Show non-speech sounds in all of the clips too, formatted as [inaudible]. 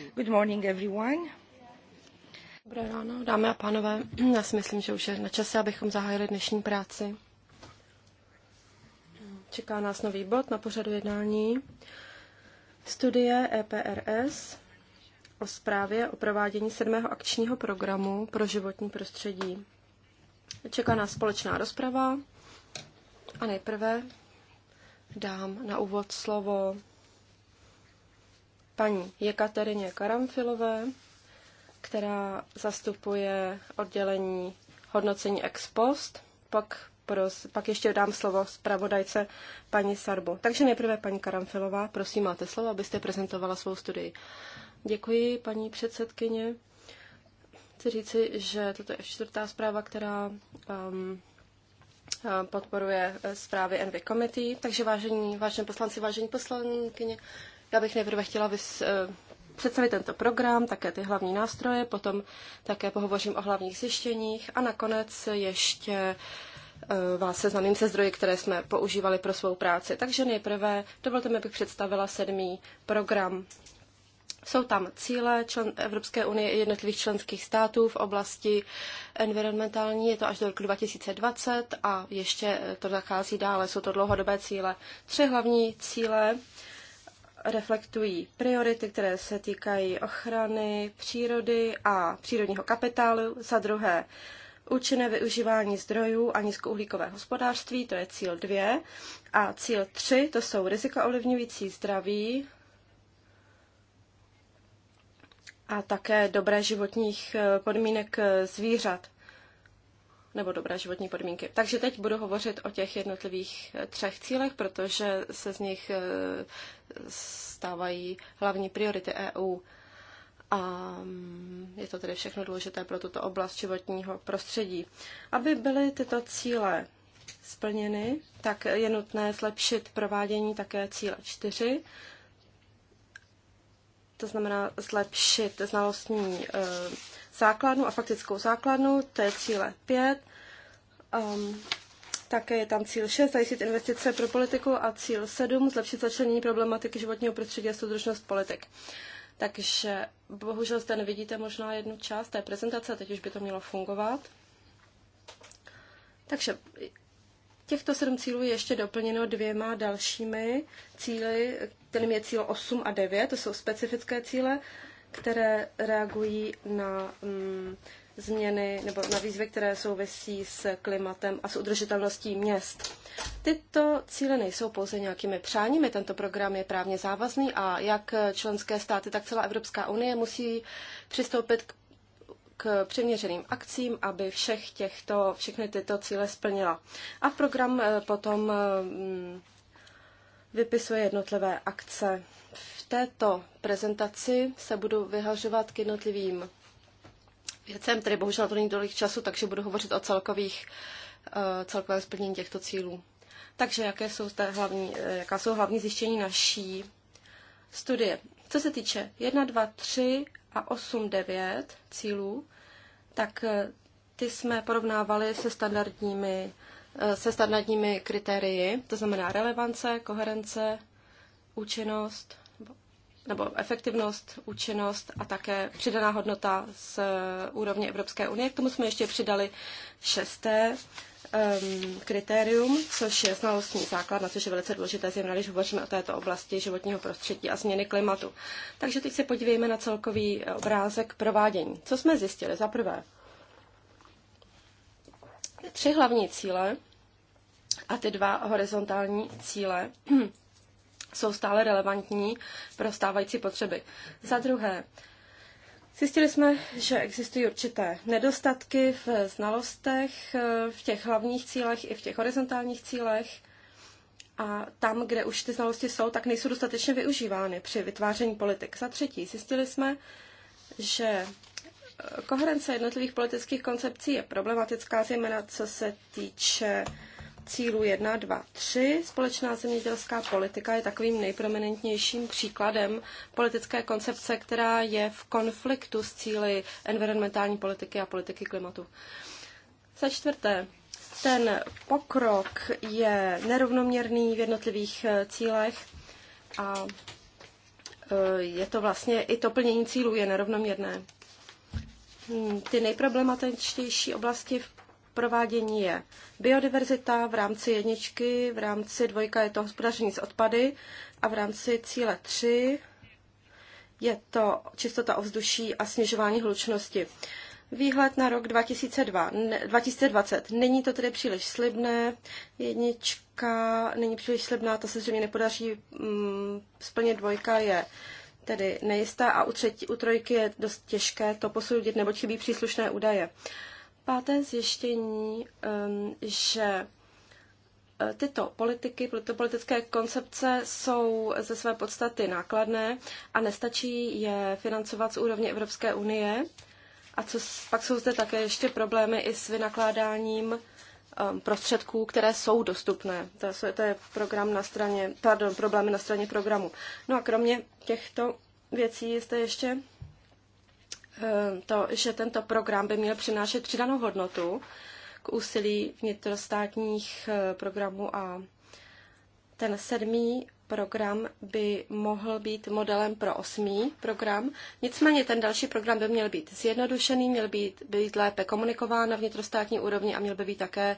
Dobré ráno, dámy a pánové. Já si myslím, že už je na čase, abychom zahájili dnešní práci. Čeká nás nový bod na pořadu jednání. Studie EPRS o zprávě o provádění sedmého akčního programu pro životní prostředí. Čeká nás společná rozprava a nejprve dám na úvod slovo paní Jekaterině Karamfilové, která zastupuje oddělení hodnocení ex post, pak, pros, pak ještě dám slovo zpravodajce paní Sarbo. Takže nejprve paní Karamfilová, prosím, máte slovo, abyste prezentovala svou studii. Děkuji, paní předsedkyně. Chci říci, že toto je čtvrtá zpráva, která um, podporuje zprávy Envy Committee. Takže vážení, vážení poslanci, vážení poslankyně, já bych nejprve chtěla vys, eh, představit tento program, také ty hlavní nástroje, potom také pohovořím o hlavních zjištěních a nakonec ještě eh, vás seznamím se zdroji, které jsme používali pro svou práci. Takže nejprve dovolte mi, abych představila sedmý program. Jsou tam cíle člen Evropské unie i jednotlivých členských států v oblasti environmentální, je to až do roku 2020 a ještě eh, to zachází dále, jsou to dlouhodobé cíle. Tři hlavní cíle reflektují priority, které se týkají ochrany přírody a přírodního kapitálu, za druhé účinné využívání zdrojů a nízkouhlíkové hospodářství, to je cíl 2, a cíl 3, to jsou rizika ovlivňující zdraví a také dobré životních eh, podmínek eh, zvířat nebo dobré životní podmínky. Takže teď budu hovořit o těch jednotlivých eh, třech cílech, protože se z nich eh, stávají hlavní priority EU. A mm, je to tedy všechno důležité pro tuto oblast životního prostředí. Aby byly tyto cíle splněny, tak je nutné zlepšit provádění také cíle 4, to znamená zlepšit znalostní eh, základnu a faktickou základnu, to je cíle 5. Um, ehm, také je tam cíl 6, zajistit investice pro politiku a cíl 7, zlepšit začlenění problematiky životního prostředí a soudržnost politik. Takže bohužel zde nevidíte možná jednu část té prezentace, teď už by to mělo fungovat. Takže těchto sedm cílů je ještě doplněno dvěma dalšími cíly, kterým je cíl 8 a 9, to jsou specifické cíle, které reagují na mm, změny nebo na výzvy, které souvisí s klimatem a s udržitelností měst. Tyto cíle nejsou pouze nějakými přáními, tento program je právně závazný a jak členské státy, tak celá Evropská unie musí přistoupit k, k přiměřeným akcím, aby všech těchto, všechny tyto cíle splnila. A program eh, potom eh, mm, vypisuje jednotlivé akce. V této prezentaci se budu vyhažovat k jednotlivým věcem, tedy bohužel na to není tolik času, takže budu hovořit o celkových, eh, celkovém splnění těchto cílů. Takže jaké jsou zde hlavní, eh, jaká jsou hlavní zjištění naší studie? Co se týče 1, 2, 3 a 8, 9 cílů, tak eh, ty jsme porovnávali se standardními se standardními kritérii, to znamená relevance, koherence, účinnost nebo efektivnost, účinnost a také přidaná hodnota z eh, úrovně Evropské unie. K tomu jsme ještě přidali šesté um, kritérium, což je znalostní základ, na což je velice důležité, zejména když hovoříme o této oblasti životního prostředí a změny klimatu. Takže teď se podívejme na celkový eh, obrázek provádění. Co jsme zjistili? Za prvé, tři hlavní cíle a ty dva horizontální cíle [clears throat] jsou stále relevantní pro stávající potřeby. Za druhé, Zjistili jsme, že existují určité nedostatky v znalostech, v těch hlavních cílech i v těch horizontálních cílech. A tam, kde už ty znalosti jsou, tak nejsou dostatečně využívány při vytváření politik. Za třetí, zjistili jsme, že koherence jednotlivých politických koncepcí je problematická, zejména co se týče cílu 1, 2, 3. Společná zemědělská politika je takovým nejprominentnějším příkladem politické koncepce, která je v konfliktu s cíly environmentální politiky a politiky klimatu. Za čtvrté, ten pokrok je nerovnoměrný v jednotlivých eh, cílech a eh, je to vlastně i to plnění cílů je nerovnoměrné. Hmm, ty nejproblematičtější oblasti v provádění je biodiverzita v rámci jedničky, v rámci dvojka je to hospodaření s odpady a v rámci cíle 3 je to čistota ovzduší a snižování hlučnosti. Výhled na rok 2002, 2020. Není to tedy příliš slibné. Jednička není příliš slibná, to se zřejmě nepodaří mm, Splně Dvojka je tedy nejistá a u, třetí, u trojky je dost těžké to posoudit, nebo chybí příslušné údaje. Páté zjištění, um, že eh, tyto politiky, tyto politické koncepce jsou ze své podstaty nákladné a nestačí je financovat z úrovně Evropské unie. A co, pak jsou zde také ještě problémy i s vynakládáním Um, prostředků, které jsou dostupné. To je, to je program na straně, pardon, problémy na straně programu. No a kromě těchto věcí jste ještě um, to, že tento program by měl přinášet přidanou hodnotu k úsilí vnitrostátních uh, programů a ten sedmý program by mohl být modelem pro osmý program. Nicméně ten další program by měl být zjednodušený, měl být, být lépe komunikován na vnitrostátní úrovni a měl by být také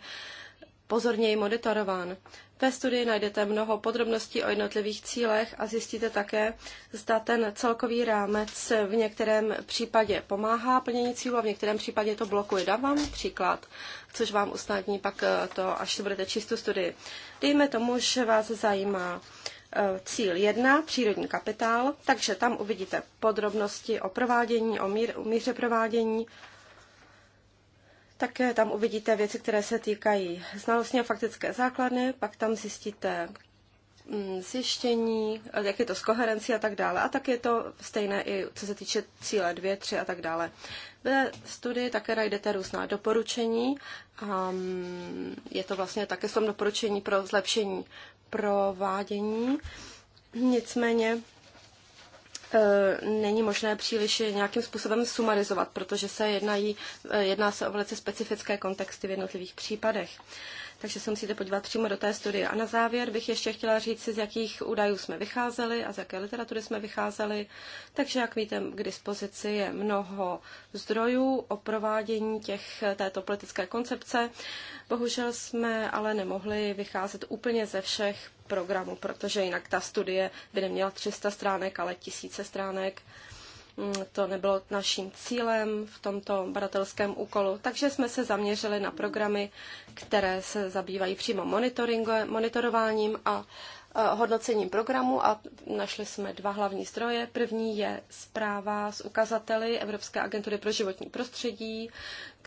pozorněji monitorován. Ve studii najdete mnoho podrobností o jednotlivých cílech a zjistíte také, zda ten celkový rámec v některém případě pomáhá plnění cílu a v některém případě to blokuje. Dám vám příklad, což vám usnadní pak eh, to, až budete číst tu studii. Dejme tomu, že vás zajímá Eh, cíl 1, přírodní kapitál, takže tam uvidíte podrobnosti o provádění, o, míře provádění. Také tam uvidíte věci, které se týkají znalostní a faktické základny, pak tam zjistíte mm, zjištění, jak je to s koherencí a tak dále. A tak je to stejné i co se týče cíle 2, 3 a tak dále. Ve studii také najdete různá doporučení. Um, je to vlastně také som doporučení pro zlepšení provádění. Nicméně e, není možné příliš nějakým způsobem sumarizovat, protože se jednají, e, jedná se o velice specifické kontexty v jednotlivých případech takže se musíte podívat přímo do té studie. A na závěr bych ještě chtěla říct si, z jakých údajů jsme vycházeli a z jaké literatury jsme vycházeli. Takže, jak víte, k dispozici je mnoho zdrojů o provádění těch, této politické koncepce. Bohužel jsme ale nemohli vycházet úplně ze všech programů, protože jinak ta studie by neměla 300 stránek, ale tisíce stránek. Mm, to nebylo naším cílem v tomto badatelském úkolu, takže jsme se zaměřili na programy, které se zabývají přímo monitorováním a hodnocením programu a našli jsme dva hlavní zdroje. První je zpráva z ukazateli Evropské agentury pro životní prostředí,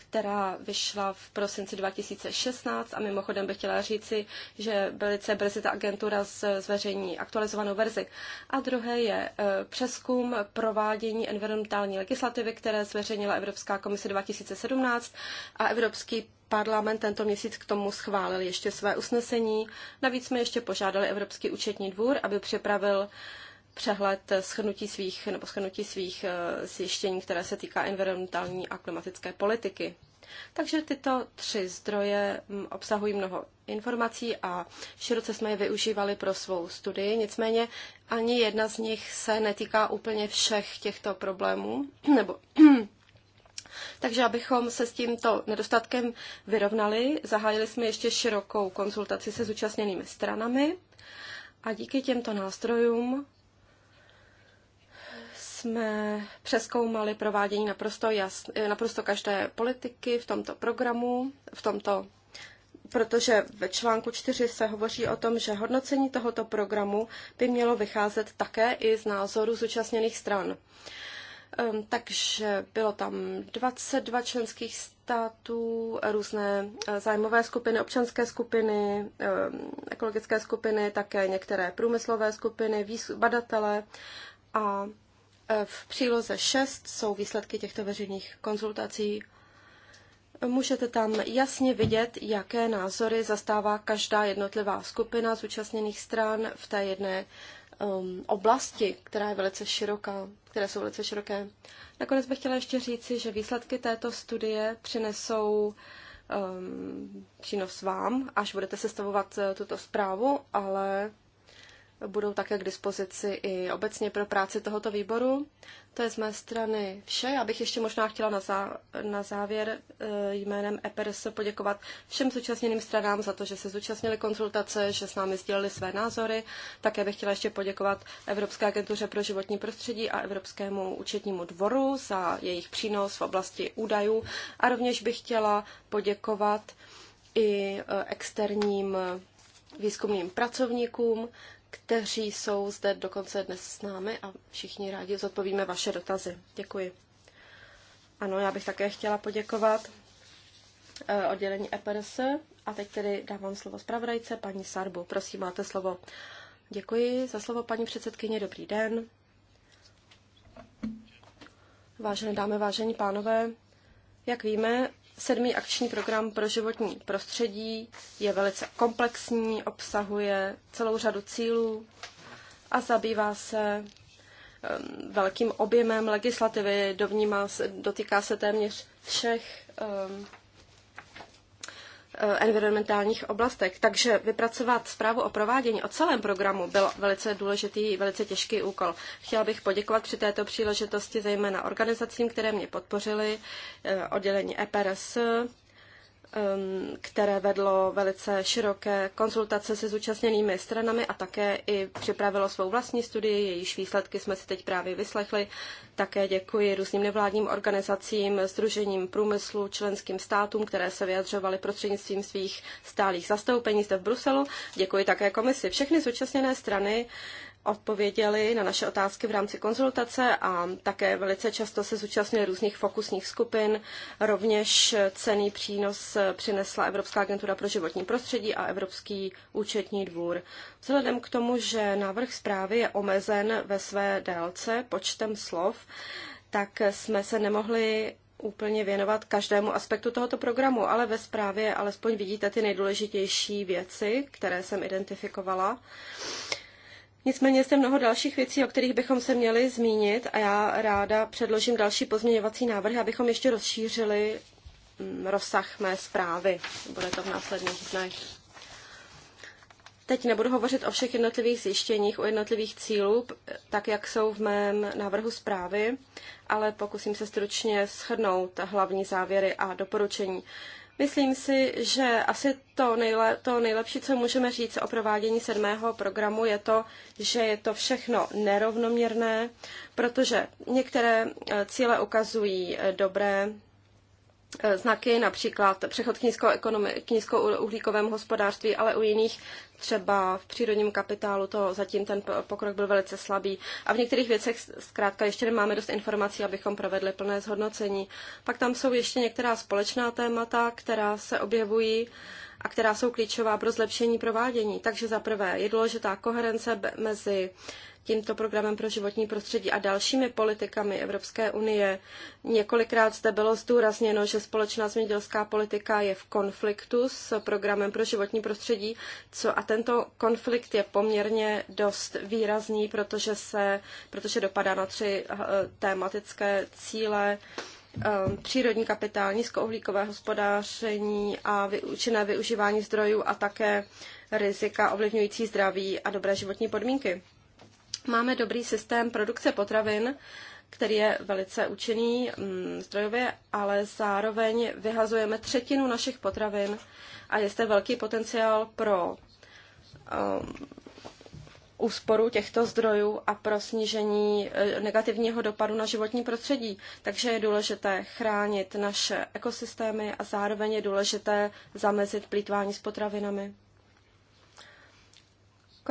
která vyšla v prosinci 2016 a mimochodem bych chtěla říci, že velice brzy ta agentura zveřejní aktualizovanou verzi. A druhé je eh, přeskum provádění environmentální legislativy, které zveřejnila Evropská komise 2017 a Evropský parlament tento měsíc k tomu schválil ještě své usnesení. Navíc jsme ještě požádali Evropský účetní dvůr, aby připravil uh, přehled schrnutí svých, nebo schrnutí svých eh, zjištění, které se týká environmentální a klimatické politiky. Takže tyto tři zdroje mm, obsahují mnoho informací a široce jsme je využívali pro svou studii, nicméně ani jedna z nich se netýká úplně všech těchto problémů, [clears throat] nebo [clears throat] takže abychom se s tímto nedostatkem vyrovnali, zahájili jsme ještě širokou konzultaci se zúčastněnými stranami a díky těmto nástrojům jsme přeskoumali provádění naprosto, jasn, naprosto každé politiky v tomto programu, v tomto protože ve článku 4 se hovoří o tom, že hodnocení tohoto programu by mělo vycházet také i z názoru zúčastněných stran. Ehm, takže bylo tam 22 členských států, různé eh, zájmové skupiny, občanské skupiny, ehm, ekologické skupiny, také některé průmyslové skupiny, badatele a v příloze 6 jsou výsledky těchto veřejných konzultací. Můžete tam jasně vidět, jaké názory zastává každá jednotlivá skupina zúčastněných stran v té jedné um, oblasti, která je velice široká, které jsou velice široké. Nakonec bych chtěla ještě říci, že výsledky této studie přinesou um, přínos vám, až budete sestavovat eh, tuto zprávu, ale budou také k dispozici i obecně pro práci tohoto výboru. To je z mé strany vše. Já bych ještě možná chtěla na, zá, na závěr eh, jménem EPRS poděkovat všem zúčastněným stranám za to, že se zúčastnili konzultace, že s námi sdělili své názory. Také bych chtěla ještě poděkovat Evropské agentuře pro životní prostředí a Evropskému účetnímu dvoru za jejich přínos v oblasti údajů. A rovněž bych chtěla poděkovat i eh, externím eh, výzkumným pracovníkům, kteří jsou zde dokonce dnes s námi a všichni rádi zodpovíme vaše dotazy. Děkuji. Ano, já bych také chtěla poděkovat eh, oddělení EPRS a teď tedy dávám slovo zpravodajce paní Sarbu. Prosím, máte slovo. Děkuji za slovo, paní předsedkyně. Dobrý den. Vážené dámy, vážení pánové, jak víme, Sedmý akční program pro životní prostředí je velice komplexní, obsahuje celou řadu cílů a zabývá se velkým objemem legislativy, dovnímá se, dotýká se téměř všech um, Eh, environmentálních oblastech. Takže vypracovat zprávu o provádění o celém programu byl velice důležitý, velice těžký úkol. Chtěla bych poděkovat při této příležitosti zejména organizacím, které mě podpořily, eh, oddělení EPRS, Um, které vedlo velice široké konzultace se zúčastněnými stranami a také i připravilo svou vlastní studii, jejíž výsledky jsme si teď právě vyslechli. Také děkuji různým nevládním organizacím, Združením průmyslu, členským státům, které se vyjadřovaly prostřednictvím svých stálých zastoupení zde v Bruselu. Děkuji také komisi. Všechny zúčastněné strany odpověděli na naše otázky v rámci konzultace a také velice často se zúčastnili různých fokusních skupin. Rovněž cený přínos přinesla Evropská agentura pro životní prostředí a Evropský účetní dvůr. Vzhledem k tomu, že návrh zprávy je omezen ve své délce počtem slov, tak jsme se nemohli úplně věnovat každému aspektu tohoto programu, ale ve zprávě alespoň vidíte ty nejdůležitější věci, které jsem identifikovala. Nicméně jsem mnoho dalších věcí, o kterých bychom se měli zmínit a já ráda předložím další pozměňovací návrh, abychom ještě rozšířili mm, rozsah mé zprávy. Bude to v následných dnech. Teď nebudu hovořit o všech jednotlivých zjištěních, o jednotlivých cílů, tak jak jsou v mém návrhu zprávy, ale pokusím se stručně shrnout hlavní závěry a doporučení. Myslím si, že asi to, nejle, to nejlepší, co můžeme říct o provádění sedmého programu, je to, že je to všechno nerovnoměrné, protože některé eh, cíle ukazují eh, dobré eh, znaky, například přechod k, nízkouhlíkovému hospodářství, ale u jiných Třeba v přírodním kapitálu to zatím ten pokrok byl velice slabý. A v některých věcech zkrátka ještě nemáme dost informací, abychom provedli plné zhodnocení. Pak tam jsou ještě některá společná témata, která se objevují a která jsou klíčová pro zlepšení provádění. Takže za prvé je důležitá koherence mezi tímto programem pro životní prostředí a dalšími politikami Evropské unie. Několikrát zde bylo zdůrazněno, že společná zemědělská politika je v konfliktu s programem pro životní prostředí co, a tento konflikt je poměrně dost výrazný, protože, se, protože dopadá na tři eh, tématické cíle eh, přírodní kapitál, nízkouhlíkové hospodáření a účinné využívání zdrojů a také rizika ovlivňující zdraví a dobré životní podmínky. Máme dobrý systém produkce potravin, který je velice účinný mm, zdrojově, ale zároveň vyhazujeme třetinu našich potravin a je zde velký potenciál pro um, úsporu těchto zdrojů a pro snížení eh, negativního dopadu na životní prostředí. Takže je důležité chránit naše ekosystémy a zároveň je důležité zamezit plítvání s potravinami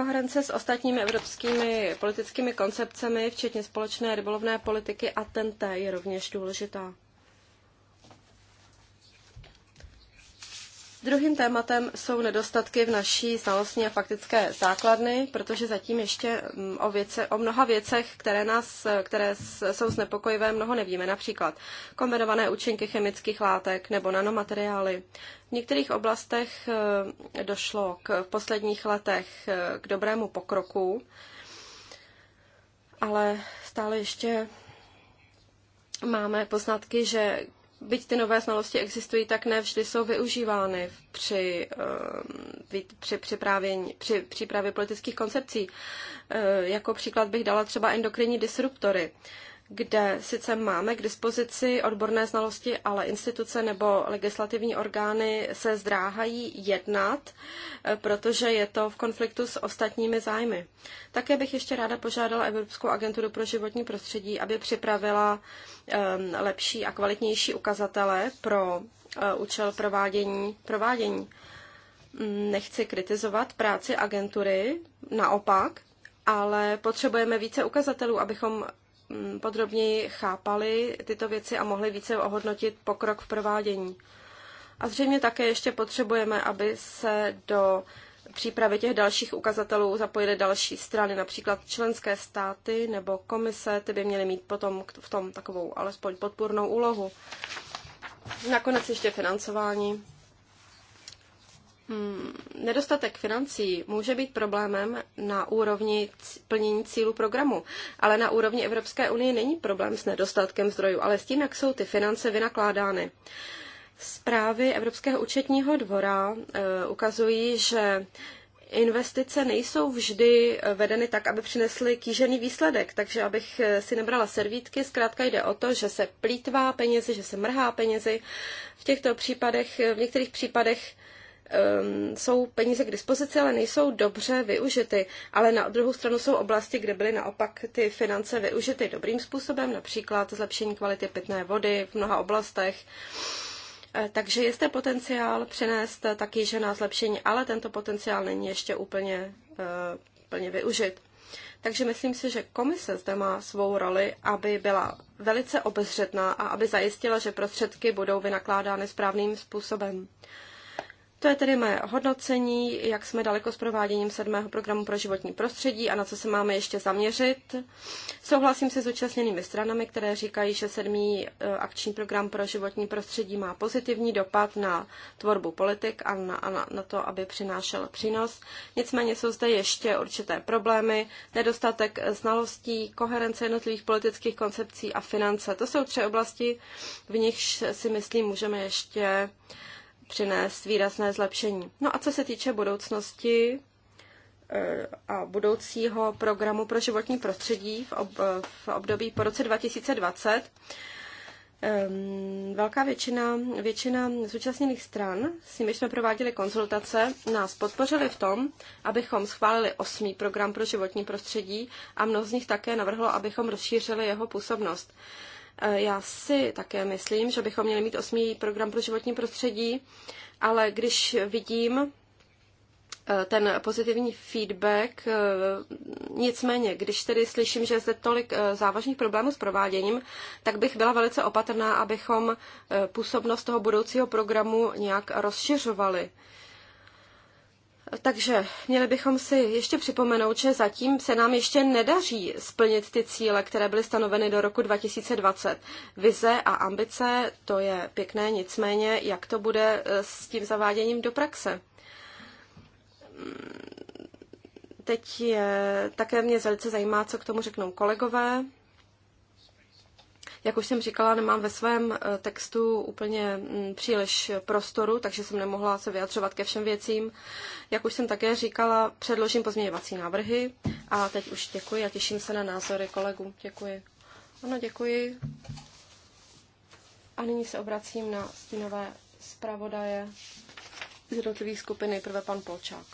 koherence s ostatními evropskými politickými koncepcemi, včetně společné rybolovné politiky a TNT je rovněž důležitá. Druhým tématem jsou nedostatky v naší znalostní a faktické základny, protože zatím ještě mm, o, věce, o mnoha věcech, které, nás, které jsou znepokojivé, mnoho nevíme. Například kombinované účinky chemických látek nebo nanomateriály. V některých oblastech eh, došlo k, v posledních letech eh, k dobrému pokroku, ale stále ještě máme poznatky, že byť ty nové znalosti existují, tak ne vždy jsou využívány při, eh, při, připrávění, při přípravě politických koncepcí. Eh, jako příklad bych dala třeba endokrinní disruptory kde sice máme k dispozici odborné znalosti, ale instituce nebo legislativní orgány se zdráhají jednat, e, protože je to v konfliktu s ostatními zájmy. Také bych ještě ráda požádala Evropskou agenturu pro životní prostředí, aby připravila lepší a kvalitnější ukazatele pro e, účel provádění. provádění. Mm, nechci kritizovat práci agentury, naopak, ale potřebujeme více ukazatelů, abychom Mm, podrobněji chápali tyto věci a mohli více ohodnotit pokrok v provádění. A zřejmě také ještě potřebujeme, aby se do přípravy těch dalších ukazatelů zapojily další strany, například členské státy nebo komise, ty by měly mít potom v tom takovou alespoň podpůrnou úlohu. Nakonec ještě financování. Hmm, nedostatek financí může být problémem na úrovni plnění cílu programu, ale na úrovni Evropské unie není problém s nedostatkem zdrojů, ale s tím, jak jsou ty finance vynakládány. Zprávy Evropského účetního dvora eh, ukazují, že investice nejsou vždy eh, vedeny tak, aby přinesly kýžený výsledek. Takže abych eh, si nebrala servítky, zkrátka jde o to, že se plítvá penězi, že se mrhá penězi. V těchto případech, v některých případech um, jsou peníze k dispozici, ale nejsou dobře využity. Ale na druhou stranu jsou oblasti, kde byly naopak ty finance využity dobrým způsobem, například zlepšení kvality pitné vody v mnoha oblastech. Eh, takže je zde potenciál přinést taky žena zlepšení, ale tento potenciál není ještě úplně, eh, úplně využit. Takže myslím si, že komise zde má svou roli, aby byla velice obezřetná a aby zajistila, že prostředky budou vynakládány správným způsobem. To je tedy mé hodnocení, jak jsme daleko s prováděním sedmého programu pro životní prostředí a na co se máme ještě zaměřit. Souhlasím se zúčastněnými stranami, které říkají, že sedmý eh, akční program pro životní prostředí má pozitivní dopad na tvorbu politik a na, a na, na to, aby přinášel přínos. Nicméně jsou zde ještě určité problémy, nedostatek eh, znalostí, koherence jednotlivých politických koncepcí a finance. To jsou tři oblasti, v nichž si myslím, můžeme ještě přinést výrazné zlepšení. No a co se týče budoucnosti eh, a budoucího programu pro životní prostředí v, ob, v období po roce 2020, ehm, Velká většina, většina zúčastněných stran, s nimi jsme prováděli konzultace, nás podpořili v tom, abychom schválili osmý program pro životní prostředí a mnoho z nich také navrhlo, abychom rozšířili jeho působnost. Eh, já si také myslím, že bychom měli mít osmý program pro životní prostředí, ale když vidím eh, ten pozitivní feedback, eh, nicméně, když tedy slyším, že je zde tolik závažných problémů s prováděním, tak bych byla velice opatrná, abychom působnost toho budoucího programu nějak rozšiřovali takže měli bychom si ještě připomenout, že zatím se nám ještě nedaří splnit ty cíle, které byly stanoveny do roku 2020. Vize a ambice, to je pěkné, nicméně jak to bude eh, s tím zaváděním do praxe? Teď je, také mě velice zajímá, co k tomu řeknou kolegové. Jak už jsem říkala, nemám ve svém eh, textu úplně mm, příliš prostoru, takže jsem nemohla se vyjadřovat ke všem věcím. Jak už jsem také říkala, předložím pozměňovací návrhy a teď už děkuji a těším se na názory kolegů. Děkuji. Ano, děkuji. A nyní se obracím na stínové zpravodaje z jednotlivých skupiny, prvé pan Polčák.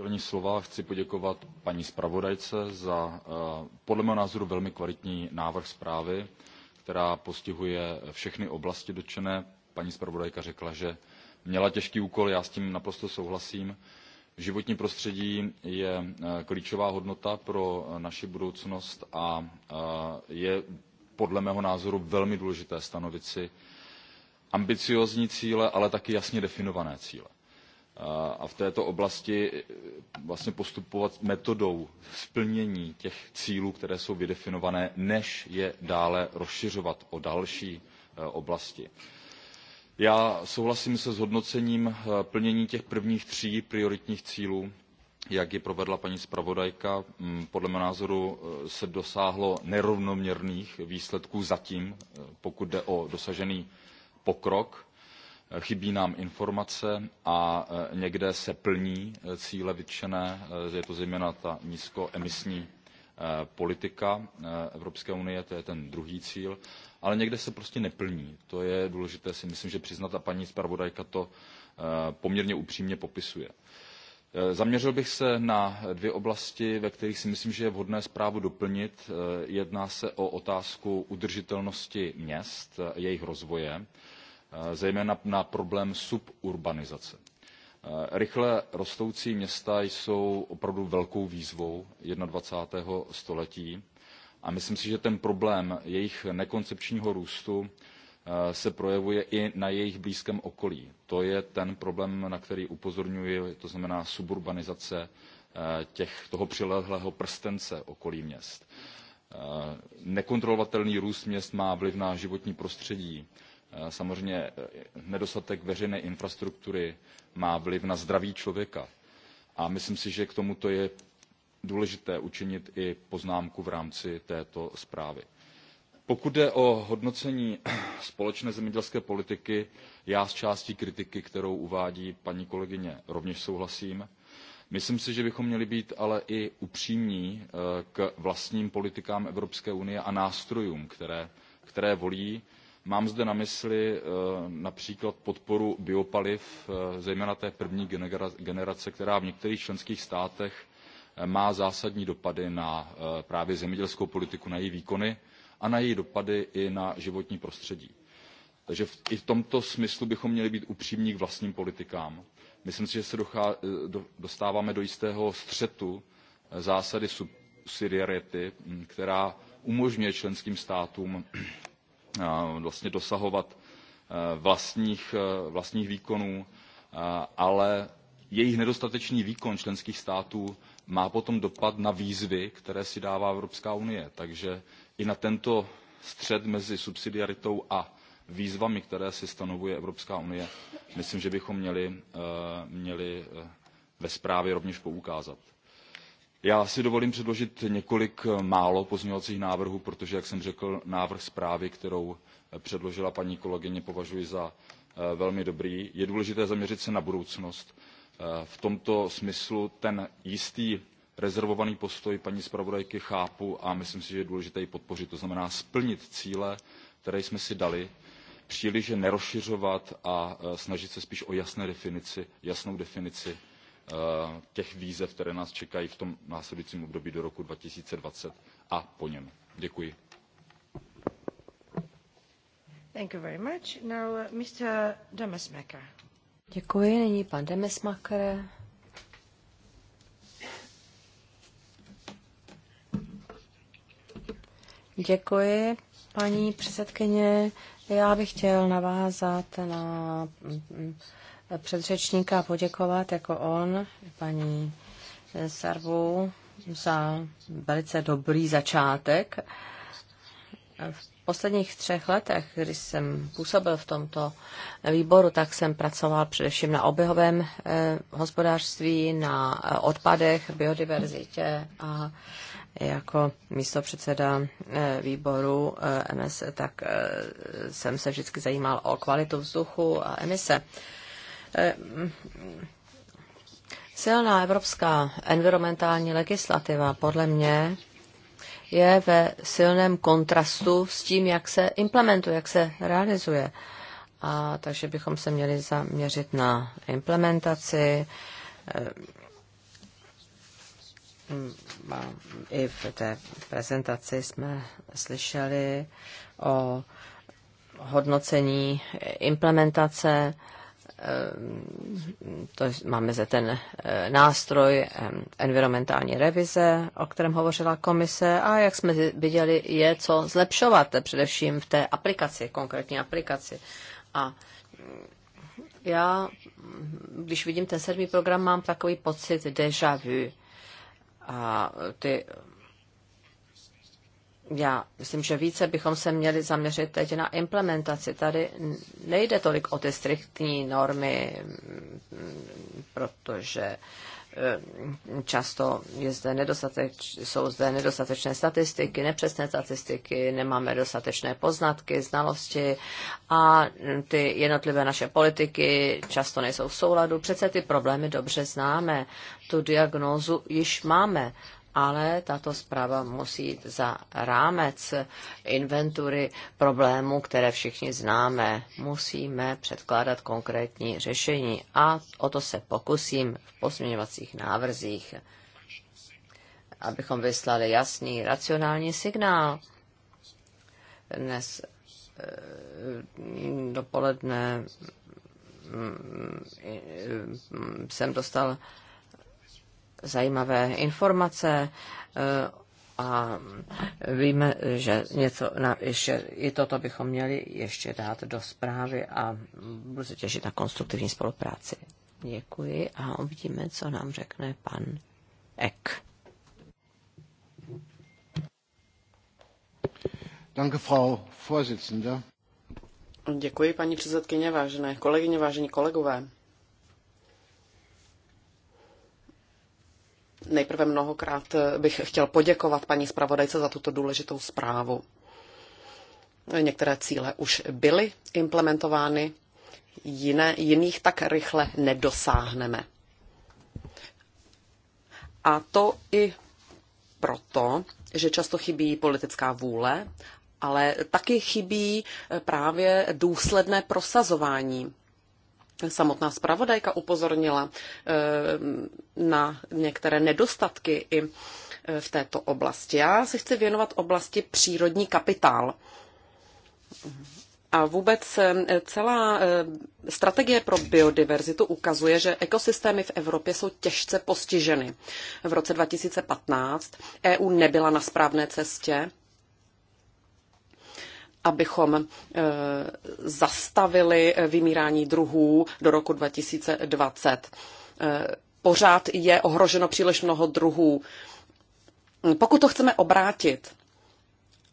udělení slova chci poděkovat paní zpravodajce za eh, podle mého názoru velmi kvalitní návrh zprávy která postihuje všechny oblasti dotčené. paní zpravodajka řekla že měla těžký úkol já s tím naprosto souhlasím. životní prostředí je eh, klíčová hodnota pro eh, naši budoucnost a je podle mého názoru velmi důležité stanovit si ambiciózní cíle ale také jasně definované cíle a v této oblasti eh, vlastně postupovat metodou splnění těch cílů které jsou vydefinované než je dále rozšiřovat o další eh, oblasti. já souhlasím se zhodnocením eh, plnění těch prvních tří prioritních cílů jak je provedla paní zpravodajka. Mm, podle mého názoru se dosáhlo nerovnoměrných výsledků zatím pokud jde o dosažený pokrok chybí nám informace a e, někde se plní e, cíle vytčené e, je to zejména ta nízkoemisní politika evropské unie to je ten druhý cíl ale někde se prostě neplní to je důležité si myslím že přiznat a paní zpravodajka to poměrně upřímně popisuje. zaměřil bych se na dvě oblasti ve kterých si myslím že je vhodné zprávu doplnit jedná se o otázku udržitelnosti měst jejich rozvoje Eh, zejména na problém suburbanizace. Eh, rychle rostoucí města jsou opravdu velkou výzvou. jednadvacátého století a myslím si že ten problém jejich nekoncepčního růstu eh, se projevuje i na jejich blízkém okolí. to je ten problém na který upozorňuji to znamená suburbanizace těch, toho přilehlého prstence okolí měst. nekontrolovatelný růst měst má vliv na životní prostředí Eh, samozřejmě eh, nedostatek veřejné infrastruktury má vliv na zdraví člověka a myslím si že k tomuto je důležité učinit i poznámku v rámci této zprávy. pokud jde o hodnocení [clears throat] společné zemědělské politiky já s částí kritiky kterou uvádí paní kolegyně rovněž souhlasím. myslím si že bychom měli být ale i upřímní eh, k vlastním politikám evropské unie a nástrojům které, které volí mám zde na mysli eh, například podporu biopaliv eh, zejména té první generace která v některých členských státech eh, má zásadní dopady na právě zemědělskou politiku na její výkony a na její dopady i na životní prostředí. takže i v tomto smyslu bychom měli být upřímní k vlastním politikám. myslím si že se dostáváme do jistého střetu zásady subsidiarity hm, která umožňuje členským státům vlastně dosahovat e, vlastních, e, vlastních výkonů e, ale jejich nedostatečný výkon členských států má potom dopad na výzvy které si dává evropská unie takže i na tento střed mezi subsidiaritou a výzvami které si stanovuje evropská unie myslím že bychom měli, měli ve zprávě rovněž poukázat já si dovolím předložit několik eh, málo pozměňovacích návrhů protože jak jsem řekl návrh zprávy kterou eh, předložila paní kolegyně považuji za eh, velmi dobrý. je důležité zaměřit se na budoucnost. v tomto smyslu ten jistý rezervovaný postoj paní zpravodajky chápu a myslím si že je důležité ji podpořit to znamená splnit cíle které jsme si dali příliš je nerozšiřovat a snažit se spíš o jasnou definici, jasnou definici Eh, těch výzev které nás čekají v tom následujícím období do roku two thousand and twenty a po něm. děkuji. Now, uh, děkuji. Nyní pan Demesmaker. Děkuji, paní předsedkyně. Já bych chtěl navázat na mm, mm, předřečníka poděkovat jako on, paní Sarvu, za velice dobrý začátek. V posledních třech letech, když jsem působil v tomto výboru, tak jsem pracoval především na oběhovém eh, hospodářství, na eh, odpadech, biodiverzitě a jako místo předseda eh, výboru MS, tak jsem se vždycky zajímal o kvalitu vzduchu a emise. Eh, silná evropská environmentální legislativa podle mě je ve silném kontrastu s tím, jak se implementuje, jak se realizuje. A takže bychom se měli zaměřit na implementaci eh, i v té prezentaci jsme slyšeli o hodnocení implementace Ehm, to máme zde ten eh, nástroj ehm, environmentální revize, o kterém hovořila komise a jak jsme viděli, je co zlepšovat, především v té aplikaci, konkrétní aplikaci. A já, když vidím ten sedmý program, mám takový pocit déjà vu. A ty já myslím, že více bychom se měli zaměřit teď na implementaci. Tady nejde tolik o ty striktní normy, protože eh, často je zde nedostateč, jsou zde nedostatečné statistiky, nepřesné statistiky, nemáme dostatečné poznatky, znalosti a ty jednotlivé naše politiky často nejsou v souladu. Přece ty problémy dobře známe, tu diagnózu již máme ale tato zpráva musí jít za rámec inventury problémů, které všichni známe. Musíme předkládat konkrétní řešení a o to se pokusím v pozměňovacích návrzích, abychom vyslali jasný, racionální signál. Dnes eh, dopoledne mm, mm, mm, jsem dostal zajímavé informace eh, a víme, že, něco, na, ještě, i toto bychom měli ještě dát do zprávy a budu se těšit na konstruktivní spolupráci. Děkuji a uvidíme, co nám řekne pan Eck. Danke, Frau Vorsitzende. Děkuji, paní předsedkyně, vážené kolegyně, vážení kolegové. Nejprve mnohokrát bych chtěl poděkovat paní zpravodajce za tuto důležitou zprávu. Některé cíle už byly implementovány, jiné, jiných tak rychle nedosáhneme. A to i proto, že často chybí politická vůle, ale taky chybí právě důsledné prosazování samotná zpravodajka upozornila eh, na některé nedostatky i eh, v této oblasti. Já se chci věnovat oblasti přírodní kapitál. A vůbec eh, celá strategie pro biodiverzitu ukazuje, že ekosystémy v Evropě jsou těžce postiženy. V roce 2015 EU nebyla na správné cestě abychom eh, zastavili eh, vymírání druhů do roku 2020. Eh, pořád je ohroženo příliš mnoho druhů. Pokud to chceme obrátit,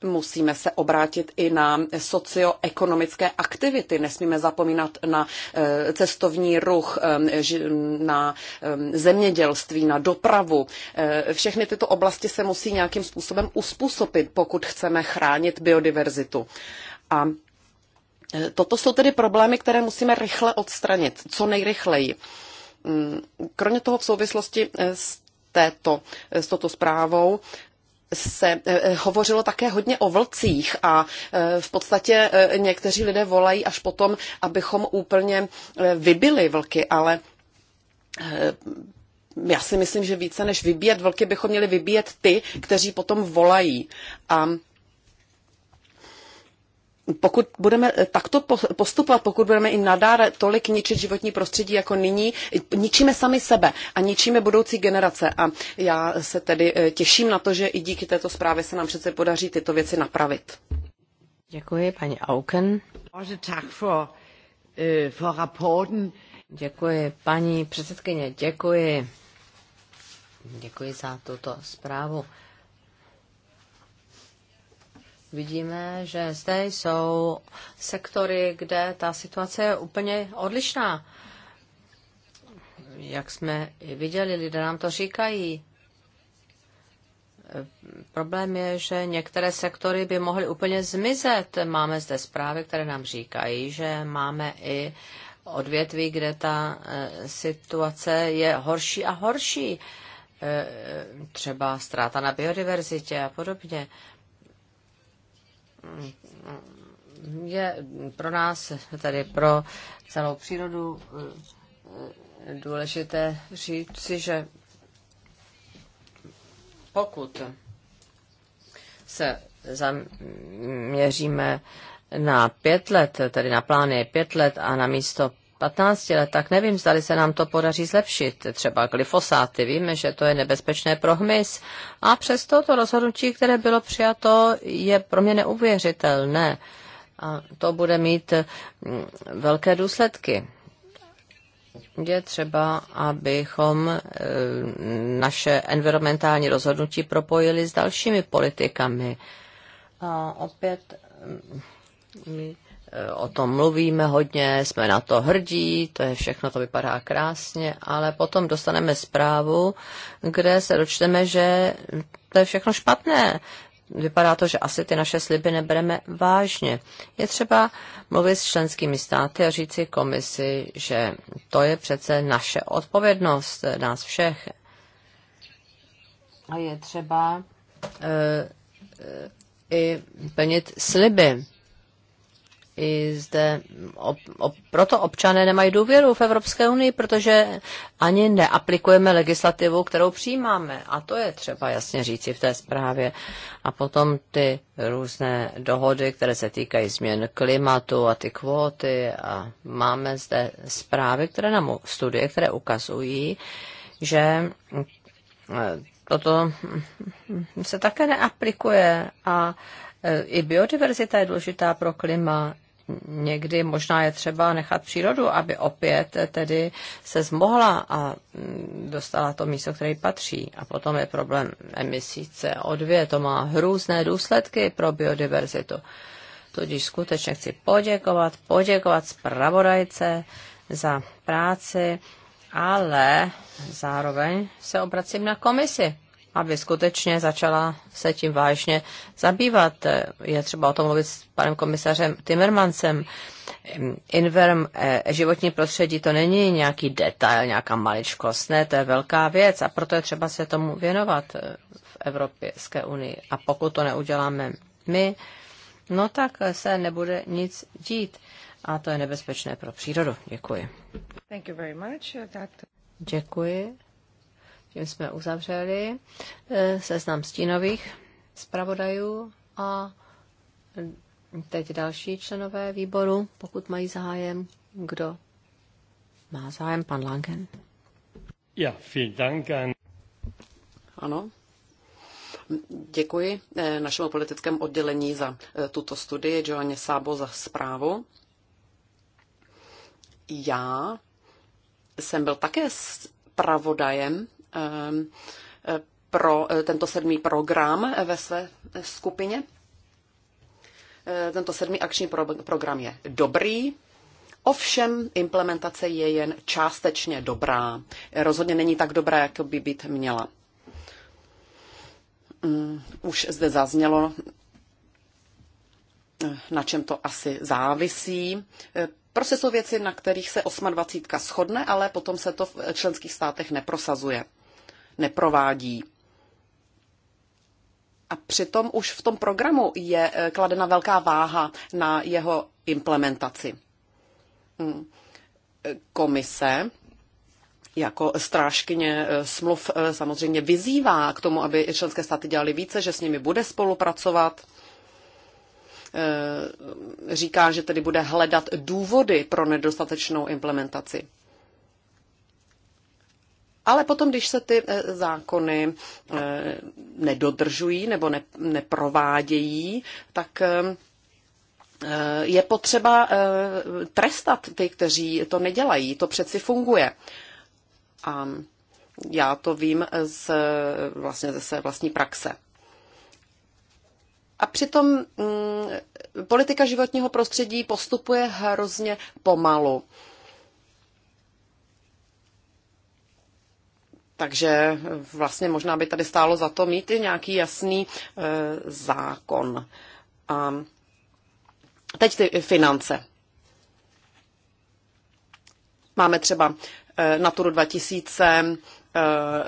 Musíme se obrátit i na socioekonomické aktivity. Nesmíme zapomínat na eh, cestovní ruch, eh, na eh, zemědělství, na dopravu. Všechny tyto oblasti se musí nějakým způsobem uspůsobit, pokud chceme chránit biodiverzitu. A toto jsou tedy problémy, které musíme rychle odstranit, co nejrychleji. Mm, kromě toho v souvislosti s této, s touto zprávou se eh, eh, hovořilo také hodně o vlcích a eh, v podstatě někteří lidé volají až potom, abychom úplně vybili vlky, ale já si myslím, že více než vybíjet vlky bychom měli vybíjet ty, kteří potom volají. A pokud budeme eh, takto postupovat, pokud budeme i nadále tolik ničit životní prostředí jako nyní, ničíme sami sebe a ničíme budoucí generace. A já se tedy eh, těším na to, že i díky této zprávě se nám přece podaří tyto věci napravit. Děkuji, paní Auken. Eh, děkuji, paní předsedkyně, děkuji. Děkuji za tuto zprávu vidíme, že zde jsou sektory, kde ta situace je úplně odlišná. Jak jsme viděli, lidé nám to říkají. Problém je, že některé sektory by mohly úplně zmizet. Máme zde zprávy, které nám říkají, že máme i odvětví, kde ta eh, situace je horší a horší. Eh, eh, třeba ztráta na biodiverzitě a podobně je pro nás, tedy pro celou přírodu, důležité říct si, že pokud se zaměříme na pět let, tedy na plány pět let a na místo 15 let, tak nevím, zda se nám to podaří zlepšit. Třeba glyfosáty, víme, že to je nebezpečné pro hmyz. A přesto to rozhodnutí, které bylo přijato, je pro mě neuvěřitelné. A to bude mít mm, velké důsledky. Je třeba, abychom e, naše environmentální rozhodnutí propojili s dalšími politikami. A opět mít mm, Eh, o tom mluvíme hodně, jsme na to hrdí, to je všechno, to vypadá krásně, ale potom dostaneme zprávu, kde se dočteme, že to je všechno špatné. Vypadá to, že asi ty naše sliby nebereme vážně. Je třeba mluvit s členskými státy a říci komisi, že to je přece naše odpovědnost, nás všech. A je třeba uh, uh, i plnit sliby i zde ob, ob, proto občané nemají důvěru v Evropské unii, protože ani neaplikujeme legislativu, kterou přijímáme. A to je třeba jasně říci v té zprávě. A potom ty různé dohody, které se týkají změn klimatu a ty kvóty. A máme zde zprávy, které nám studie, které ukazují, že eh, toto se také neaplikuje a eh, i biodiverzita je důležitá pro klima, někdy možná je třeba nechat přírodu, aby opět tedy se zmohla a dostala to místo, které patří. A potom je problém emisí CO2. To má hrůzné důsledky pro biodiverzitu. Tudíž skutečně chci poděkovat, poděkovat zpravodajce za práci, ale zároveň se obracím na komisi aby skutečně začala se tím vážně zabývat. Je třeba o tom mluvit s panem komisařem Timmermansem. Inverm, eh, životní prostředí to není nějaký detail, nějaká maličkost, ne, to je velká věc a proto je třeba se tomu věnovat eh, v Evropské unii. A pokud to neuděláme my, no tak se nebude nic dít. A to je nebezpečné pro přírodu. Děkuji. Thank you very much. Eh, Děkuji. Tím jsme uzavřeli eh, seznam stínových zpravodajů a teď další členové výboru, pokud mají zájem. Kdo má zájem? Pan Langen. Ja, vielen Dank an... Ano. Děkuji eh, našemu politickému oddělení za eh, tuto studii, Joanne Sábo za zprávu. Já jsem byl také zpravodajem Ehm, pro eh, tento sedmý program ve své skupině. Eh, tento sedmý akční program je dobrý, ovšem implementace je jen částečně dobrá. Rozhodně není tak dobrá, jak by být měla. Mm, už zde zaznělo, eh, na čem to asi závisí. Prostě jsou věci, na kterých se 28. shodne, ale potom se to v členských státech neprosazuje neprovádí. A přitom už v tom programu je eh, kladena velká váha na jeho implementaci. Hmm. Komise jako strážkyně eh, smluv eh, samozřejmě vyzývá k tomu, aby členské státy dělali více, že s nimi bude spolupracovat. Říká, že tedy bude hledat důvody pro nedostatečnou implementaci. Ale potom, když se ty eh, zákony eh, nedodržují nebo neprovádějí, tak eh, je potřeba trestat ty, kteří to nedělají. To přeci funguje. A já to vím z, vlastně ze své vlastní praxe. A přitom mm, politika životního prostředí postupuje hrozně pomalu. Takže vlastně možná by tady stálo za to mít i nějaký jasný e, zákon. A teď ty finance. Máme třeba e, Naturu 2000, e,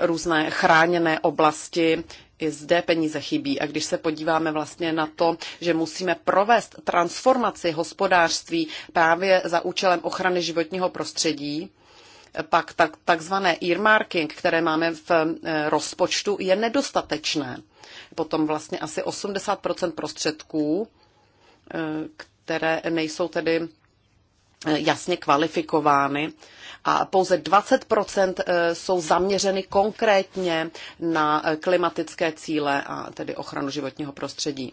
různé chráněné oblasti, i zde peníze chybí. A když se podíváme vlastně na to, že musíme provést transformaci hospodářství právě za účelem ochrany životního prostředí, pak tak, takzvané earmarking, které máme v eh, rozpočtu, je nedostatečné. Potom vlastně asi 80% prostředků, eh, které nejsou tedy eh, jasně kvalifikovány a pouze 20% jsou zaměřeny konkrétně na klimatické cíle a tedy ochranu životního prostředí.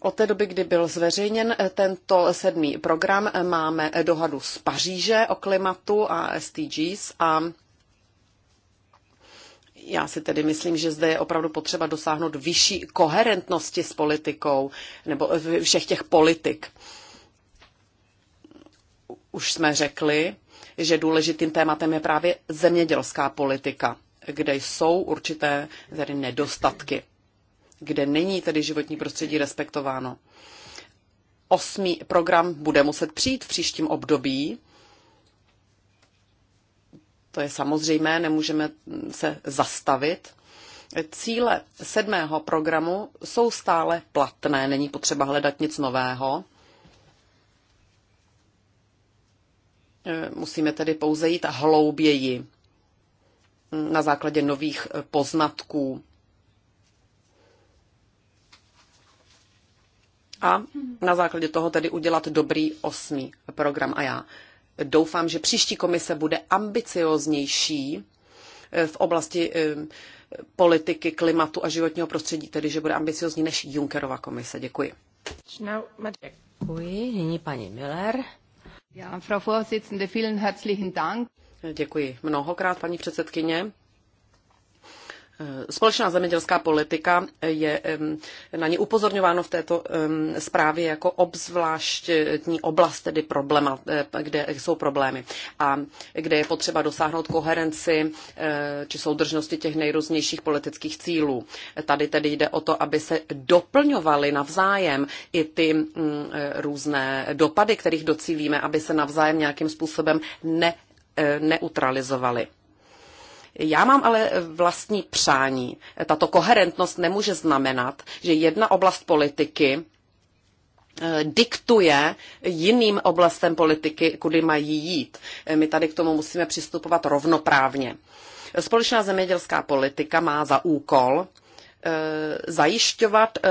Od té doby, kdy byl zveřejněn eh, tento sedmý program, eh, máme eh, dohadu z Paříže o klimatu a SDGs a já si tedy myslím, že zde je opravdu potřeba dosáhnout vyšší koherentnosti s politikou nebo všech těch politik. Už jsme řekli, že důležitým tématem je právě zemědělská politika, kde jsou určité tedy nedostatky kde není tedy životní prostředí respektováno. Osmý program bude muset přijít v příštím období. To je samozřejmé, nemůžeme se zastavit. Cíle sedmého programu jsou stále platné, není potřeba hledat nic nového. Musíme tedy pouze jít hlouběji na základě nových poznatků a na základě toho tedy udělat dobrý osmý program. A já doufám, že příští komise bude ambicioznější eh, v oblasti eh, politiky, klimatu a životního prostředí, tedy že bude ambiciozní než Junckerova komise. Děkuji. Děkuji. Nyní paní Miller. Ja, Frau Vorsitzende, vielen herzlichen Dank. Děkuji mnohokrát, paní předsedkyně. Eh, společná zemědělská politika je na ně upozorňováno v této zprávě jako obzvláštní oblast, tedy problema, eh, kde jsou problémy a kde je potřeba dosáhnout koherenci eh, či soudržnosti těch nejrůznějších politických cílů. Tady tedy jde o to, aby se doplňovaly navzájem i ty mm, různé dopady, kterých docílíme, aby se navzájem nějakým způsobem ne neutralizovali. Já mám ale vlastní přání. Tato koherentnost nemůže znamenat, že jedna oblast politiky eh, diktuje jiným oblastem politiky, kudy mají jít. Eh, my tady k tomu musíme přistupovat rovnoprávně. Společná zemědělská politika má za úkol Eh, zajišťovat eh,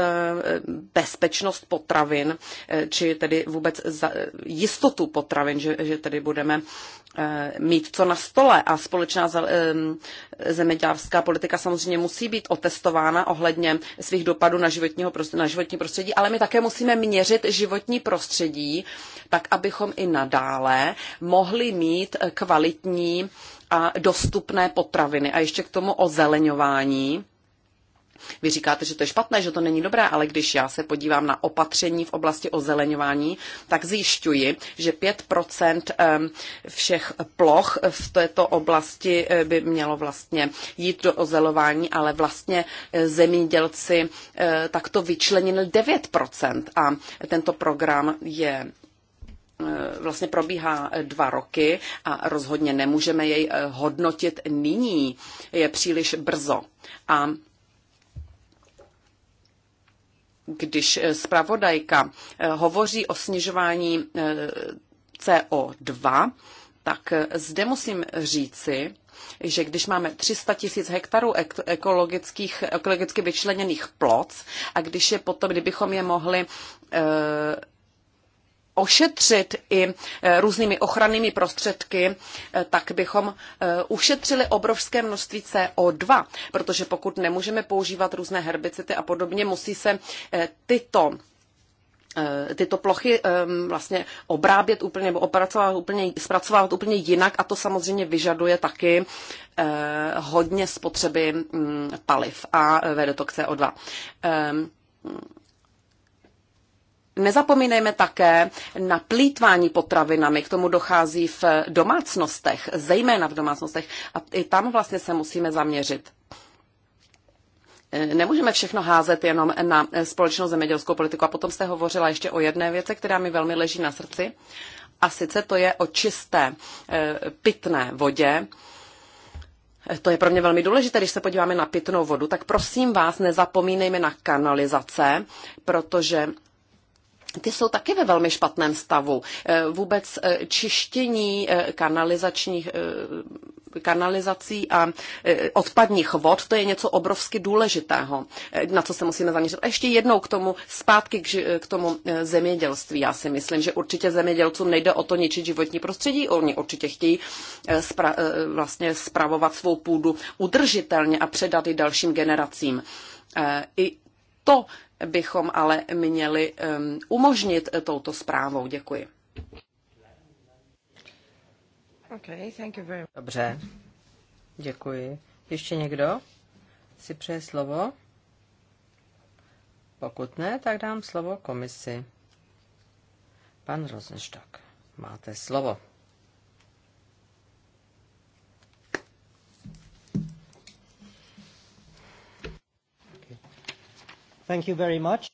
bezpečnost potravin, eh, či tedy vůbec jistotu potravin, že, že tedy budeme mít co na stole. A společná zemědělská politika samozřejmě musí být otestována ohledně svých dopadů na, životního prostředí, na životní prostředí, ale my také musíme měřit životní prostředí, tak abychom i nadále mohli mít kvalitní a dostupné potraviny. A ještě k tomu ozeleňování vy říkáte, že to je špatné, že to není dobré, ale když já se podívám na opatření v oblasti ozeleňování, tak zjišťuji, že 5% všech ploch v této oblasti eh, by mělo vlastně jít do ozelování, ale vlastně eh, zemědělci eh, takto vyčlenili 9%. A tento program je vlastně probíhá dva roky a rozhodně nemůžeme jej hodnotit nyní. Je příliš brzo. A když eh, zpravodajka eh, hovoří o snižování eh, CO2, tak zde musím říci, že když máme 300 tisíc hektarů ekologických, ekologicky vyčleněných ploc a když je potom, kdybychom je mohli ošetřit i e, různými ochrannými prostředky, e, tak bychom e, ušetřili obrovské množství CO2, protože pokud nemůžeme používat různé herbicity a podobně, musí se tyto tyto plochy vlastně obrábět úplně nebo opracovat úplně, zpracovat úplně jinak a to samozřejmě vyžaduje taky hodně spotřeby mm, paliv a vede to k CO2 Nezapomínejme také na plítvání potravinami, k tomu dochází v domácnostech, zejména v domácnostech a i tam vlastně se musíme zaměřit. Nemůžeme všechno házet jenom na společnou zemědělskou politiku. A potom jste hovořila ještě o jedné věci, která mi velmi leží na srdci. A sice to je o čisté eh, pitné vodě. To je pro mě velmi důležité, když se podíváme na pitnou vodu, tak prosím vás, nezapomínejme na kanalizace, protože ty jsou taky ve velmi špatném stavu. Eh, vůbec eh, čištění eh, kanalizačních kanalizací a odpadních vod, to je něco obrovsky důležitého, na co se musíme zaměřit. A ještě jednou k tomu zpátky k tomu zemědělství. Já si myslím, že určitě zemědělcům nejde o to ničit životní prostředí, oni určitě chtějí spra- vlastně spravovat svou půdu udržitelně a předat ji dalším generacím. I to bychom ale měli umožnit touto zprávou. Děkuji. Dobře, děkuji. Ještě někdo si přeje slovo? Pokud ne, tak dám slovo komisi. Pan Rosenstock, máte slovo. Thank you very much.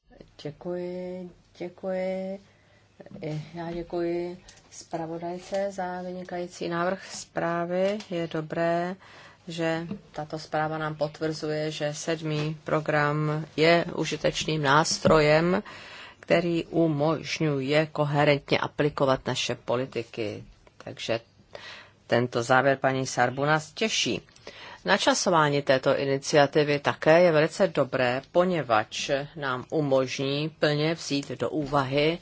Děkuji, děkuji. Já děkuji zpravodajce za vynikající návrh zprávy. Je dobré, že tato zpráva nám potvrzuje, že sedmý program je užitečným nástrojem, který umožňuje koherentně aplikovat naše politiky. Takže tento závěr paní Sarbu těší. Načasování této iniciativy také je velice dobré, poněvadž nám umožní plně vzít do úvahy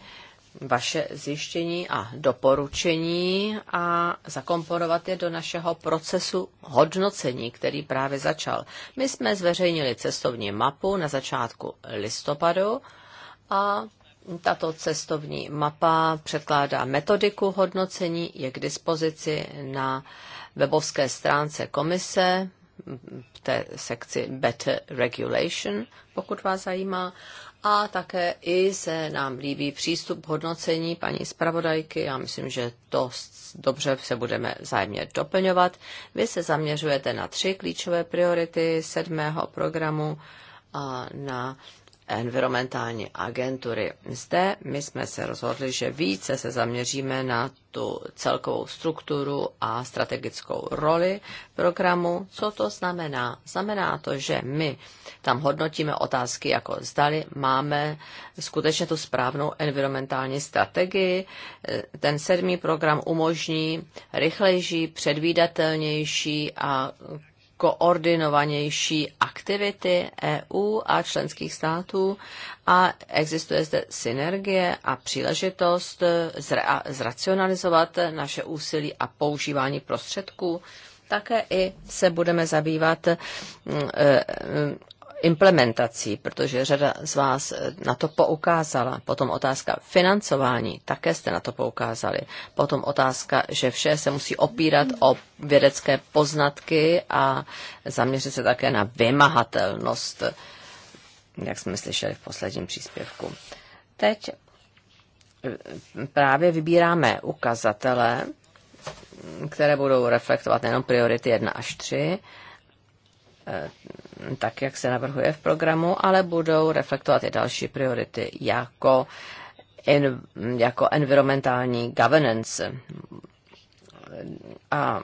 vaše zjištění a doporučení a zakomponovat je do našeho procesu hodnocení, který právě začal. My jsme zveřejnili cestovní mapu na začátku listopadu a tato cestovní mapa předkládá metodiku hodnocení, je k dispozici na webovské stránce komise v té sekci Better Regulation, pokud vás zajímá. A také i se nám líbí přístup hodnocení paní zpravodajky. Já myslím, že to dobře se budeme zájemně doplňovat. Vy se zaměřujete na tři klíčové priority sedmého programu a na environmentální agentury. Zde my jsme se rozhodli, že více se zaměříme na tu celkovou strukturu a strategickou roli programu. Co to znamená? Znamená to, že my tam hodnotíme otázky jako zdali máme skutečně tu správnou environmentální strategii. Ten sedmý program umožní rychlejší, předvídatelnější a koordinovanější aktivity EU a členských států a existuje zde synergie a příležitost zra- zracionalizovat naše úsilí a používání prostředků. Také i se budeme zabývat mm, e, implementací, protože řada z vás na to poukázala. Potom otázka financování, také jste na to poukázali. Potom otázka, že vše se musí opírat o vědecké poznatky a zaměřit se také na vymahatelnost, jak jsme slyšeli v posledním příspěvku. Teď eh, právě vybíráme ukazatele, které budou reflektovat nejenom priority 1 až 3, Eh, tak, jak se navrhuje v programu, ale budou reflektovat i další priority jako, in, jako environmentální governance. A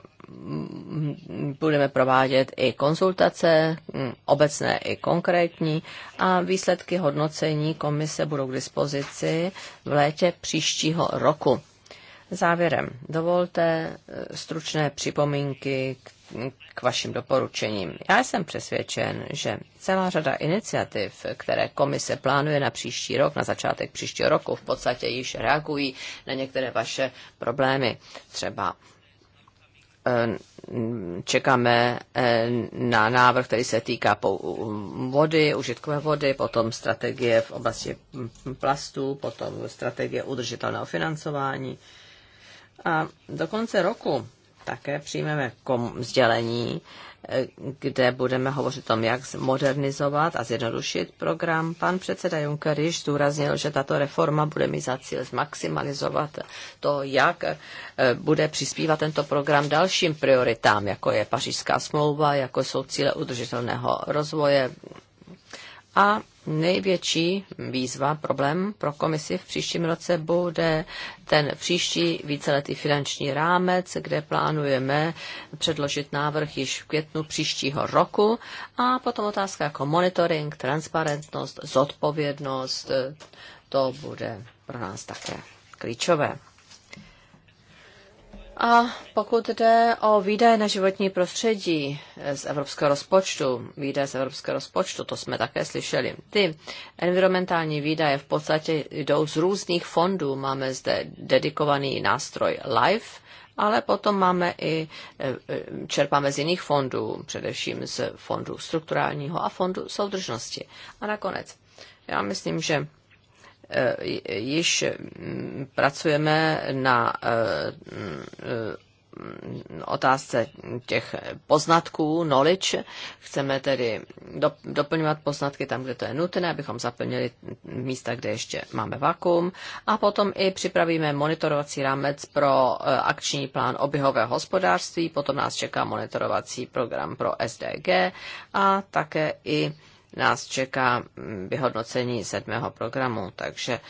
budeme provádět i konzultace, hm, obecné i konkrétní, a výsledky hodnocení komise budou k dispozici v létě příštího roku. Závěrem dovolte eh, stručné připomínky k k vašim doporučením. Já jsem přesvědčen, že celá řada iniciativ, které komise plánuje na příští rok, na začátek příštího roku, v podstatě již reagují na některé vaše problémy. Třeba eh, čekáme eh, na návrh, který se týká vody, užitkové vody, potom strategie v oblasti plastů, potom strategie udržitelného financování. A do konce roku také přijmeme kom- sdělení, kde budeme hovořit o tom, jak modernizovat a zjednodušit program. Pan předseda Juncker již zdůraznil, že tato reforma bude mít za cíl zmaximalizovat to, jak eh, bude přispívat tento program dalším prioritám, jako je pařížská smlouva, jako jsou cíle udržitelného rozvoje a největší výzva, problém pro komisi v příštím roce bude ten příští víceletý finanční rámec, kde plánujeme předložit návrh již v květnu příštího roku a potom otázka jako monitoring, transparentnost, zodpovědnost, to bude pro nás také klíčové. A pokud jde o výdaje na životní prostředí z evropského rozpočtu, výdaje z evropského rozpočtu, to jsme také slyšeli, ty environmentální výdaje v podstatě jdou z různých fondů. Máme zde dedikovaný nástroj LIFE, ale potom máme i, e, čerpáme z jiných fondů, především z fondu strukturálního a fondu soudržnosti. A nakonec, já myslím, že Eh, již mm, pracujeme na eh, mm, otázce těch poznatků, knowledge. Chceme tedy doplňovat poznatky tam, kde to je nutné, abychom zaplnili místa, kde ještě máme vakuum. A potom i připravíme monitorovací rámec pro eh, akční plán oběhového hospodářství, potom nás čeká monitorovací program pro SDG a také i nás čeká mm, vyhodnocení sedmého programu, takže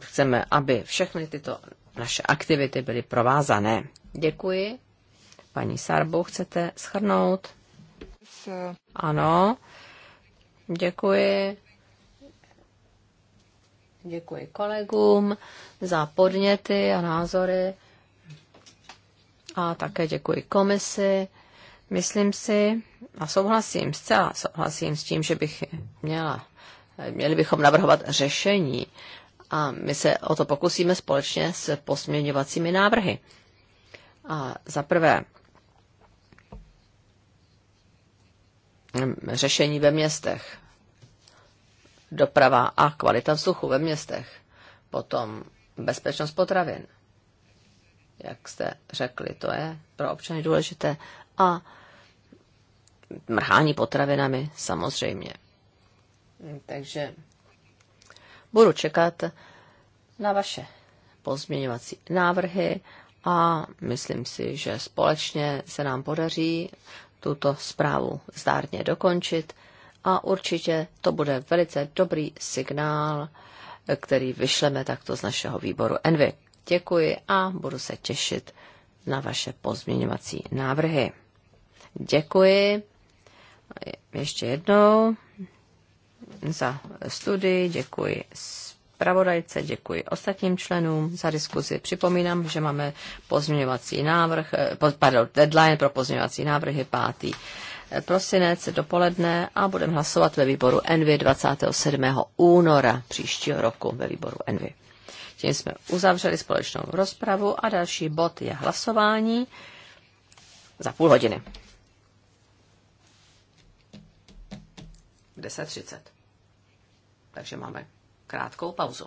chceme, aby všechny tyto naše aktivity byly provázané. Děkuji. Paní Sarbu, chcete schrnout? Ano. Děkuji. Děkuji kolegům za podněty a názory. A také děkuji komisi. Myslím si a souhlasím, zcela souhlasím s tím, že bych měla, měli bychom navrhovat řešení a my se o to pokusíme společně s posměňovacími návrhy. A za prvé, řešení ve městech, doprava a kvalita vzduchu ve městech, potom bezpečnost potravin, jak jste řekli, to je pro občany důležité a mrhání potravinami samozřejmě. Takže budu čekat na vaše pozměňovací návrhy a myslím si, že společně se nám podaří tuto zprávu zdárně dokončit a určitě to bude velice dobrý signál, který vyšleme takto z našeho výboru Envy. Děkuji a budu se těšit na vaše pozměňovací návrhy. Děkuji ještě jednou za studii, děkuji zpravodajce, děkuji ostatním členům za diskuzi. Připomínám, že máme pozměňovací návrh, eh, pardon, deadline pro pozměňovací návrhy 5. Eh, prosinec dopoledne a budeme hlasovat ve výboru Envy 27. února příštího roku ve výboru Envy. Tím jsme uzavřeli společnou rozpravu a další bod je hlasování za půl hodiny. 10.30. Takže máme krátkou pauzu.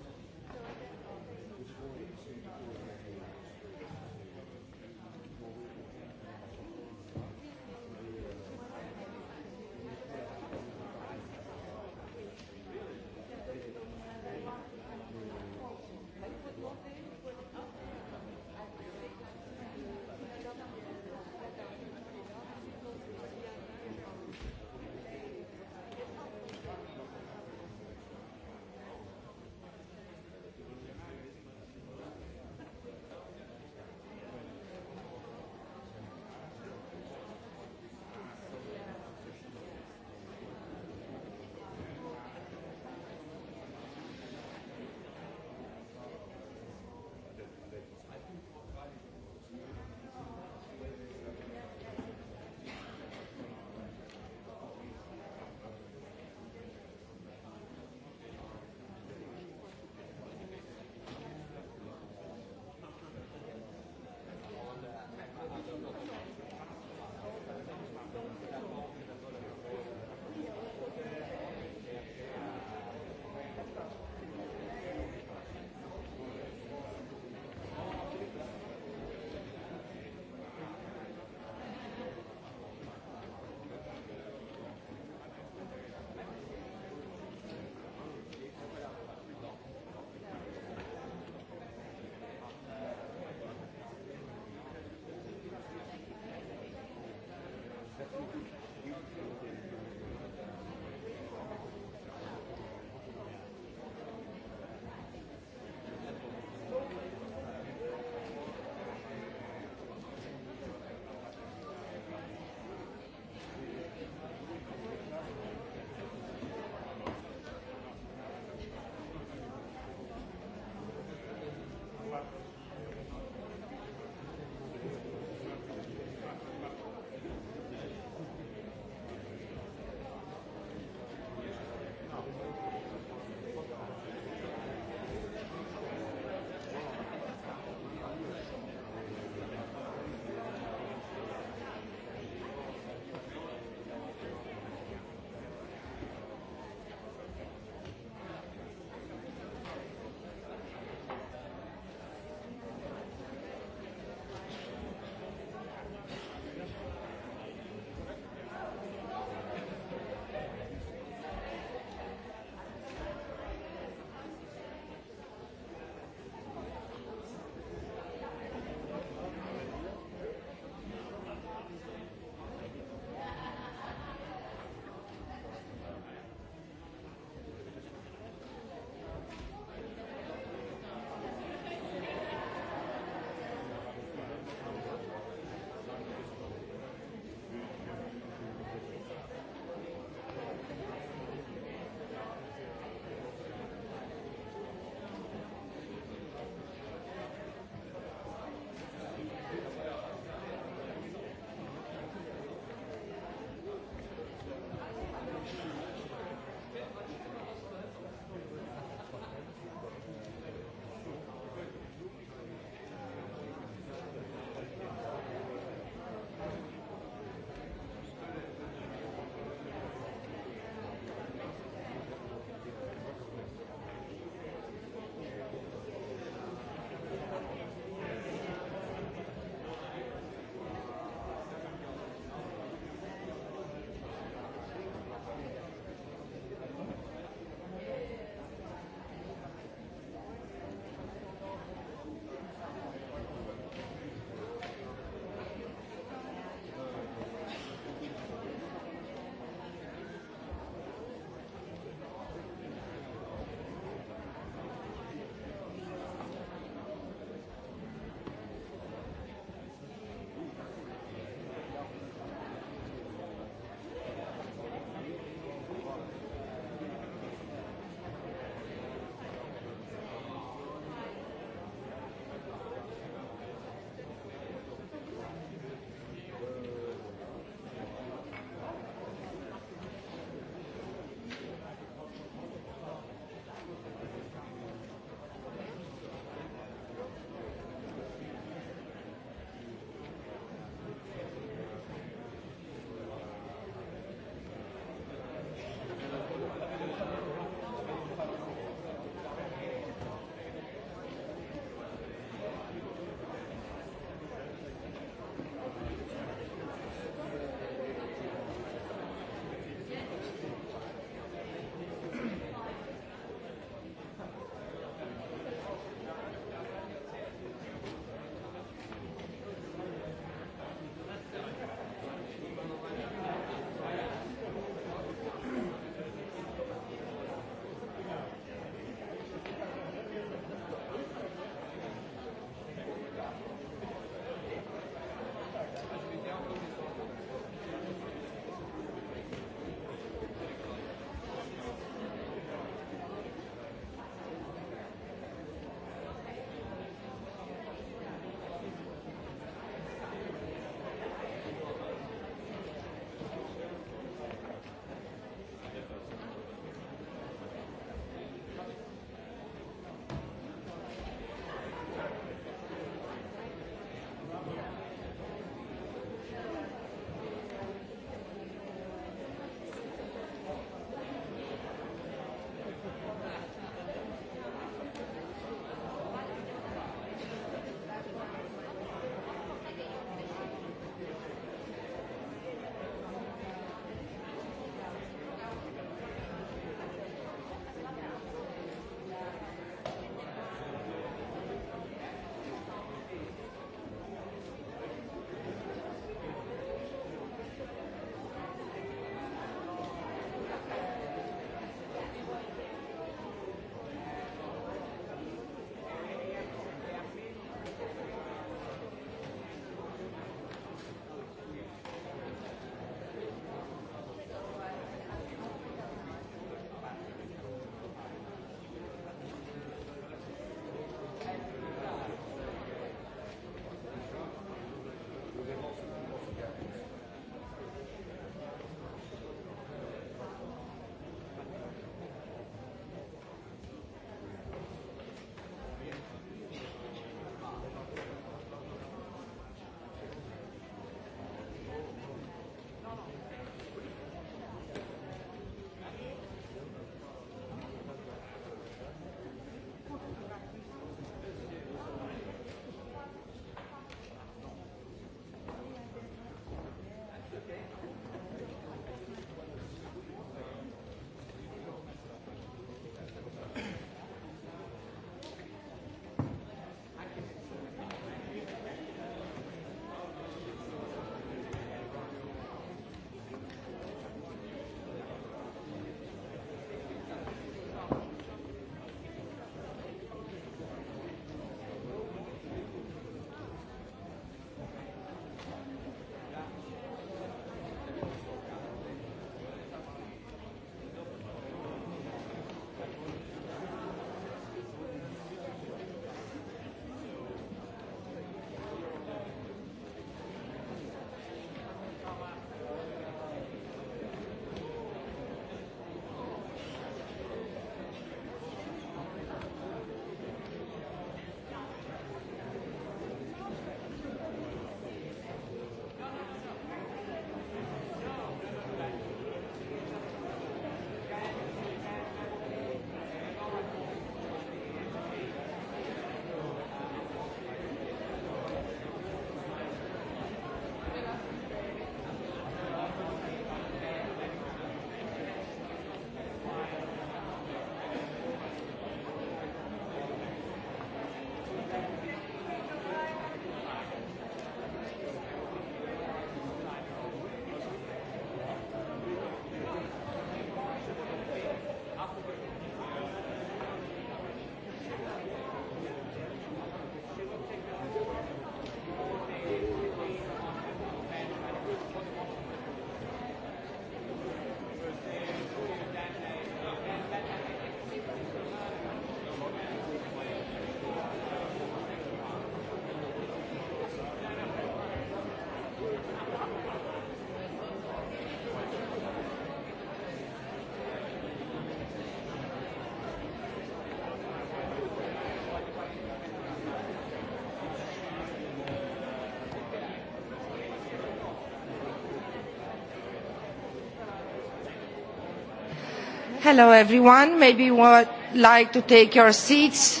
Hello everyone, maybe you would like to take your seats.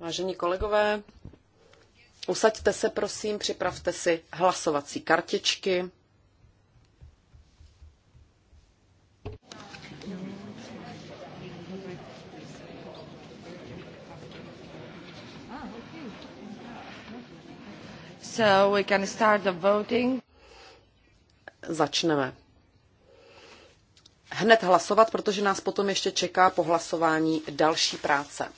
Vážení kolegové, usaďte se prosím, připravte si hlasovací kartičky. So we can start the voting. Začneme hned hlasovat, protože nás potom ještě čeká po hlasování další práce.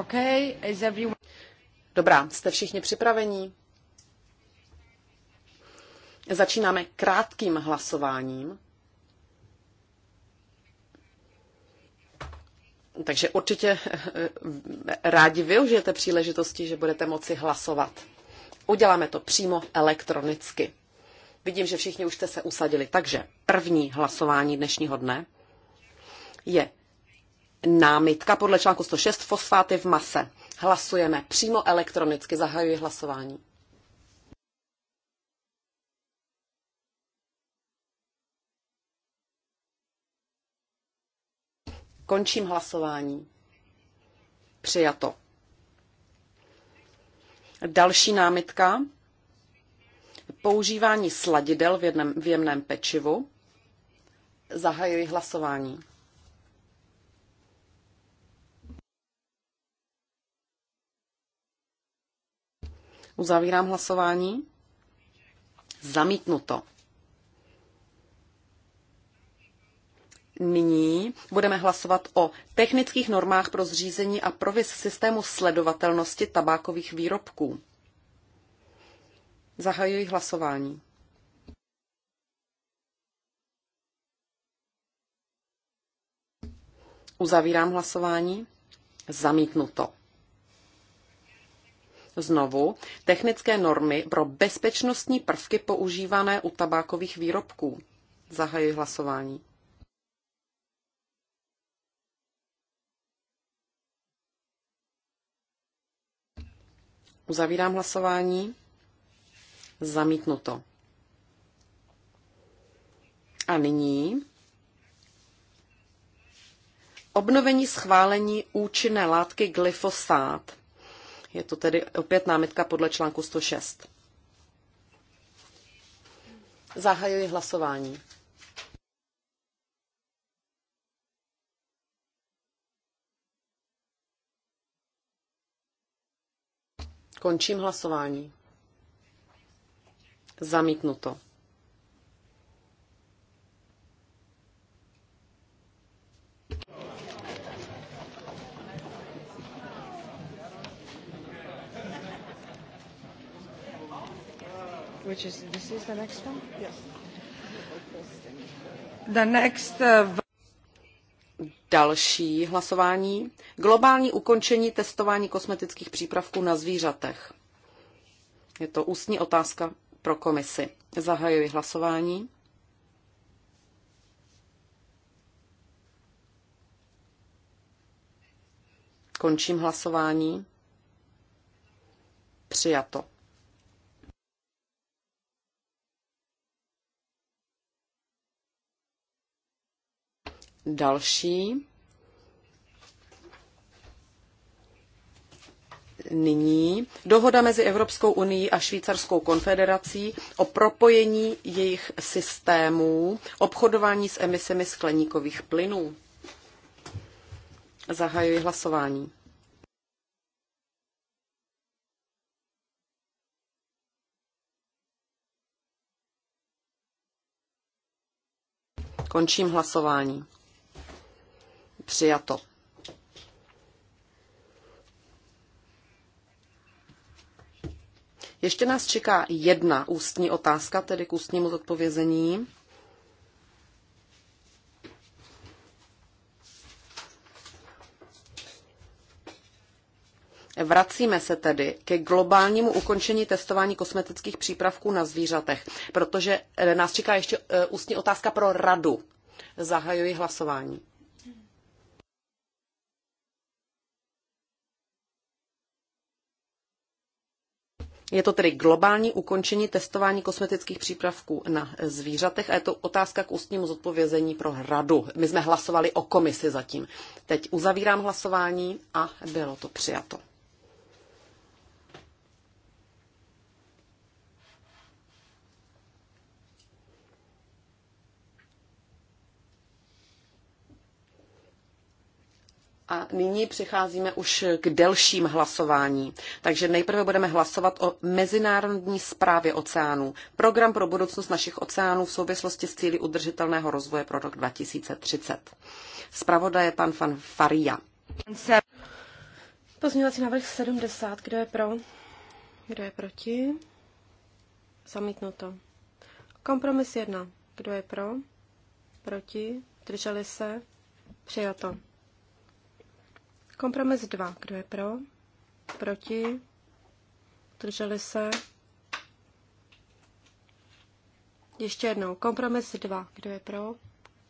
Okay, is everyone... Dobrá, jste všichni připraveni? Začínáme krátkým hlasováním. Takže určitě eh, eh, rádi využijete příležitosti, že budete moci hlasovat. Uděláme to přímo elektronicky. Vidím, že všichni už jste se usadili. Takže první hlasování dnešního dne je námitka podle článku 106 fosfáty v mase. Hlasujeme přímo elektronicky. Zahajuji hlasování. Končím hlasování. Přijato. Další námitka. Používání sladidel v, jednem, v jemném pečivu. Zahajuji hlasování. Uzavírám hlasování. Zamítnuto. Nyní budeme hlasovat o technických normách pro zřízení a provis systému sledovatelnosti tabákových výrobků. Zahajuji hlasování. Uzavírám hlasování. Zamítnuto. Znovu, technické normy pro bezpečnostní prvky používané u tabákových výrobků. Zahajuji hlasování. Uzavírám hlasování. Zamítnuto. A nyní obnovení schválení účinné látky glyfosát. Je to tedy opět námitka podle článku 106. Zahajuji hlasování. Končím hlasování. Zamítnuto. Which is, this is the next one? Yes. The next uh, další hlasování. Globální ukončení testování kosmetických přípravků na zvířatech. Je to ústní otázka pro komisi. Zahajuji hlasování. Končím hlasování. Přijato. další. Nyní dohoda mezi Evropskou unii a Švýcarskou konfederací o propojení jejich systémů obchodování s emisemi skleníkových plynů. Zahajuji hlasování. Končím hlasování. Přijato. Ještě nás čeká jedna ústní otázka, tedy k ústnímu zodpovězení. Vracíme se tedy ke globálnímu ukončení testování kosmetických přípravků na zvířatech, protože nás čeká ještě e, ústní otázka pro radu. Zahajuji hlasování. Je to tedy globální ukončení testování kosmetických přípravků na zvířatech a je to otázka k ústnímu zodpovězení pro radu. My jsme hlasovali o komisi zatím. Teď uzavírám hlasování a bylo to přijato. A nyní přicházíme už k delším hlasování. Takže nejprve budeme hlasovat o mezinárodní zprávě oceánů. Program pro budoucnost našich oceánů v souvislosti s cíly udržitelného rozvoje pro rok 2030. Zpravodaj je pan Fan Faria. Pozměňovací návrh 70. Kdo je pro? Kdo je proti? Zamítnuto. Kompromis 1. Kdo je pro? Proti? Drželi se? Přijato. Kompromis 2. Kdo je pro? Proti? Drželi se? Ještě jednou. Kompromis 2. Kdo je pro?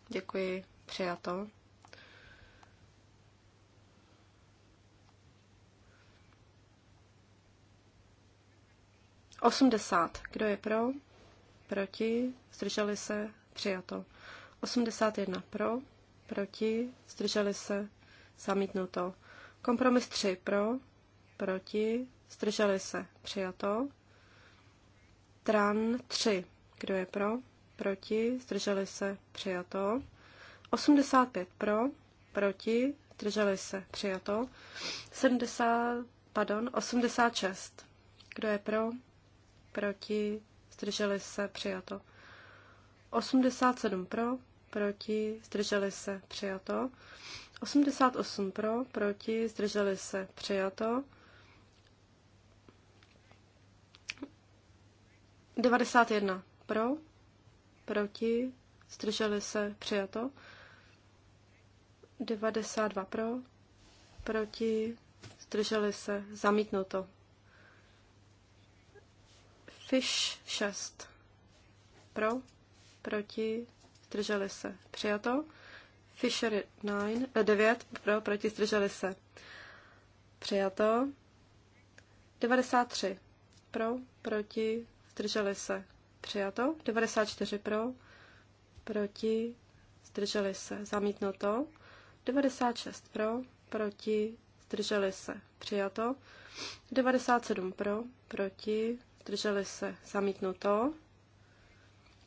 Děkuji. Přijato. Osmdesát. Kdo je pro? Proti? Zdrželi se? Přijato. Osmdesát jedna pro? Proti? Zdrželi se? Zamítnuto. Kompromis 3 pro, proti, zdrželi se, přijato. Tran 3, kdo je pro, proti, zdrželi se, přijato. 85 pro, proti, zdrželi se, přijato. 70, pardon, 86, kdo je pro, proti, zdrželi se, přijato. 87 pro, proti, zdrželi se, přijato. 88 pro, proti, zdrželi se, přijato. 91 pro, proti, zdrželi se, přijato. 92 pro, proti, zdrželi se, zamítnuto. Fish 6 pro, proti, zdrželi se, přijato. Fisher 9, 9 pro, proti zdrželi se. Přijato. 93 pro, proti zdrželi se. Přijato. 94 pro, proti zdrželi se. Zamítnuto. 96 pro, proti zdrželi se. Přijato. 97 pro, proti zdrželi se. Zamítnuto.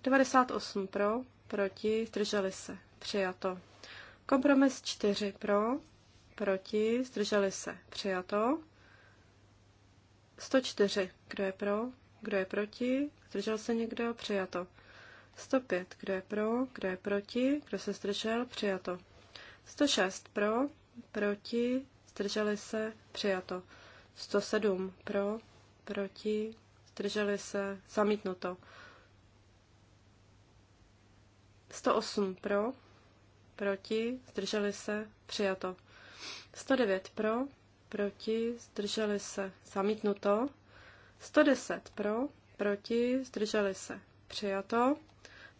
98 pro, proti zdrželi se. Přijato. Kompromis 4 pro, proti, zdrželi se, přijato. 104, kdo je pro, kdo je proti, zdržel se někdo, přijato. 105, kdo je pro, kdo je proti, kdo se zdržel, přijato. 106 pro, proti, zdrželi se, přijato. 107 pro, proti, zdrželi se, zamítnuto. 108 pro, proti, zdrželi se, přijato. 109 pro, proti, zdrželi se, zamítnuto. 110 pro, proti, zdrželi se, přijato.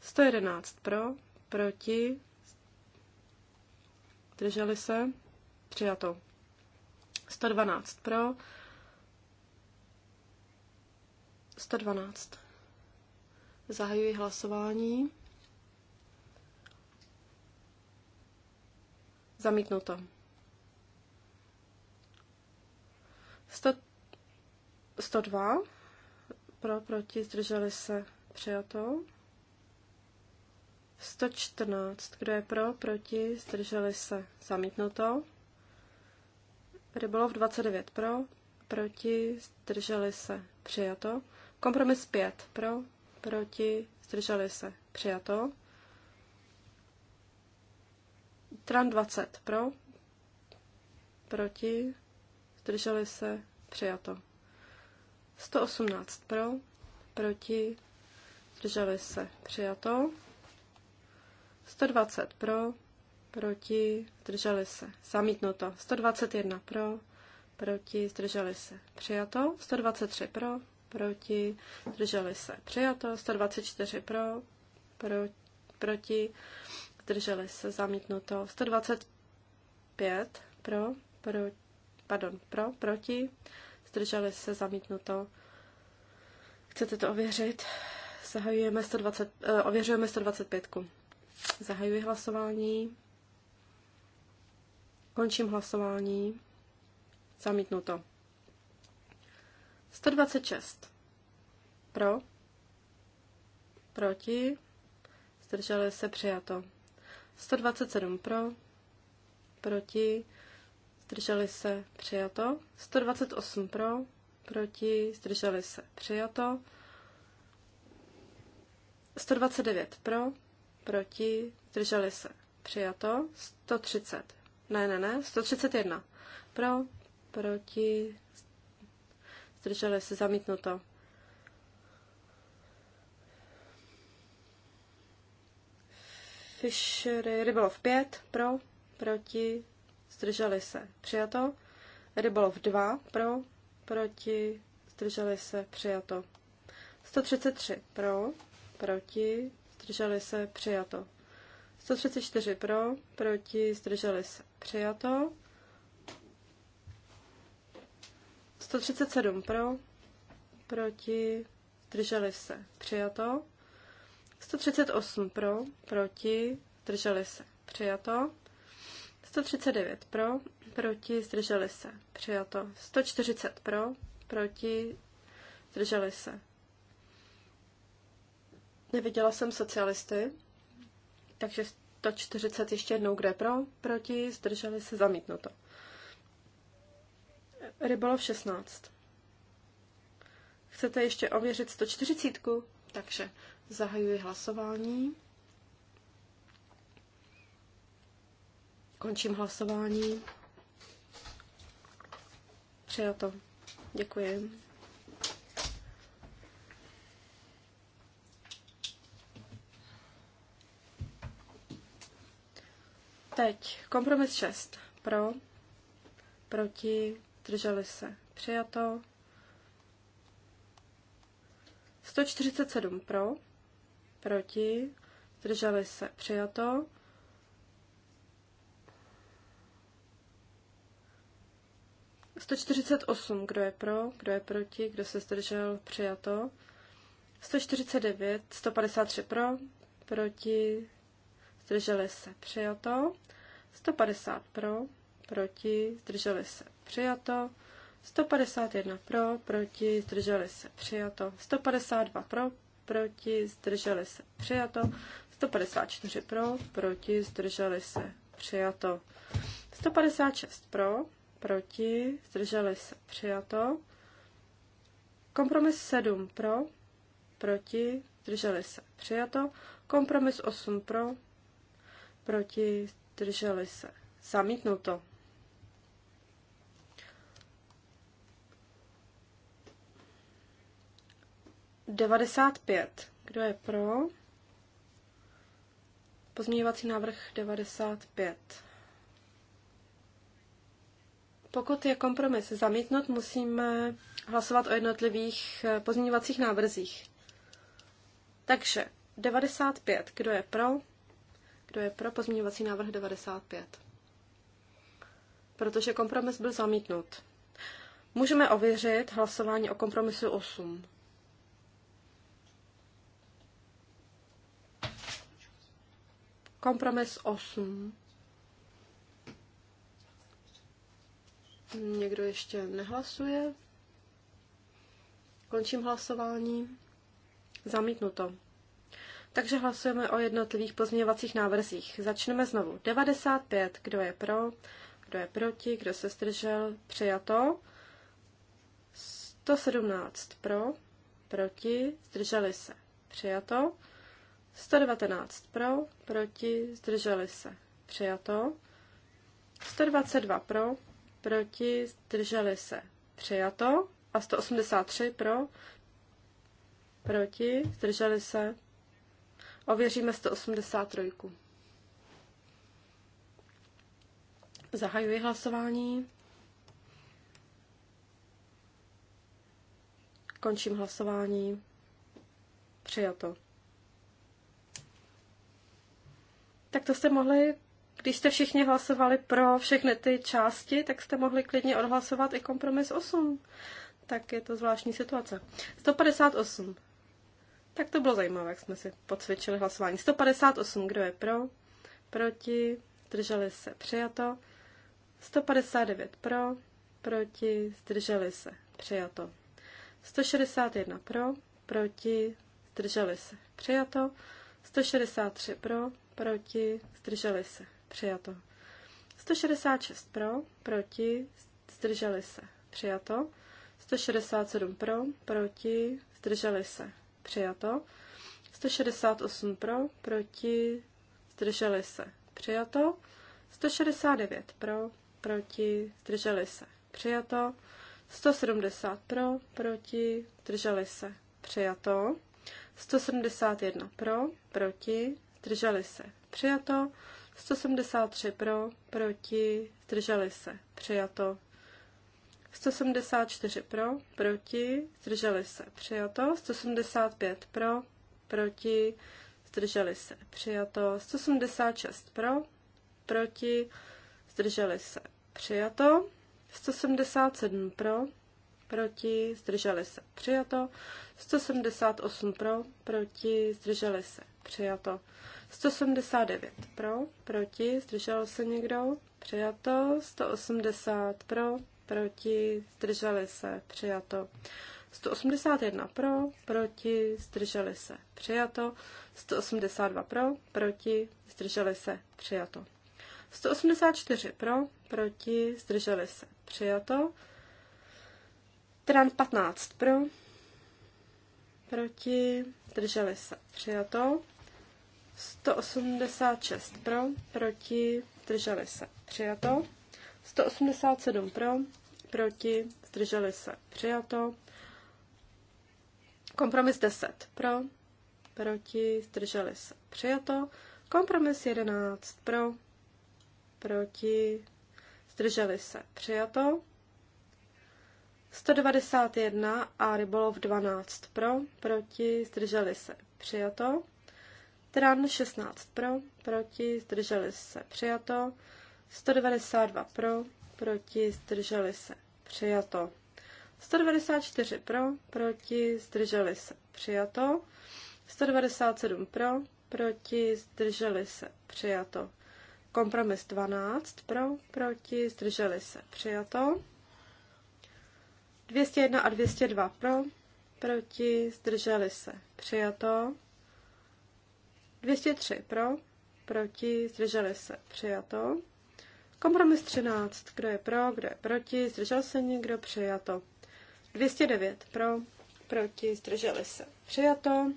111 pro, proti, zdrželi se, přijato. 112 pro, 112. Zahajuji hlasování. Zamítnuto. 100, 102. Pro, proti, zdrželi se. Přijato. 114. Kdo je pro, proti, zdrželi se. Zamítnuto. Rybolov 29 pro, proti, zdrželi se. Přijato. Kompromis 5 pro, proti, zdrželi se. Přijato. Tran 20 pro, proti, zdrželi se, přijato. 118 pro, proti, zdrželi se, přijato. 120 pro, proti, zdrželi se, zamítnuto. 121 pro, proti, zdrželi se, přijato. 123 pro, proti, zdrželi se, přijato. 124 pro, pro proti, zdrželi se, zamítnuto. 125 pro, pro, pardon, pro, proti, zdrželi se, zamítnuto. Chcete to ověřit? Zahajujeme 120, uh, eh, ověřujeme 125. -ku. Zahajuji hlasování. Končím hlasování. Zamítnuto. 126. Pro. Proti. Zdrželi se přijato. 127 pro, proti, zdrželi se, přijato. 128 pro, proti, zdrželi se, přijato. 129 pro, proti, zdrželi se, přijato. 130, ne, ne, ne, 131 pro, proti, zdrželi se, zamítnuto. Fishery, rybolov 5 pro, proti, zdrželi se, přijato. Rybolov 2 pro, proti, zdrželi se, přijato. 133 pro, proti, zdrželi se, přijato. 134 pro, proti, zdrželi se, přijato. 137 pro, proti, zdrželi se, přijato. 138 pro, proti, zdrželi se, přijato. 139 pro, proti, zdrželi se, přijato. 140 pro, proti, zdrželi se. Neviděla jsem socialisty, takže 140 ještě jednou, kde pro, proti, zdrželi se, zamítnuto. Rybolov 16. Chcete ještě ověřit 140? Takže Zahajuji hlasování. Končím hlasování. to. Děkuji. Teď kompromis 6. Pro, proti, drželi se. Přijato. 147 pro, proti, zdrželi se přijato. Sto čtyřicet osm, kdo je pro, kdo je proti, kdo se zdržel, přijato. 149, 153 pro, proti, zdrželi se, přijato. 150 pro, proti, zdrželi se, přijato. 151 pro, proti, zdrželi se, přijato. 152 pro, proti, zdrželi se, přijato. 154 pro, proti, zdrželi se, přijato. 156 pro, proti, zdrželi se, přijato. Kompromis 7 pro, proti, zdrželi se, přijato. Kompromis 8 pro, proti, zdrželi se, zamítnuto. 95. Kdo je pro? Pozměňovací návrh 95. Pokud je kompromis zamítnut, musíme hlasovat o jednotlivých eh, pozměňovacích návrzích. Takže 95. Kdo je pro? Kdo je pro pozměňovací návrh 95? Protože kompromis byl zamítnut. Můžeme ověřit hlasování o kompromisu 8. Kompromis 8. Někdo ještě nehlasuje. Končím hlasování. Zamítnuto. Takže hlasujeme o jednotlivých pozměňovacích návrzích. Začneme znovu. 95. Kdo je pro? Kdo je proti? Kdo se zdržel? Přijato. 117 pro, proti, zdrželi se. Přijato. 119 pro, proti, zdrželi se. Přijato. 122 pro, proti, zdrželi se. Přijato. A 183 pro, proti, zdrželi se. Ověříme 183. Zahajuji hlasování. Končím hlasování. Přijato. tak to jste mohli, když jste všichni hlasovali pro všechny ty části, tak jste mohli klidně odhlasovat i kompromis 8. Tak je to zvláštní situace. 158. Tak to bylo zajímavé, jak jsme si podsvědčili hlasování. 158, kdo je pro, proti, zdrželi se, přijato. 159 pro, proti, zdrželi se, přijato. 161 pro, proti, zdrželi se, přijato. 163 pro, proti, zdrželi se, přijato. 166 pro, proti, zdrželi se, přijato. 167 pro, proti, zdrželi se, přijato. 168 pro, proti, zdrželi se, přijato. 169 pro, proti, zdrželi se, přijato. 170 pro, proti, zdrželi se, přijato. 171 pro, proti, zdrželi se, přijato. 173 pro, proti, zdrželi se, přijato. 174 pro, proti, zdrželi se, přijato. 175 pro, proti, zdrželi se, přijato. 176 pro, proti, zdrželi se, přijato. 177 pro, proti, zdrželi se, přijato. 178 pro, proti, zdrželi se, přijato. 179 pro, proti, zdržel se někdo, přijato. 180 pro, proti, zdrželi se, přijato. 181 pro, proti, zdrželi se, přijato. 182 pro, proti, zdrželi se, přijato. 184 pro, proti, zdrželi se, přijato. Tran 15 pro, proti, zdrželi se, přijato. 186 pro, proti, zdrželi se, přijato. 187 pro, proti, zdrželi se, přijato. Kompromis 10 pro, proti, zdrželi se, přijato. Kompromis 11 pro, proti, zdrželi se, přijato. 191 a rybolov 12 pro, proti, zdrželi se, přijato. Tran 16 pro, proti, zdrželi se, přijato. 192 pro, proti, zdrželi se, přijato. 194 pro, proti, zdrželi se, přijato. 197 pro, proti, zdrželi se, přijato. Kompromis 12 pro, proti, zdrželi se, přijato. 201 a 202 pro, proti, zdrželi se, přijato. 203 pro, proti, zdrželi se, přijato. Kompromis 13, kdo je pro, kdo je proti, zdržel se někdo, přijato. 209 pro, proti, zdrželi se, přijato.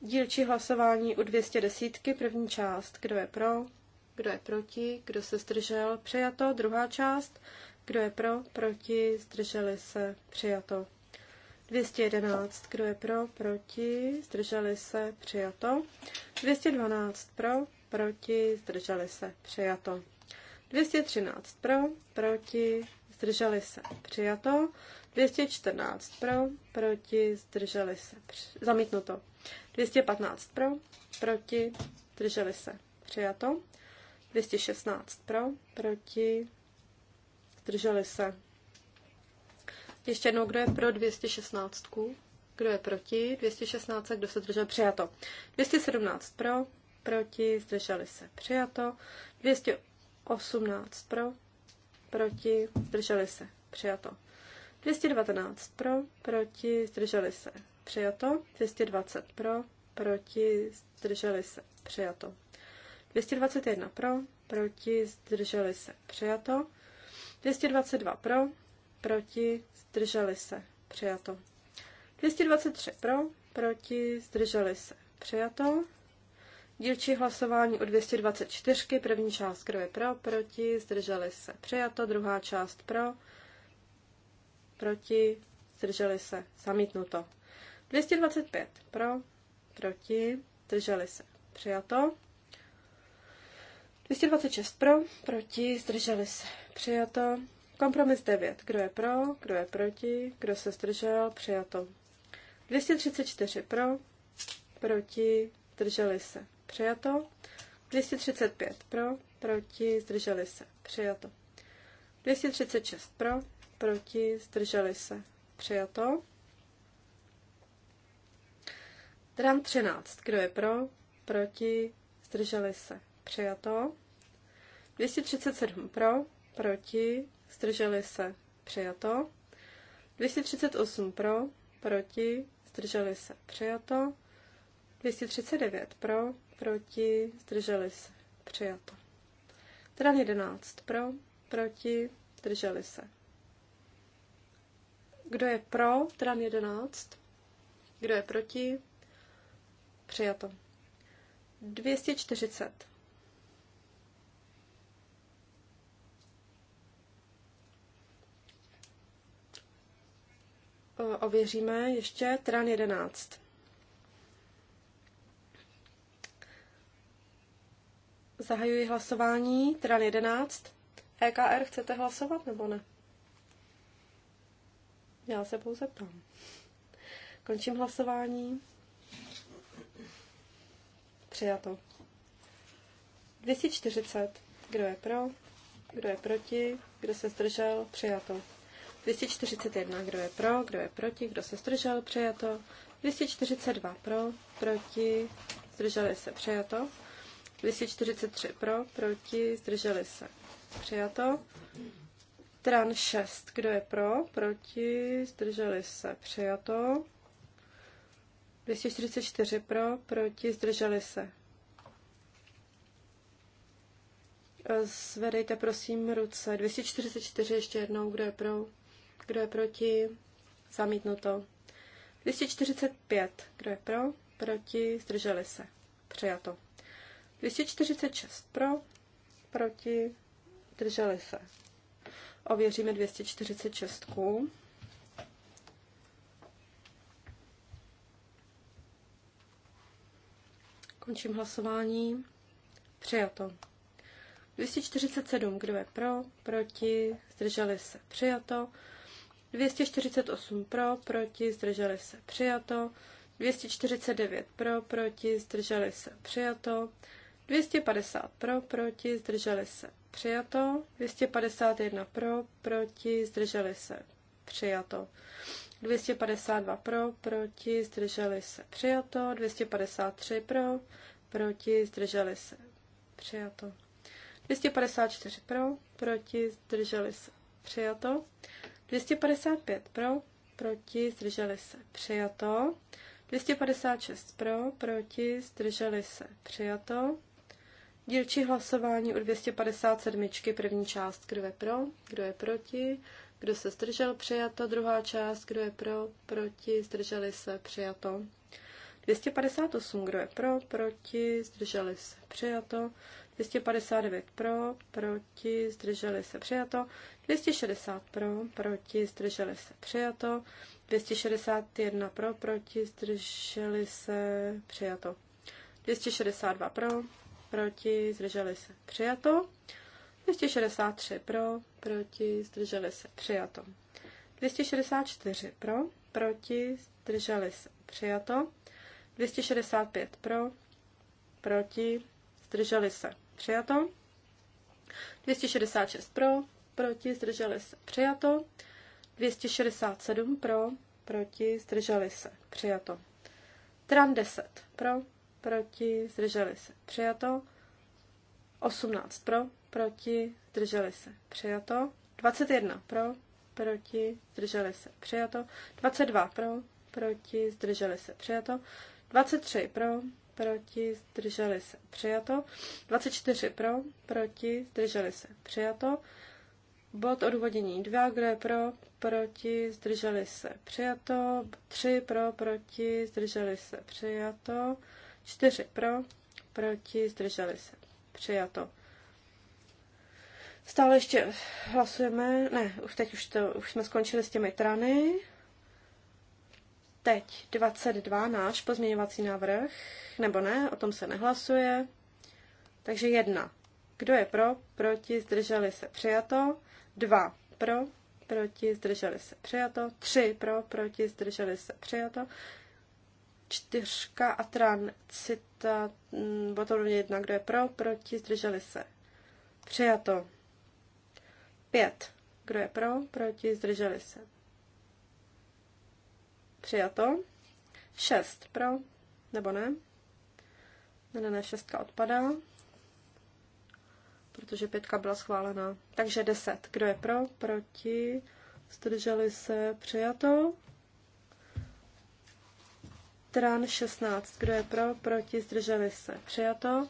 Dílčí hlasování u 210, první část, kdo je pro, kdo je proti, kdo se zdržel, přijato. Druhá část, kdo je pro, proti, zdrželi se, přijato. 211, kdo je pro, proti, zdrželi se, přijato. 212 pro, proti, zdrželi se, přijato. 213 pro, proti, zdrželi se, přijato. 214 pro, proti zdrželi se, při, zamítnuto. 215 pro, proti, zdrželi se, přijato. 216 pro, proti, zdrželi se, ještě jednou, kdo je pro 216? Kdo je proti? 216, kdo se držel Přijato. 217 pro, proti, zdrželi se. Přijato. 218 pro, proti, zdrželi se. Přijato. 219 pro, proti, zdrželi se. Přijato. 220 pro, proti, zdrželi se. Přijato. 221 pro, proti, zdrželi se. Přijato. 222 pro, proti, zdrželi se, přijato. 223 pro, proti, zdrželi se, přijato. Dílčí hlasování o 224, první část, krve pro, proti, zdrželi se, přijato, druhá část pro, proti, zdrželi se, zamítnuto. 225 pro, proti, zdrželi se, přijato. 226 pro, proti, zdrželi se, přijato. Kompromis 9. Kdo je pro, kdo je proti, kdo se zdržel, přijato. 234 pro, proti, zdrželi se, přijato. 235 pro, proti, zdrželi se, přijato. 236 pro, proti, zdrželi se, přijato. Dram 13, kdo je pro, proti, zdrželi se, přijato. 237 pro, proti, zdrželi se, přijato. 238 pro, proti, zdrželi se, přijato. 239 pro, proti, zdrželi se, přijato. Teda 11 pro, proti, zdrželi se. Kdo je pro, teda 11? Kdo je proti? Přijato. 240 Eh, ověříme ještě tran 11. Zahajuji hlasování, tran 11. EKR, chcete hlasovat nebo ne? Já se pouze ptám. Končím hlasování. Přijato. 240. Kdo je pro? Kdo je proti? Kdo se zdržel? Přijato. 241, kdo je pro, kdo je proti, kdo se zdržel, přijato. 242 pro, proti, zdrželi se, přijato. 243 pro, proti, zdrželi se, přijato. Tran 6, kdo je pro, proti, zdrželi se, přijato. 244 pro, proti, zdrželi se. Zvedejte prosím ruce. 244 ještě jednou, kdo je pro, kdo je proti? Zamítnuto. 245. Kdo je pro? Proti? Zdrželi se. Přijato. 246 pro, proti, drželi se. Ověříme 246. Končím hlasování. Přijato. 247, kdo je pro, proti, zdrželi se, přijato. 248 pro, proti, zdrželi se, přijato. 249 pro, proti, zdrželi se, přijato. 250 pro, proti, zdrželi se, přijato. 251 pro, proti, zdrželi se, přijato. 252 pro, proti, zdrželi se, přijato. 253 pro, proti, zdrželi se, přijato. 254 pro, proti, zdrželi se, přijato. 255 pro, proti, zdrželi se, přijato. 256 pro, proti, zdrželi se, přijato. Dílčí hlasování u 257. první část, kdo je pro, kdo je proti, kdo se zdržel, přijato. Druhá část, kdo je pro, proti, zdrželi se, přijato. 258, kdo je pro, proti, zdrželi se, přijato. 259 pro, proti, zdrželi se přijato. 260 pro, proti, zdrželi se přijato. 261 pro, proti, zdrželi se přijato. 262 pro, proti, zdrželi se přijato. 263 pro, proti, zdrželi se přijato. 264 pro, proti, zdrželi se přijato. 265 pro, proti, zdrželi se přijato. 266 pro, proti, zdrželi se, přijato. 267 pro, proti, zdrželi se, přijato. Tran 10 pro, proti, zdrželi se, přijato. 18 pro, proti, zdrželi se, přijato. 21 pro, proti, zdrželi se, přijato. 22 pro, proti, zdrželi se, přijato. 23 pro, proti, zdrželi se, přijato. 24 pro, proti, zdrželi se, přijato. Bod odůvodnění 2, kdo je pro, proti, zdrželi se, přijato. 3 pro, proti, zdrželi se, přijato. 4 pro, proti, zdrželi se, přijato. Stále ještě hlasujeme, ne, už teď už, to, už jsme skončili s těmi trany. Teď 22, náš pozměňovací návrh, nebo ne, o tom se nehlasuje. Takže jedna. Kdo je pro, proti, zdrželi se, přijato. Dva pro, proti, zdrželi se, přijato. Tři pro, proti, zdrželi se, přijato. Čtyřka a tran, cita, potom mm, jedna, kdo je pro, proti, zdrželi se, přijato. Pět. Kdo je pro, proti, zdrželi se, Přijato. 6 pro, nebo ne? Ne, ne, ne, šestka odpadá, protože pětka byla schválená. Takže 10. Kdo je pro? Proti. Zdrželi se. Přijato. Tran 16. Kdo je pro? Proti. Zdrželi se. Přijato.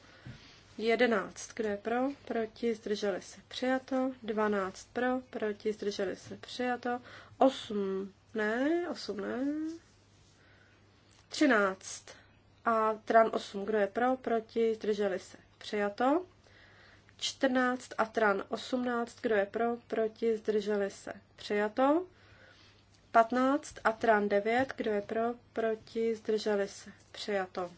11. Kdo je pro? Proti. Zdrželi se. Přijato. 12. Pro. Proti. Zdrželi se. Přijato. 8. Ne, 8 ne. 13. A tran 8, kdo je pro, proti, zdrželi se. Přijato. 14 a tran 18, kdo je pro, proti, zdrželi se. Přijato. 15 a tran 9, kdo je pro, proti, zdrželi se. Přijato.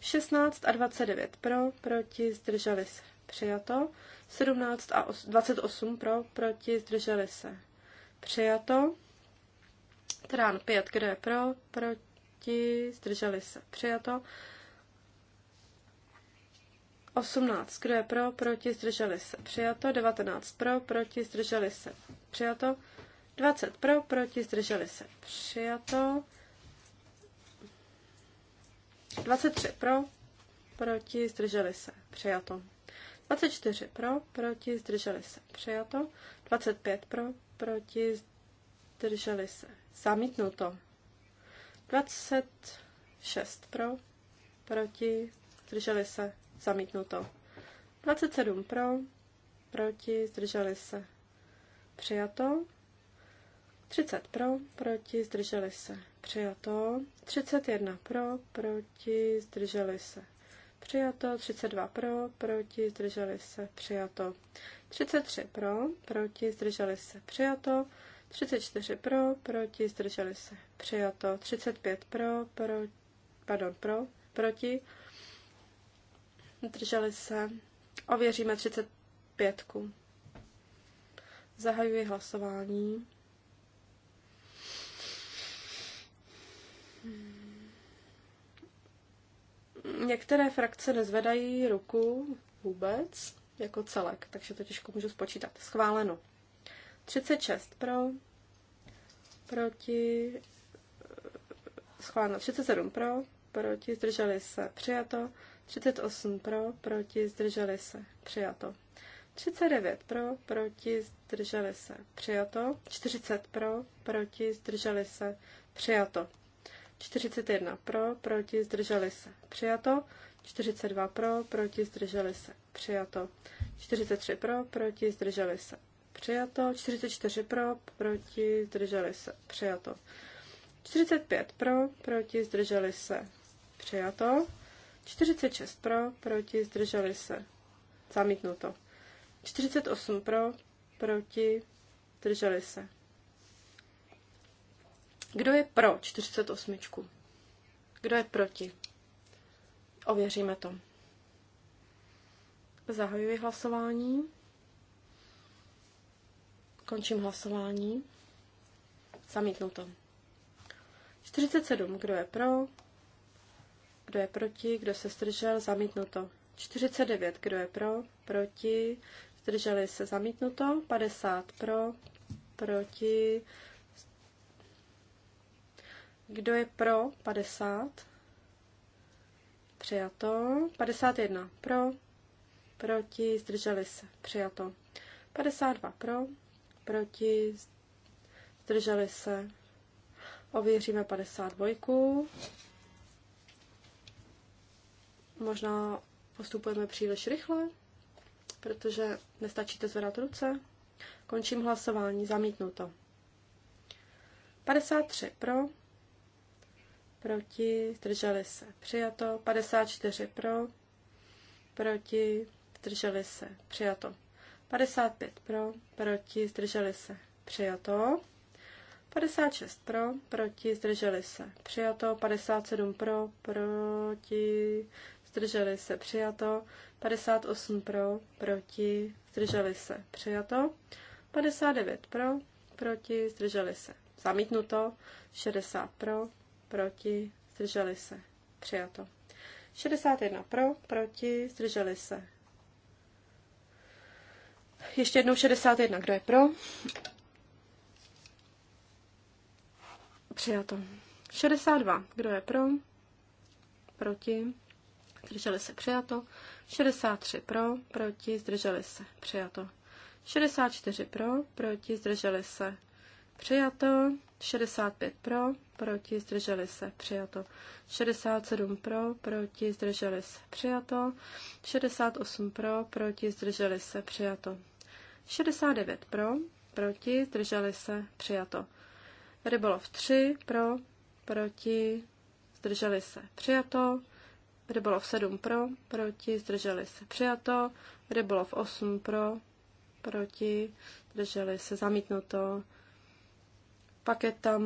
16 a 29 pro, proti, zdrželi se. Přijato. 17 a 28 pro, proti, zdrželi se. Přijato. Trán 5, kdo je pro, proti, zdrželi se, přijato. 18, kdo je pro, proti, zdrželi se, přijato. 19 pro, proti, zdrželi se, přijato. 20 pro, proti, zdrželi se, přijato. 23 pro, proti, zdrželi se, přijato. 24 pro, proti, zdrželi se, přijato. 25 pro, proti, zdrželi se, Zamítnuto. 26 pro, proti, zdrželi se, zamítnuto. 27 pro, proti, zdrželi se, přijato. 30 pro, proti, zdrželi se, přijato. 31 pro, proti, zdrželi se, přijato. 32 pro, proti, zdrželi se, přijato. 33 pro, proti, zdrželi se, přijato. 34 pro, proti, zdrželi se. Přijato. 35 pro, pro, pardon, pro, proti, zdrželi se. Ověříme 35. Zahajuji hlasování. Některé frakce nezvedají ruku vůbec jako celek, takže to těžko můžu spočítat. Schváleno. 36 pro, proti, schváleno 37 pro, proti, zdrželi se, přijato, 38 pro, proti, zdrželi se, přijato. 39 pro, proti, zdrželi se, přijato. 40 pro, proti, zdrželi se, přijato. 41 pro, proti, zdrželi se, přijato. 42 pro, proti, zdrželi se, přijato. 43 pro, proti, zdrželi se, přijato. 44 pro, proti, zdrželi se, přijato. 45 pro, proti, zdrželi se, přijato. 46 pro, proti, zdrželi se, zamítnuto. 48 pro, proti, zdrželi se. Kdo je pro 48? Kdo je proti? Ověříme to. Zahajuji hlasování. Končím hlasování. Zamítnu to. 47. Kdo je pro? Kdo je proti? Kdo se zdržel? to. 49. Kdo je pro? Proti? Zdrželi se? Zamítnu to. 50. Pro? Proti? Kdo je pro? 50. Přijato. 51. Pro? Proti? Zdrželi se? Přijato. 52. Pro? proti, zdrželi se. Ověříme 52. Možná postupujeme příliš rychle, protože nestačíte zvedat ruce. Končím hlasování, zamítnuto. 53 pro, proti, zdrželi se, přijato. 54 pro, proti, zdrželi se, přijato. 55 pro, proti, zdrželi se, přijato. 56 pro, proti, zdrželi se, přijato. 57 pro, proti, zdrželi se, přijato. 58 pro, proti, zdrželi se, přijato. 59 pro, proti, zdrželi se, zamítnuto. 60 pro, proti, zdrželi se, přijato. 61 pro, proti, zdrželi se, ještě jednou 61. Kdo je pro? Přijato. 62. Kdo je pro? Proti. Zdrželi se přijato. 63 pro, proti, zdrželi se přijato. 64 pro, proti, zdrželi se přijato, 65 pro, proti, zdrželi se, přijato. 67 pro, proti, zdrželi se, přijato. 68 pro, proti, zdrželi se, přijato. 69 pro, proti, zdrželi se, přijato. Rybolov 3 pro, proti, zdrželi se, přijato. Rybolov 7 pro, proti, zdrželi se, přijato. Rybolov 8 pro, proti, zdrželi se, zamítnuto. Pak je tam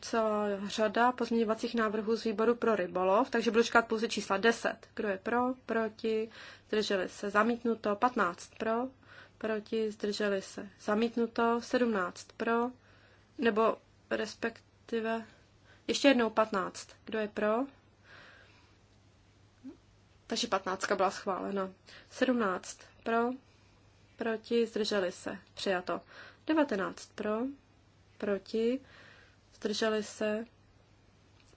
celá řada pozměňovacích návrhů z výboru pro rybolov, takže budu říkat pouze čísla 10. Kdo je pro, proti, zdrželi se, zamítnuto, 15 pro, proti, zdrželi se, zamítnuto, 17 pro, nebo respektive ještě jednou 15. Kdo je pro? Takže 15 byla schválena. 17 pro, proti, zdrželi se, přijato. 19 pro, proti, zdrželi se,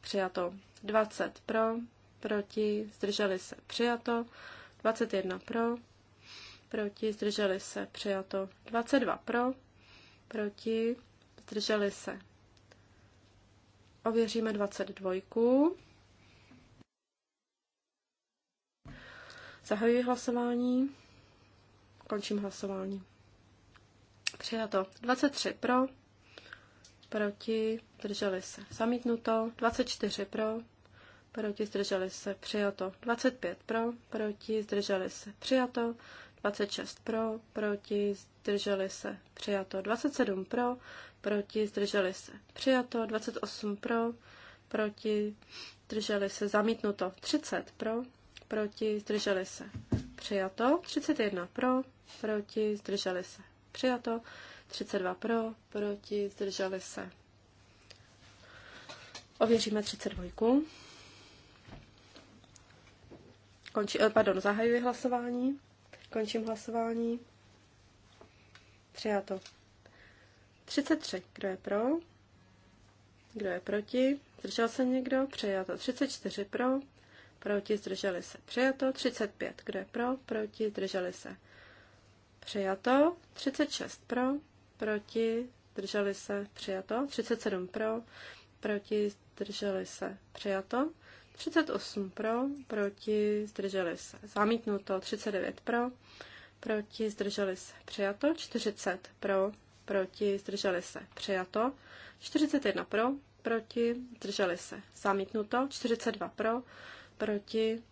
přijato. 20 pro, proti, zdrželi se, přijato. 21 pro, proti, zdrželi se, přijato. 22 pro, proti, zdrželi se. Ověříme 22. Zahajuji hlasování. Končím hlasování. Přijato. 23 pro, proti, zdrželi se. Zamítnuto. 24 pro, proti, zdrželi se. Přijato. 25 pro, proti, zdrželi se. Přijato. 26 pro, proti, zdrželi se. Přijato. 27 pro, proti, zdrželi se. Přijato. 28 pro, proti, zdrželi se. Zamítnuto. 30 pro, proti, zdrželi se. Přijato. 31 pro, proti, zdrželi se. Přijato. 32 pro, proti, zdrželi se. Ověříme 32. Končí, eh, pardon, zahajuji hlasování. Končím hlasování. Přijato. 33. Kdo je pro? Kdo je proti? Zdržel se někdo? Přijato. 34 pro. Proti zdrželi se. Přijato. 35. Kdo je pro? Proti zdrželi se. Přijato. 36 pro proti, drželi se, přijato. 37 pro, proti, zdrželi se, přijato. 38 pro, proti, zdrželi se, zamítnuto. 39 pro, proti, zdrželi se, přijato. 40 pro, proti, zdrželi se, přijato. 41 pro, proti, zdrželi se, zamítnuto. 42 pro, proti.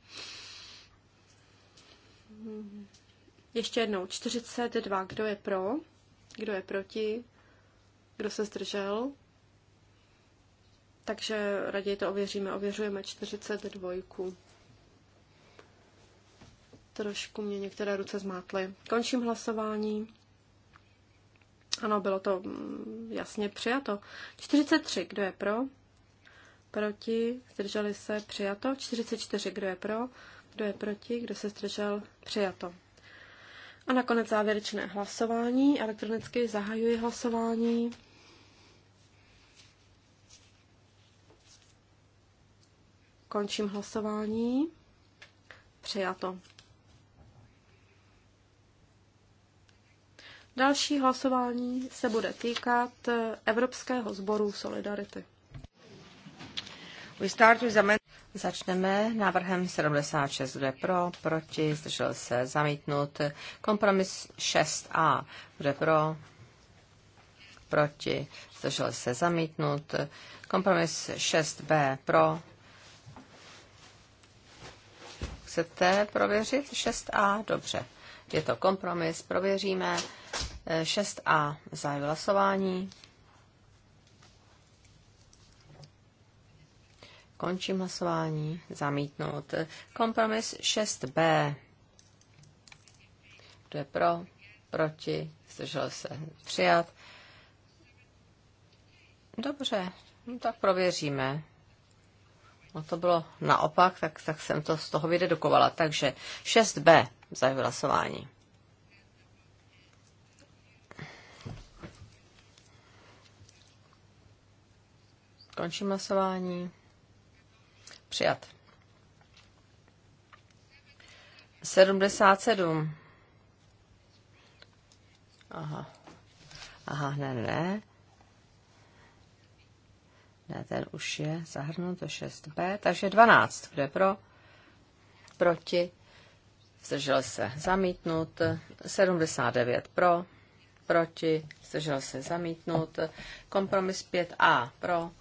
Ještě jednou, 42, kdo je pro, kdo je proti, kdo se zdržel. Takže raději to ověříme. Ověřujeme 42. Trošku mě některé ruce zmátly. Končím hlasování. Ano, bylo to mm, jasně přijato. 43, kdo je pro? Proti, zdrželi se, přijato. 44, kdo je pro? Kdo je proti, kdo se zdržel, přijato. A nakonec závěrečné hlasování. Elektronicky zahajuji hlasování. Končím hlasování. Přijato. Další hlasování se bude týkat eh, Evropského sboru Solidarity. We Začneme návrhem 76, kdo je pro, proti, zdržel se, zamítnut. Kompromis 6a, kdo je pro, proti, zdržel se, zamítnut. Kompromis 6b, pro. Chcete prověřit 6a? Dobře. Je to kompromis, prověříme. 6a, zahájil hlasování. Končím hlasování. Zamítnout. Kompromis 6b. Kdo je pro? Proti? Zdržel se? Přijat. Dobře, no tak prověříme. No to bylo naopak, tak, tak jsem to z toho vydedukovala. Takže 6b za hlasování. Končím hlasování. Přijat. 77. Aha. Aha, ne, ne. Ne, ten už je zahrnut do 6b, takže 12. Kdo je pro? Proti? Zdržel se zamítnut. 79 pro, proti, zdržel se zamítnut. Kompromis 5a pro,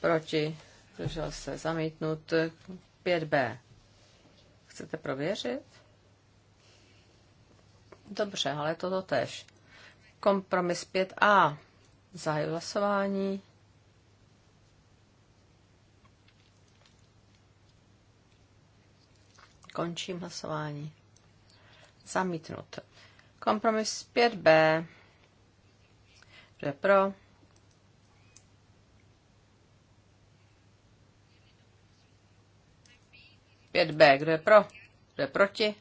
proti, zdržel se zamítnut 5b. Chcete prověřit? Dobře, ale toto tež. Kompromis 5a. Zahaj hlasování. Končím hlasování. Zamítnut. Kompromis 5b. Kdo je pro? 5B, kdo je pro? Kdo je proti?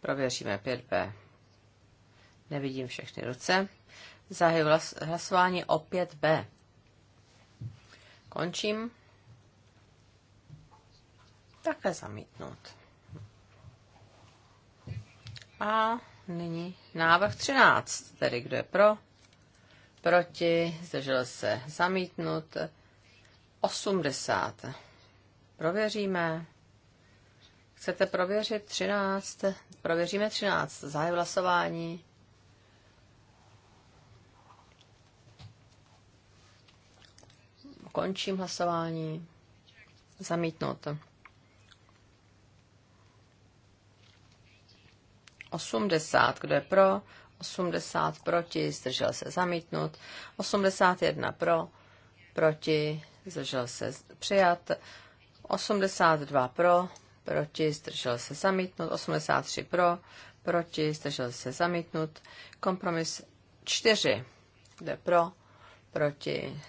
Prověříme 5B. Nevidím všechny ruce. Zahajuji hlasování o 5B. Končím. Také zamítnout. A nyní návrh 13, tedy kdo je pro, proti, zdržel se zamítnut, 80. Prověříme. Chcete prověřit 13? Prověříme 13. Zahájí hlasování. Končím hlasování. Zamítnout. 80. Kdo je pro? 80 proti, zdržel se zamítnut. 81 pro, proti, zdržel se přijat. 82 pro, proti, zdržel se zamítnut, 83 pro, proti, zdržel se zamítnut, kompromis 4, jde pro, proti,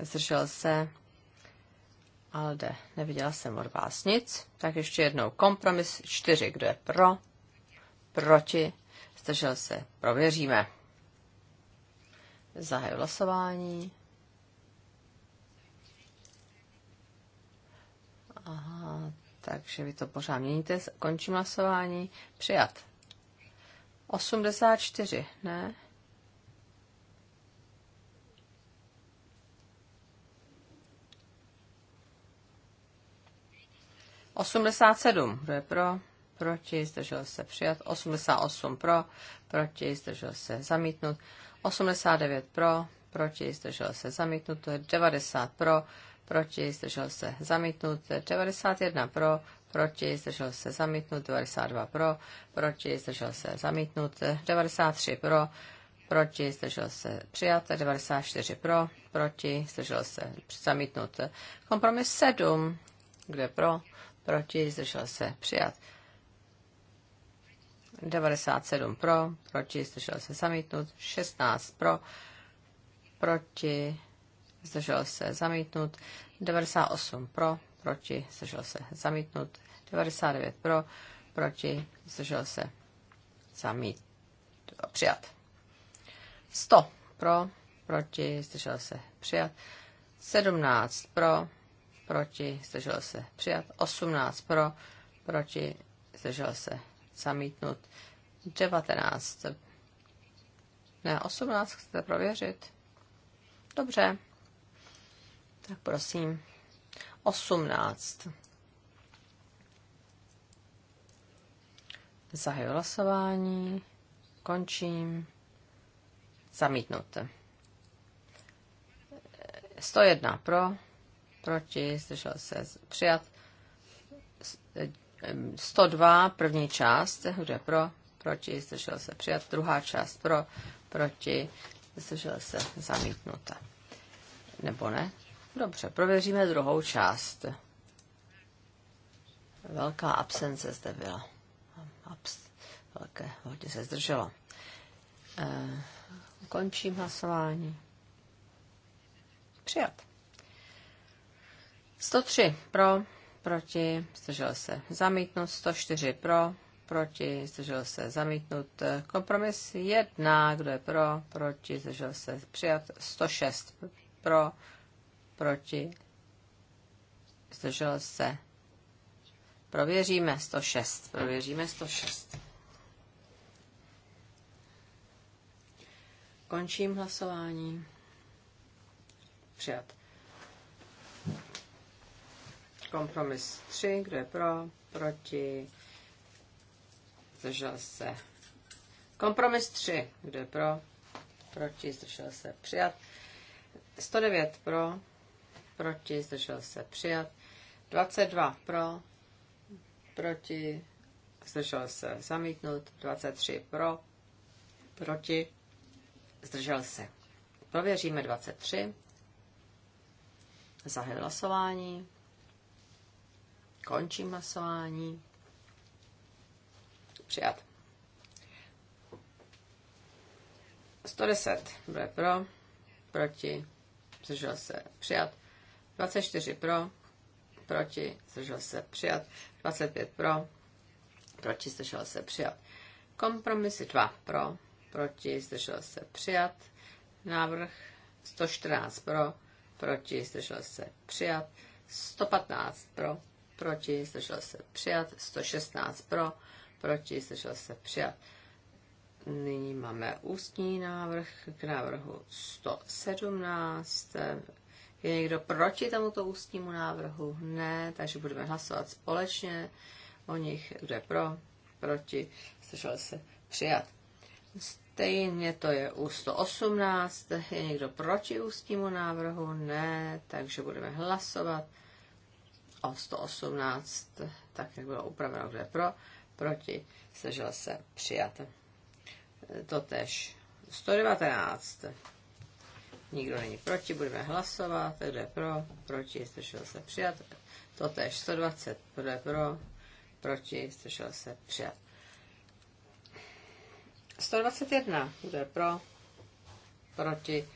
zdržel se, jde, neviděla jsem od vás nic, tak ještě jednou kompromis 4, kdo je pro, proti, zdržel se, prověříme. Zahaju hlasování. Takže vy to pořád měníte. Končím hlasování. Přijat. 84, ne? Osmdesát sedm, kdo je pro, proti, zdržel se přijat. Osmdesát osm pro, proti, zdržel se zamítnut. Osmdesát devět pro, proti, zdržel se zamítnut. To je devadesát pro, proti, zdržel se zamítnut, 91 pro, proti, zdržel se zamítnut, 92 pro, proti, zdržel se zamítnut, 93 pro, proti, zdržel se přijat, 94 pro, proti, zdržel se zamítnut. Kompromis 7, kde pro, proti, zdržel se přijat. 97 pro, proti, zdržel se zamítnut, 16 pro, proti, zdržel se zamítnut, 98 pro, proti, zdržel se zamítnut, 99 pro, proti, zdržel se zamít, přijat. 100 pro, proti, zdržel se přijat, 17 pro, proti, zdržel se přijat, 18 pro, proti, zdržel se zamítnut, 19 ne, 18 chcete prověřit? Dobře, tak prosím. 18. Zahajuji hlasování. Končím. Zamítnut. 101 pro, proti, zdržel se přijat. 102, první část, bude pro, proti, zdržel se přijat. Druhá část pro, proti, zdržel se zamítnuta. Nebo ne? Dobře, prověříme druhou část. Velká absence zde byla. Abs- velké, hodně se zdrželo. E, končím hlasování. Přijat. 103 pro, proti, zdržel se zamítnut, 104 pro, proti, zdržel se zamítnut, kompromis 1, kdo je pro, proti, zdržel se přijat, 106 pro, proti, zdržel se. Prověříme 106, prověříme 106. Končím hlasování. Přijat. Kompromis 3, kdo je pro, proti, zdržel se. Kompromis 3, kdo je pro, proti, zdržel se. Přijat. 109 pro, proti, zdržel se přijat. 22 pro, proti, zdržel se zamítnut. 23 pro, proti, zdržel se. Prověříme 23. Zahy hlasování. Končím hlasování. Přijat. 110 bude pro, proti, zdržel se přijat. 24 pro, proti, zdržel se přijat. 25 pro, proti, zdržel se přijat. Kompromisy 2 pro, proti, zdržel se přijat. Návrh 114 pro, proti, zdržel se přijat. 115 pro, proti, zdržel se přijat. 116 pro, proti, zdržel se přijat. Nyní máme ústní návrh k návrhu 117 je někdo proti tomuto ústnímu návrhu? Ne, takže budeme hlasovat společně o nich, kdo je pro, proti, slyšel se přijat. Stejně to je u 118. Je někdo proti ústnímu návrhu? Ne, takže budeme hlasovat o 118, tak jak bylo upraveno, je pro, proti, slyšel se přijat. Totež 119 nikdo není proti, budeme hlasovat, kdo je pro, proti, zdržel se přijat, totéž 120, kdo je pro, proti, zdržel se přijat. 121, kdo je pro, proti,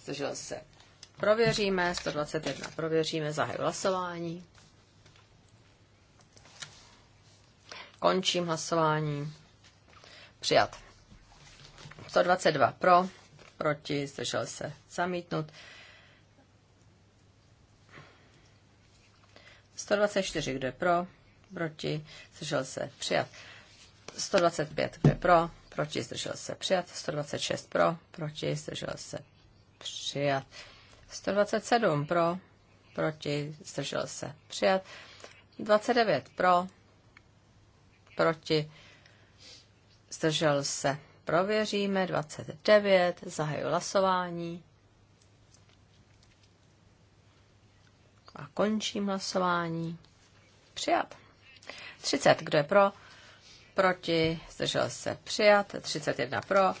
zdržel se. Prověříme, 121, prověříme, zahaj hlasování. Končím hlasování. Přijat. 122 pro, proti, zdržel se zamítnut. 124, kdo je pro, proti, zdržel se, přijat. 125, kdo je pro, proti, zdržel se, přijat. 126 pro, proti, zdržel se, přijat. 127 pro, proti, zdržel se, přijat. 29 pro, proti, zdržel se, prověříme. 29, zahaju hlasování. A končím hlasování. Přijat. 30. Kdo je pro? Proti. Zdržel se. Přijat. 31 pro.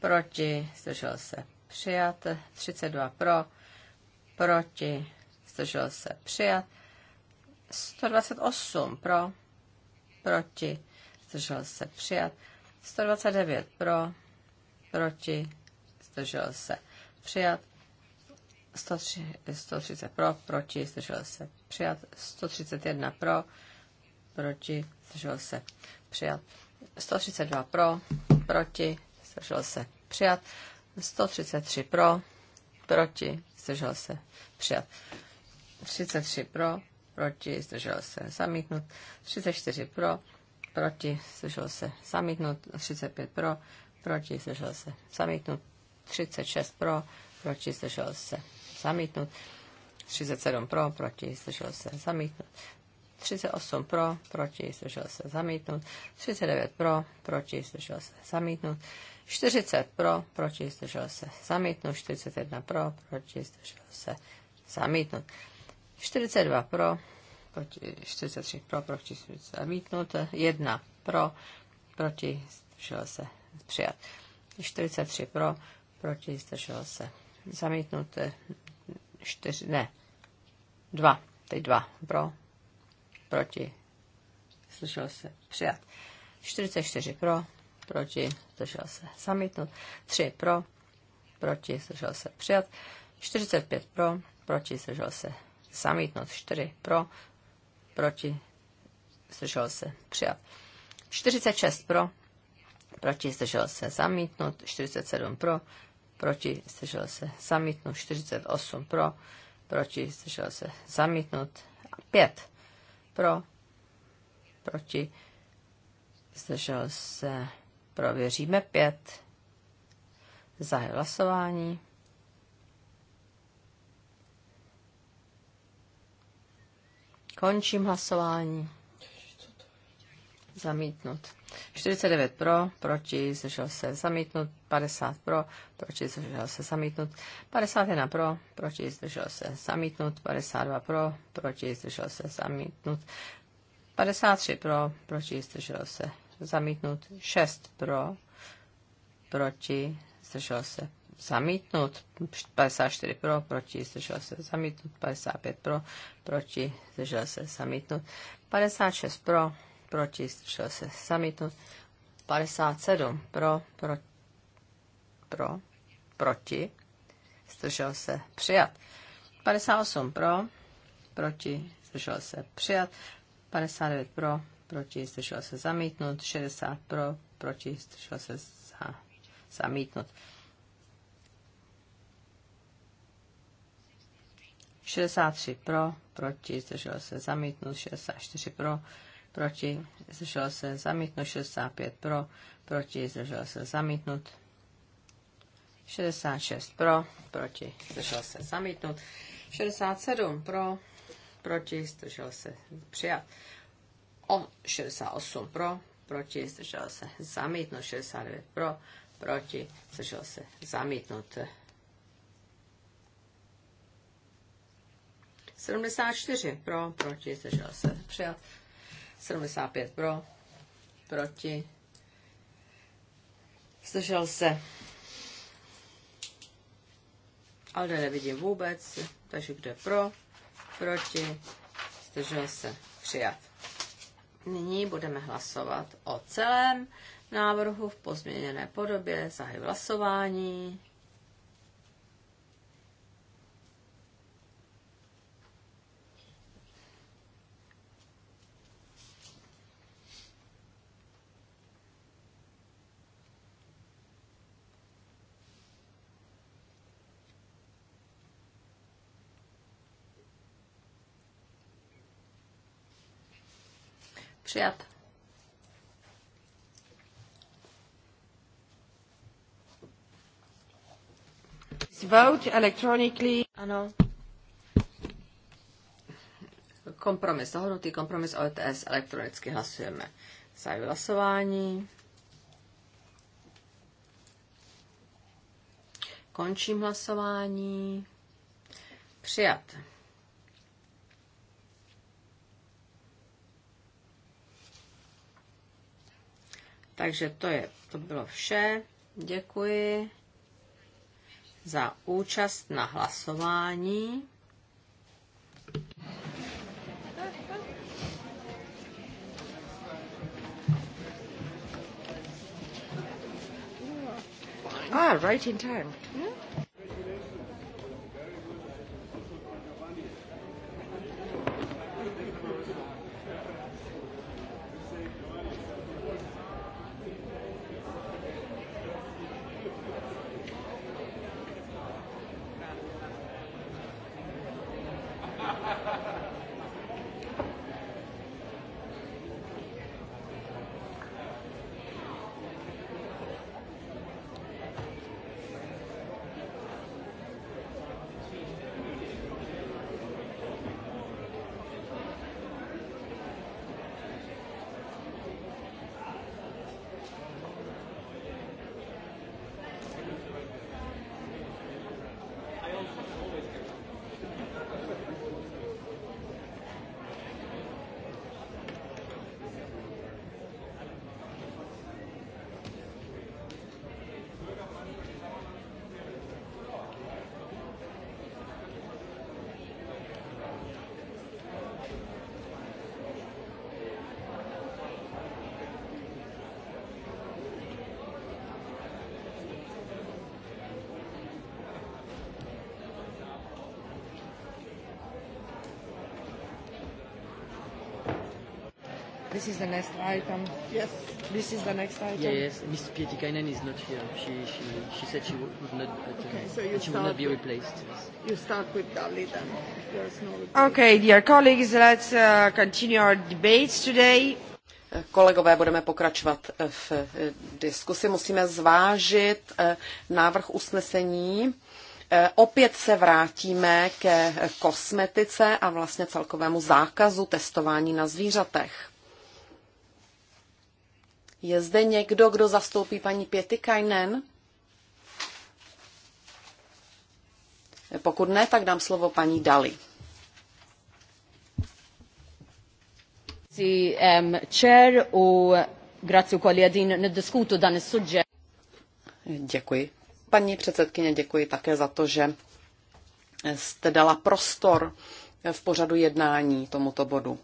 Proti. Zdržel se. Přijat. 32 pro. Proti. Zdržel se. Přijat. 128 pro. Proti. Zdržel se. Přijat. 129 pro. Proti. Zdržel se. Přijat. 130 pro, proti, zdržel se přijat. 131 pro, proti, zdržel se přijat. 132 pro, proti, zdržel se přijat. 133 pro, proti, zdržel se přijat. 33 pro, proti, zdržel se zamítnut. 34 pro, proti, zdržel se zamítnut. 35 pro, proti, zdržel se zamítnut. 36 pro, proti, zdržel se zamítnut. 37 pro, proti, zdržel se, zamítnut. 38 pro, proti, zdržel se, zamítnut. 39 pro, proti, zdržel se, zamítnut. 40 pro, proti, zdržel se, zamítnut. 41 pro, proti, zdržel se, zamítnut. 42 pro, proti, 43 pro, proti, zamítnut. 1 pro, proti, zdržel se, přijat. 43 pro, proti, zdržel se, zamítnut čtyři, ne, dva, teď dva, pro, proti, slyšel se, přijat. 44 pro, proti, slyšel se, zamítnut. 3 pro, proti, slyšel se, přijat. 45 pro, proti, slyšel se, zamítnut. 4 pro, proti, slyšel se, přijat. 46 pro, proti, slyšel se, zamítnut. 47 pro, proti, zdržel se zamítnut, 48 pro, proti, zdržel se zamítnut, 5 pro, proti, zdržel se, prověříme 5, za hlasování. Končím hlasování. Zamítnut. 49 pro, proti, zdržel se zamítnut. 50 pro, proti, zdržel se zamítnut. 51 pro, proti, zdržel se zamítnut. 52 pro, proti, zdržel se zamítnut. 53 pro, proti, zdržel se zamítnut. 6 pro, proti, zdržel se zamítnut, 54 pro, proti, zdržel se zamítnut, 55 pro, proti, zdržel se zamítnut, 56 pro, proti, zdržel se zamítnut. 57 pro, pro, pro, proti, zdržel se přijat. 58 pro, proti, zdržel se přijat. 59 pro, proti, zdržel se zamítnut. 60 pro, proti, zdržel se za, zamítnut. 63 pro, proti, zdržel se zamítnut, 64 pro, proti, zdržel se zamítnut, 65 pro, proti, zdržel se zamítnut, 66 pro, proti, zdržel se zamítnut, 67 pro, proti, zdržel se přijat, o 68 pro, proti, zdržel se zamítnut, 69 pro, proti, zdržel se zamítnut. 74 pro, proti, zdržel se přijat. 75 pro, proti, Slyšel se. Alde nevidím vůbec, takže kde pro, proti, zdržel se, přijat. Nyní budeme hlasovat o celém návrhu v pozměněné podobě. Zahy hlasování. Přijat. Vote electronically. Ano. Kompromis, dohodnutý kompromis OTS, elektronicky hlasujeme. Zahajuji hlasování. Končím hlasování. Přijat. Takže to, je, to bylo vše. Děkuji za účast na hlasování. Ah, right in time. Yeah. Hmm? this is the next item. Yes. This is the next item. Yeah, yes, Miss Pietikainen is not here. She, she, she said she would not, but, okay, so uh, you she will not be replaced. Yes. You start with Dali then. There's no replaced. okay, dear colleagues, let's uh, continue our debates today. Kolegové, budeme pokračovat eh, v eh, diskusi. Musíme zvážit eh, návrh usnesení. Opět se vrátíme ke kosmetice a vlastně celkovému zákazu testování na zvířatech. Je zde někdo, kdo zastoupí paní Pětikajnen? Pokud ne, tak dám slovo paní Dali. Děkuji. Paní předsedkyně, děkuji také za to, že jste dala prostor v pořadu jednání tomuto bodu.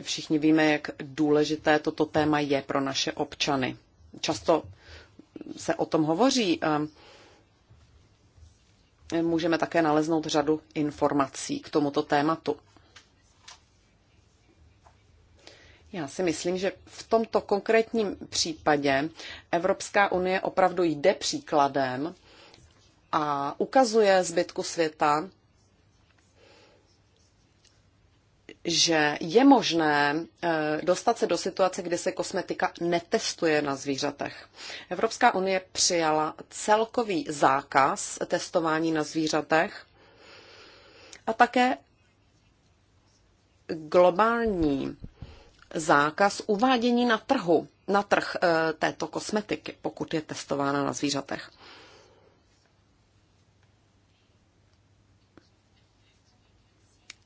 Všichni víme, jak důležité toto téma je pro naše občany. Často se o tom hovoří. Ehm, můžeme také naleznout řadu informací k tomuto tématu. Já si myslím, že v tomto konkrétním případě Evropská unie opravdu jde příkladem a ukazuje zbytku světa, že je možné eh, dostat se do situace, kdy se kosmetika netestuje na zvířatech. Evropská unie přijala celkový zákaz testování na zvířatech a také globální zákaz uvádění na trhu, na trh eh, této kosmetiky, pokud je testována na zvířatech.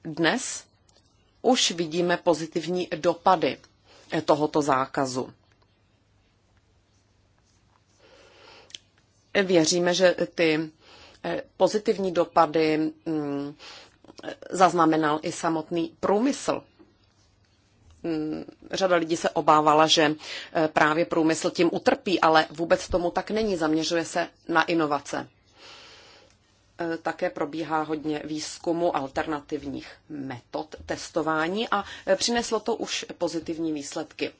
Dnes už vidíme pozitivní dopady tohoto zákazu. Věříme, že ty eh, pozitivní dopady mm, zaznamenal i samotný průmysl. Mm, řada lidí se obávala, že eh, právě průmysl tím utrpí, ale vůbec tomu tak není. Zaměřuje se na inovace. Eh, také probíhá hodně výzkumu alternativních metod testování a eh, přineslo to už pozitivní výsledky.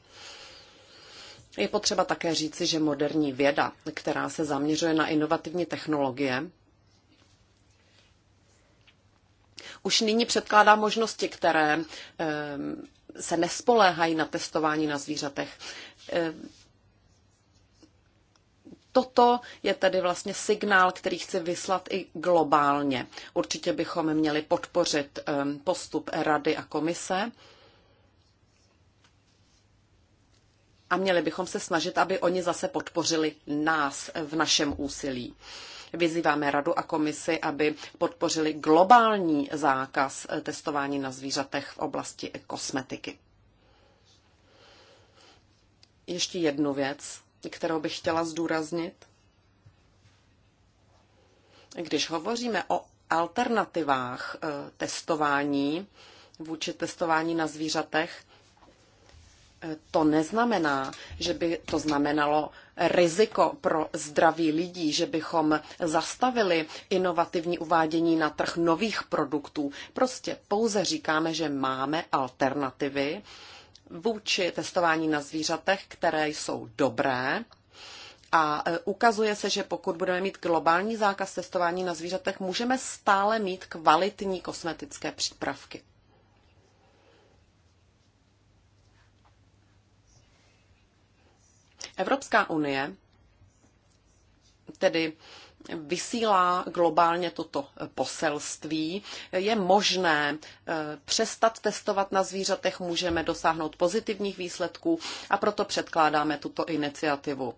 Je potřeba také říci, že moderní věda, která se zaměřuje na inovativní technologie, už nyní předkládá možnosti, které eh, se nespoléhají na testování na zvířatech toto je tedy vlastně signál, který chci vyslat i globálně. Určitě bychom měli podpořit postup Rady a komise a měli bychom se snažit, aby oni zase podpořili nás v našem úsilí. Vyzýváme radu a komisi, aby podpořili globální zákaz eh, testování na zvířatech v oblasti kosmetiky. Ještě jednu věc, kterou bych chtěla zdůraznit. Když hovoříme o alternativách eh, testování vůči testování na zvířatech, eh, to neznamená, že by to znamenalo riziko pro zdraví lidí, že bychom zastavili inovativní uvádění na trh nových produktů. Prostě pouze říkáme, že máme alternativy vůči testování na zvířatech, které jsou dobré. A e, ukazuje se, že pokud budeme mít globální zákaz testování na zvířatech, můžeme stále mít kvalitní kosmetické přípravky. Evropská unie tedy vysílá globálně toto poselství. Je možné eh, přestat testovat na zvířatech, můžeme dosáhnout pozitivních výsledků a proto předkládáme tuto iniciativu,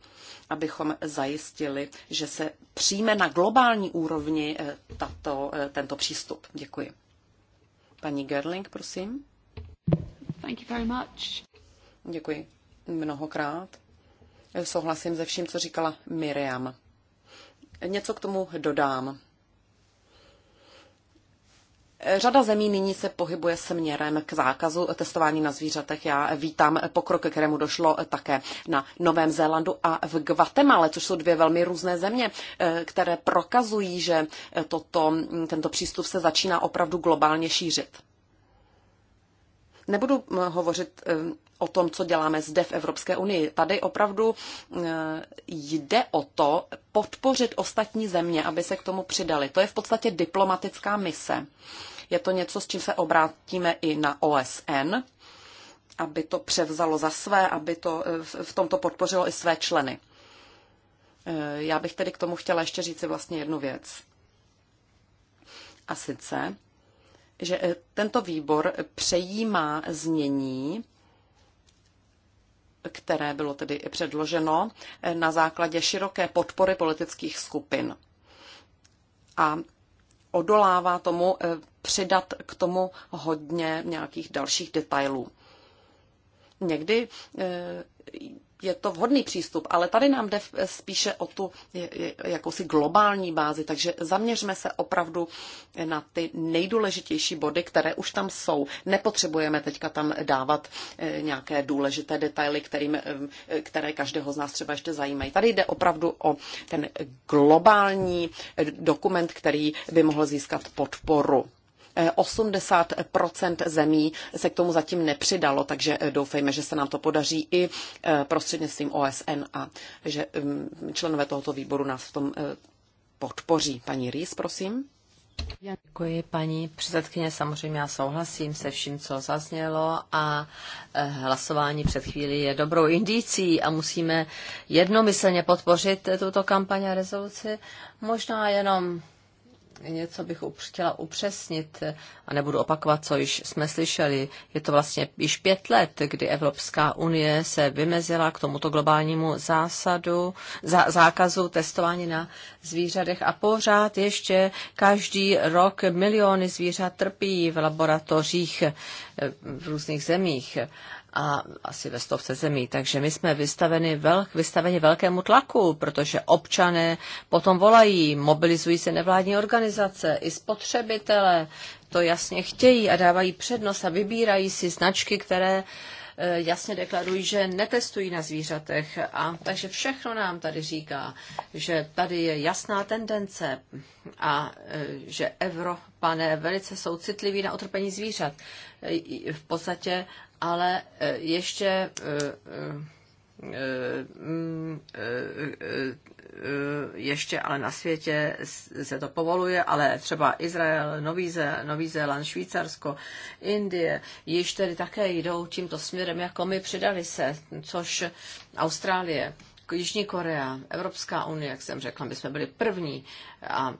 abychom zajistili, že se přijme na globální úrovni eh, tato, eh, tento přístup. Děkuji. Paní Gerling, prosím. Thank you very much. Děkuji mnohokrát. Souhlasím se vším, co říkala Miriam něco k tomu dodám. Řada zemí nyní se pohybuje směrem k zákazu testování na zvířatech. Já vítám pokrok, kterému došlo také na Novém Zélandu a v Guatemala, což jsou dvě velmi různé země, které prokazují, že toto, tento přístup se začíná opravdu globálně šířit. Nebudu hovořit o tom, co děláme zde v Evropské unii. Tady opravdu eh, jde o to podpořit ostatní země, aby se k tomu přidali. To je v podstatě diplomatická mise. Je to něco, s čím se obrátíme i na OSN, aby to převzalo za své, aby to eh, v tomto podpořilo i své členy. Eh, já bych tedy k tomu chtěla ještě říct si vlastně jednu věc. A sice, že tento výbor přejímá znění které bylo tedy předloženo eh, na základě široké podpory politických skupin. A odolává tomu eh, přidat k tomu hodně nějakých dalších detailů. Někdy eh, je to vhodný přístup, ale tady nám jde spíše o tu jakousi globální bázi, takže zaměřme se opravdu na ty nejdůležitější body, které už tam jsou. Nepotřebujeme teďka tam dávat eh, nějaké důležité detaily, kterým, eh, které každého z nás třeba ještě zajímají. Tady jde opravdu o ten globální eh, dokument, který by mohl získat podporu. 80 zemí se k tomu zatím nepřidalo, takže eh, doufejme, že se nám to podaří i eh, prostřednictvím OSN a že mm, členové tohoto výboru nás v tom eh, podpoří. Paní Rýs, prosím. Já děkuji, paní předsedkyně. Samozřejmě já souhlasím se vším, co zaznělo a hlasování před chvíli je dobrou indicí a musíme jednomyslně podpořit tuto kampaň a rezoluci. Možná jenom něco bych chtěla upřesnit a nebudu opakovat, co již jsme slyšeli. Je to vlastně již pět let, kdy Evropská unie se vymezila k tomuto globálnímu zásadu, zá, zákazu testování na zvířatech a pořád ještě každý rok miliony zvířat trpí v laboratořích eh, v různých zemích a asi ve stovce zemí. Takže my jsme vystaveni, velk, vystaveni velkému tlaku, protože občané potom volají, mobilizují se nevládní organizace, i spotřebitele to jasně chtějí a dávají přednost a vybírají si značky, které e, jasně deklarují, že netestují na zvířatech. A takže všechno nám tady říká, že tady je jasná tendence a e, že Evropané velice jsou citliví na utrpení zvířat. E, v podstatě ale e, ještě e, e, mm, ještě ale na světě se to povoluje, ale třeba Izrael, Nový, Zé, Nový Zéland, Švýcarsko, Indie již tedy také jdou tímto směrem, jako my přidali se, což Austrálie, Jižní Korea, Evropská unie, jak jsem řekla, my jsme byli první a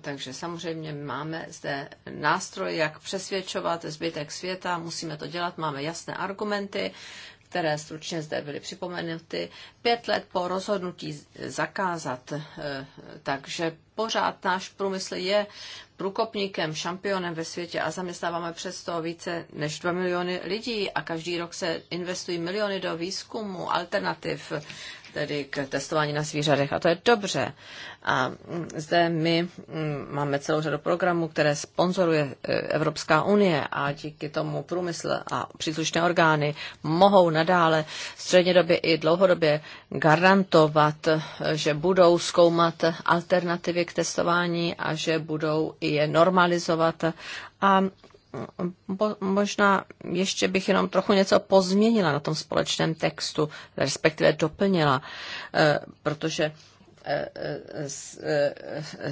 takže samozřejmě máme zde nástroj, jak přesvědčovat zbytek světa, musíme to dělat, máme jasné argumenty, které stručně zde byly připomenuty, pět let po rozhodnutí zakázat. Eh, takže pořád náš průmysl je průkopníkem, šampionem ve světě a zaměstnáváme přes to více než 2 miliony lidí a každý rok se investují miliony do výzkumu, alternativ tedy k testování na zvířatech. A to je dobře. A mm, zde my mm, máme celou řadu programů, které sponzoruje e, Evropská unie a díky tomu průmysl a příslušné orgány mohou nadále střednědobě i dlouhodobě garantovat, e, že budou zkoumat alternativy k testování a že budou i je normalizovat a možná ještě bych jenom trochu něco pozměnila na tom společném textu, respektive doplnila, eh, protože eh, eh,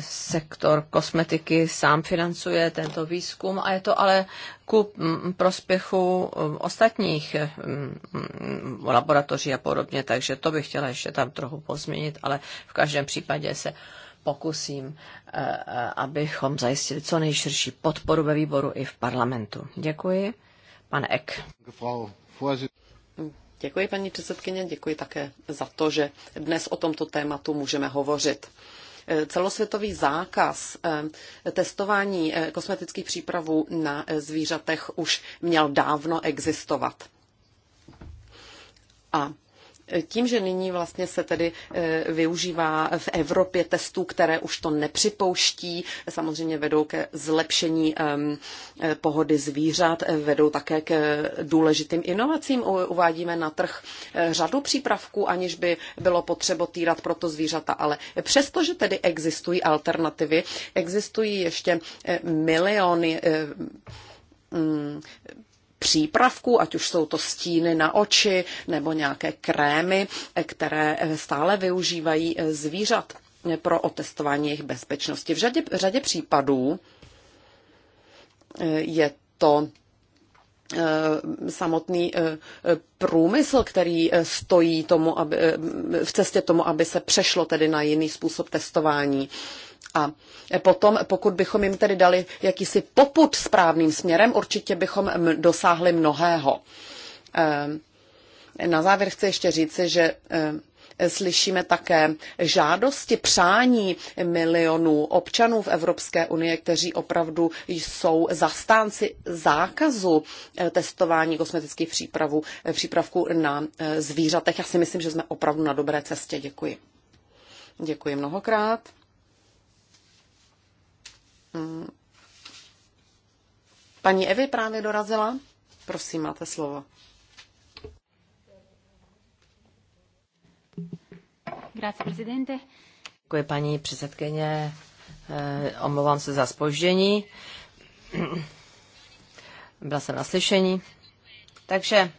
sektor kosmetiky sám financuje tento výzkum a je to ale ku mm, prospěchu mm, ostatních mm, laboratoří a podobně, takže to bych chtěla ještě tam trochu pozměnit, ale v každém případě se pokusím, eh, eh, abychom zajistili co nejširší podporu ve výboru i v parlamentu. Děkuji. Pane Ek. Děkuji, paní předsedkyně, děkuji také za to, že dnes o tomto tématu můžeme hovořit eh, celosvětový zákaz testování kosmetických přípravů na zvířatech už měl dávno existovat. A tím, že nyní vlastně se tedy e, využívá v Evropě testů, které už to nepřipouští, samozřejmě vedou ke zlepšení e, pohody zvířat, vedou také k důležitým inovacím. Uvádíme na trh e, řadu přípravků, aniž by bylo potřeba týrat proto zvířata, ale přestože tedy existují alternativy, existují ještě miliony přípravků, ať už jsou to stíny na oči nebo nějaké krémy, které stále využívají eh, zvířat pro otestování jejich bezpečnosti. V řadě, v řadě případů eh, je to eh, samotný průmysl, který stojí tomu, aby, v cestě tomu, aby se přešlo tedy na jiný způsob testování. A potom, pokud bychom jim tedy dali jakýsi poput správným směrem, určitě bychom dosáhli mnohého. Ehm, na závěr chci ještě říci, že ehm, slyšíme také žádosti, přání milionů občanů v Evropské unii, kteří opravdu jsou zastánci zákazu eh, testování kosmetických přípravů, eh, přípravků na eh, zvířatech. Já si myslím, že jsme opravdu na dobré cestě. Děkuji. Děkuji mnohokrát. Mm. Paní Evy právě dorazila. Prosím, máte slovo. Grazie, Děkuji, paní předsedkyně. Eh, omlouvám se za spoždění. Byla jsem na slyšení. Takže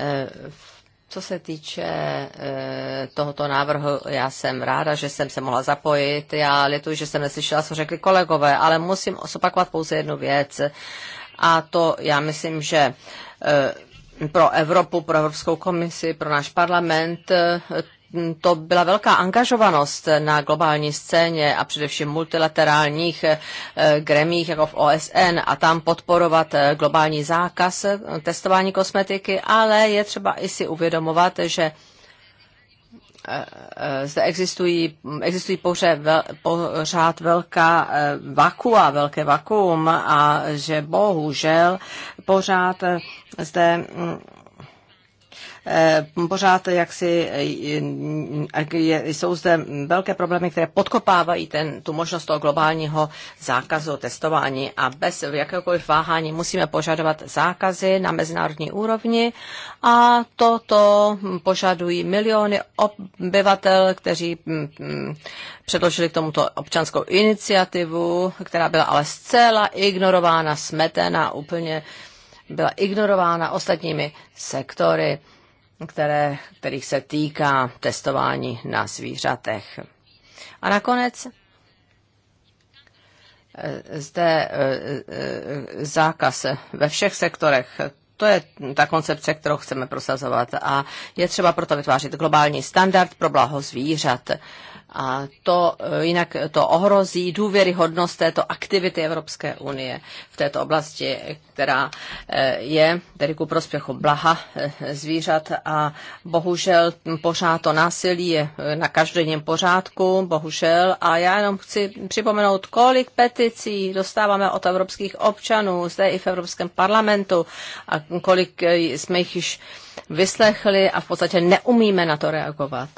eh, v co se týče e, tohoto návrhu, já jsem ráda, že jsem se mohla zapojit. Já lituji, že jsem neslyšela, co řekli kolegové, ale musím zopakovat pouze jednu věc. A to já myslím, že e, pro Evropu, pro Evropskou komisi, pro náš parlament e, to byla velká angažovanost na globální scéně a především multilaterálních eh, gremích jako v OSN a tam podporovat eh, globální zákaz eh, testování kosmetiky, ale je třeba i si uvědomovat, že zde existují, existují pořád, vel, pořád velká a velké vakuum a že bohužel pořád zde mm, Eh, pořád jaksi eh, jsou zde velké problémy, které podkopávají ten, tu možnost toho globálního zákazu testování a bez jakéhokoliv váhání musíme požadovat zákazy na mezinárodní úrovni a toto požadují miliony obyvatel, kteří mm, mm, předložili k tomuto občanskou iniciativu, která byla ale zcela ignorována, smetena, úplně byla ignorována ostatními sektory které, kterých se týká testování na zvířatech. A nakonec eh, zde eh, eh, zákaz ve všech sektorech. To je ta koncepce, kterou chceme prosazovat. A je třeba proto vytvářet globální standard pro blaho zvířat a to eh, jinak to ohrozí důvěryhodnost této aktivity Evropské unie v této oblasti, která eh, je tedy ku prospěchu blaha eh, zvířat a bohužel pořád to násilí je na každodenním pořádku, bohužel a já jenom chci připomenout, kolik peticí dostáváme od evropských občanů zde i v Evropském parlamentu a kolik jsme jich již vyslechli a v podstatě neumíme na to reagovat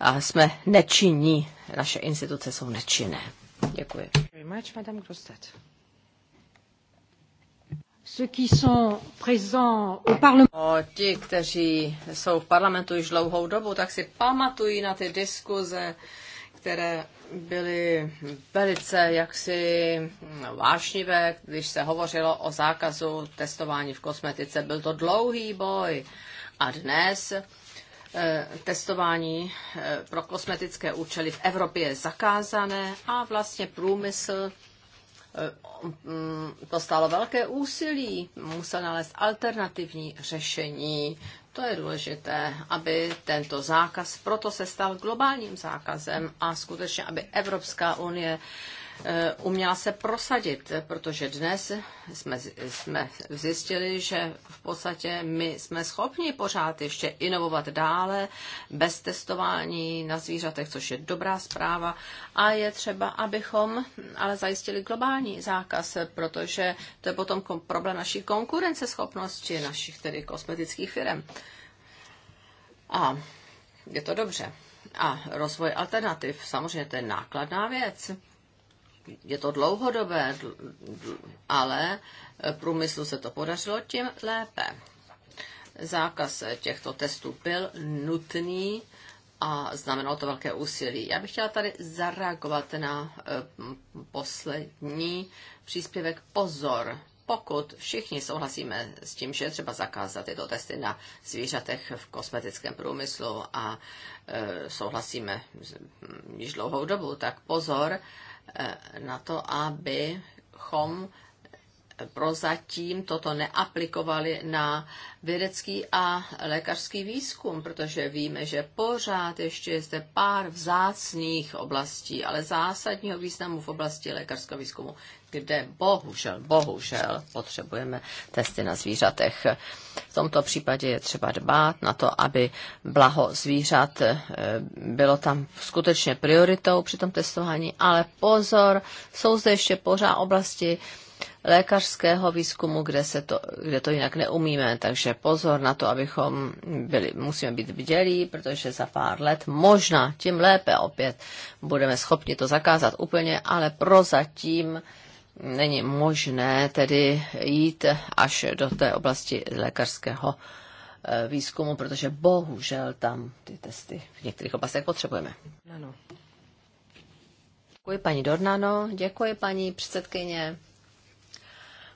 a jsme nečinní. Naše instituce jsou nečinné. Děkuji. ti, kteří jsou v parlamentu již dlouhou dobu, tak si pamatují na ty diskuze, které byly velice jaksi vášnivé, když se hovořilo o zákazu testování v kosmetice. Byl to dlouhý boj a dnes eh, testování eh, pro kosmetické účely v Evropě je zakázané a vlastně průmysl Eh, to stálo velké úsilí, musel nalézt alternativní řešení. To je důležité, aby tento zákaz proto se stal globálním zákazem a skutečně, aby Evropská unie uh, Eh, uměla se prosadit, protože dnes jsme, jsme zjistili, že v podstatě my jsme schopni pořád ještě inovovat dále bez testování na zvířatech, což je dobrá zpráva. A je třeba, abychom ale zajistili globální zákaz, protože to je potom problém naší konkurenceschopnosti, našich tedy kosmetických firm. A je to dobře. A rozvoj alternativ, samozřejmě to je nákladná věc je to dlouhodobé, ale průmyslu se to podařilo, tím lépe. Zákaz těchto testů byl nutný a znamenalo to velké úsilí. Já bych chtěla tady zareagovat na eh, poslední příspěvek. Pozor, pokud všichni souhlasíme s tím, že je třeba zakázat tyto testy na zvířatech v kosmetickém průmyslu a eh, souhlasíme hm, již dlouhou dobu, tak pozor, Eh, na to, abychom prozatím toto neaplikovali na vědecký a lékařský výzkum, protože víme, že pořád ještě je zde pár vzácných oblastí, ale zásadního významu v oblasti lékařského výzkumu, kde bohužel, bohužel potřebujeme testy na zvířatech. V tomto případě je třeba dbát na to, aby blaho zvířat eh, bylo tam skutečně prioritou při tom testování, ale pozor, jsou zde ještě pořád oblasti, lékařského výzkumu, kde, se to, kde to jinak neumíme. Takže pozor na to, abychom byli, musíme být bdělí, protože za pár let možná tím lépe opět budeme schopni to zakázat úplně, ale prozatím není možné tedy jít až do té oblasti lékařského eh, výzkumu, protože bohužel tam ty testy v některých oblastech potřebujeme. Ano. Děkuji paní Dornano, děkuji paní předsedkyně.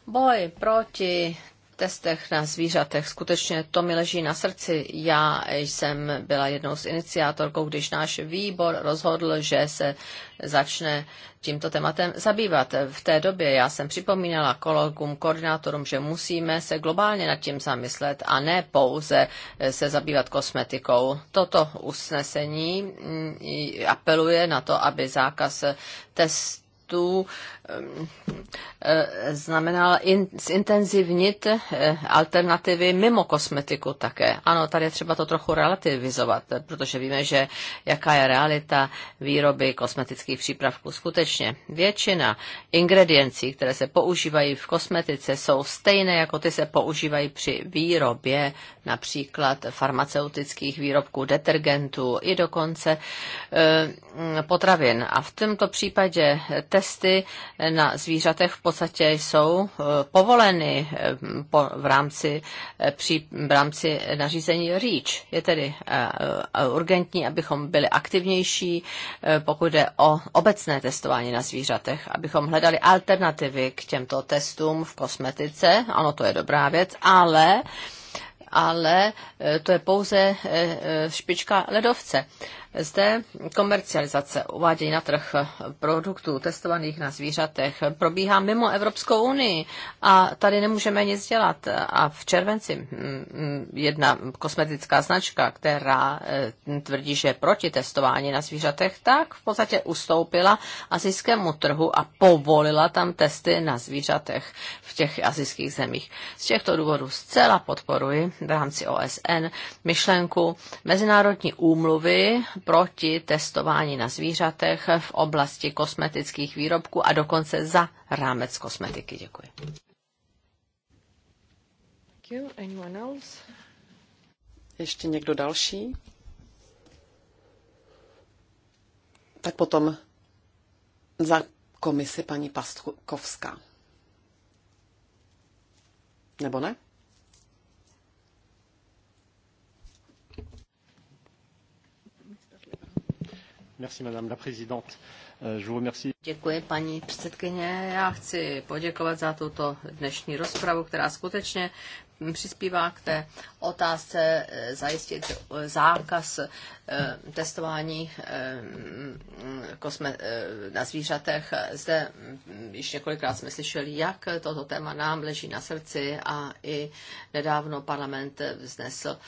Boj proti testech na zvířatech. Skutečně to mi leží na srdci. Já jsem byla jednou z iniciátorkou, když náš výbor rozhodl, že se začne tímto tématem zabývat. V té době já jsem připomínala kolegům, koordinátorům, že musíme se globálně nad tím zamyslet a ne pouze se zabývat kosmetikou. Toto usnesení mm, apeluje na to, aby zákaz testů států eh, eh, znamenal in, zintenzivnit eh, alternativy mimo kosmetiku také. Ano, tady je třeba to trochu relativizovat, protože víme, že jaká je realita výroby kosmetických přípravků. Skutečně většina ingrediencí, které se používají v kosmetice, jsou stejné, jako ty se používají při výrobě například farmaceutických výrobků, detergentů i dokonce potravin. A v tomto případě te testy na zvířatech v podstatě jsou eh, povoleny eh, v rámci, eh, při, v rámci nařízení REACH. Je tedy urgentní, abychom byli aktivnější, pokud jde o obecné testování na zvířatech, abychom hledali alternativy k těmto testům v kosmetice. Ano, to je dobrá věc, ale ale to je pouze špička ledovce. Zde komercializace, uvádění na trh produktů testovaných na zvířatech probíhá mimo Evropskou unii a tady nemůžeme nic dělat. A v červenci mm, mm, jedna kosmetická značka, která eh, tvrdí, že je proti testování na zvířatech, tak v podstatě ustoupila azijskému trhu a povolila tam testy na zvířatech v těch azijských zemích. Z těchto důvodů zcela podporuji v rámci OSN myšlenku mezinárodní úmluvy proti testování na zvířatech v oblasti kosmetických výrobků a dokonce za rámec kosmetiky. Děkuji. Ještě někdo další? Tak potom za komisi paní Pastkovská. Nebo ne? Euh, Děkuji, paní předsedkyně. Já chci poděkovat za tuto dnešní rozpravu, která skutečně přispívá k té otázce eh, zajistit eh, zákaz eh, testování jako na zvířatech. Zde hm, již několikrát jsme slyšeli, jak toto téma nám leží na srdci a i nedávno parlament vznesl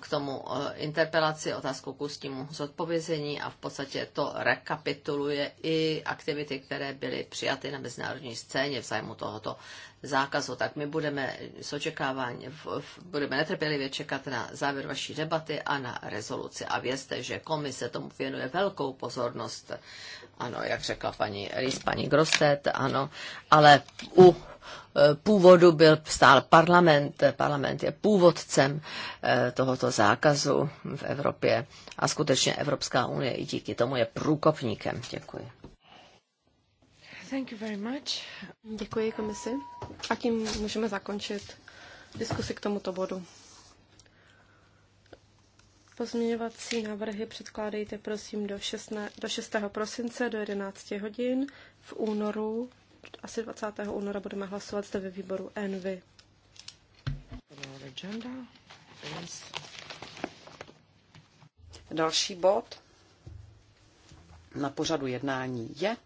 k tomu interpelaci otázku k ústnímu zodpovězení a v podstatě to rekapituluje i aktivity, které byly přijaty na mezinárodní scéně v zájmu tohoto zákazu, tak my budeme s očekáváním, budeme netrpělivě čekat na závěr vaší debaty a na rezoluci. A vězte, že komise tomu věnuje velkou pozornost. Ano, jak řekla paní Rys, paní Grostet, ano, ale u eh, původu byl stál parlament. Parlament je původcem eh, tohoto zákazu v Evropě a skutečně Evropská unie i díky tomu je průkopníkem. Děkuji. Thank you very much. Děkuji komisi a tím můžeme zakončit diskusi k tomuto bodu. Pozměňovací návrhy předkládejte prosím do, 6, do 6. prosince do 11 hodin. V únoru, asi 20. února, budeme hlasovat zde ve výboru ENVY. Další bod na pořadu jednání je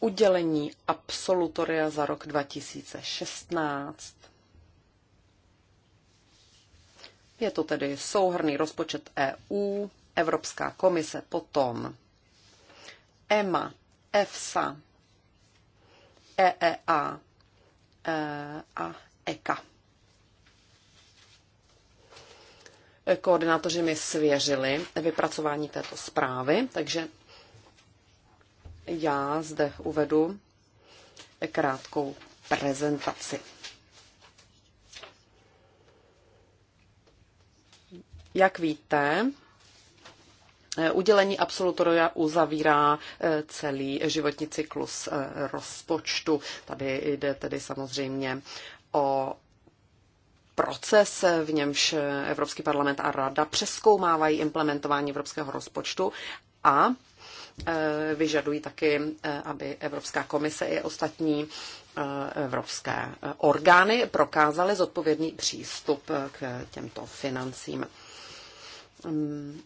udělení absolutoria za rok 2016. Je to tedy souhrný rozpočet EU, Evropská komise, potom EMA, EFSA, EEA a EKA. E e e Koordinátoři mi svěřili vypracování této zprávy, takže já zde uvedu krátkou prezentaci. Jak víte, Udělení absolutoria uzavírá eh, celý životní cyklus eh, rozpočtu. Tady jde tedy samozřejmě o proces, eh, v němž Evropský parlament a Rada přeskoumávají implementování evropského rozpočtu a Eh, vyžadují taky, eh, aby Evropská komise i ostatní eh, evropské orgány prokázaly zodpovědný přístup k těmto financím. Mm.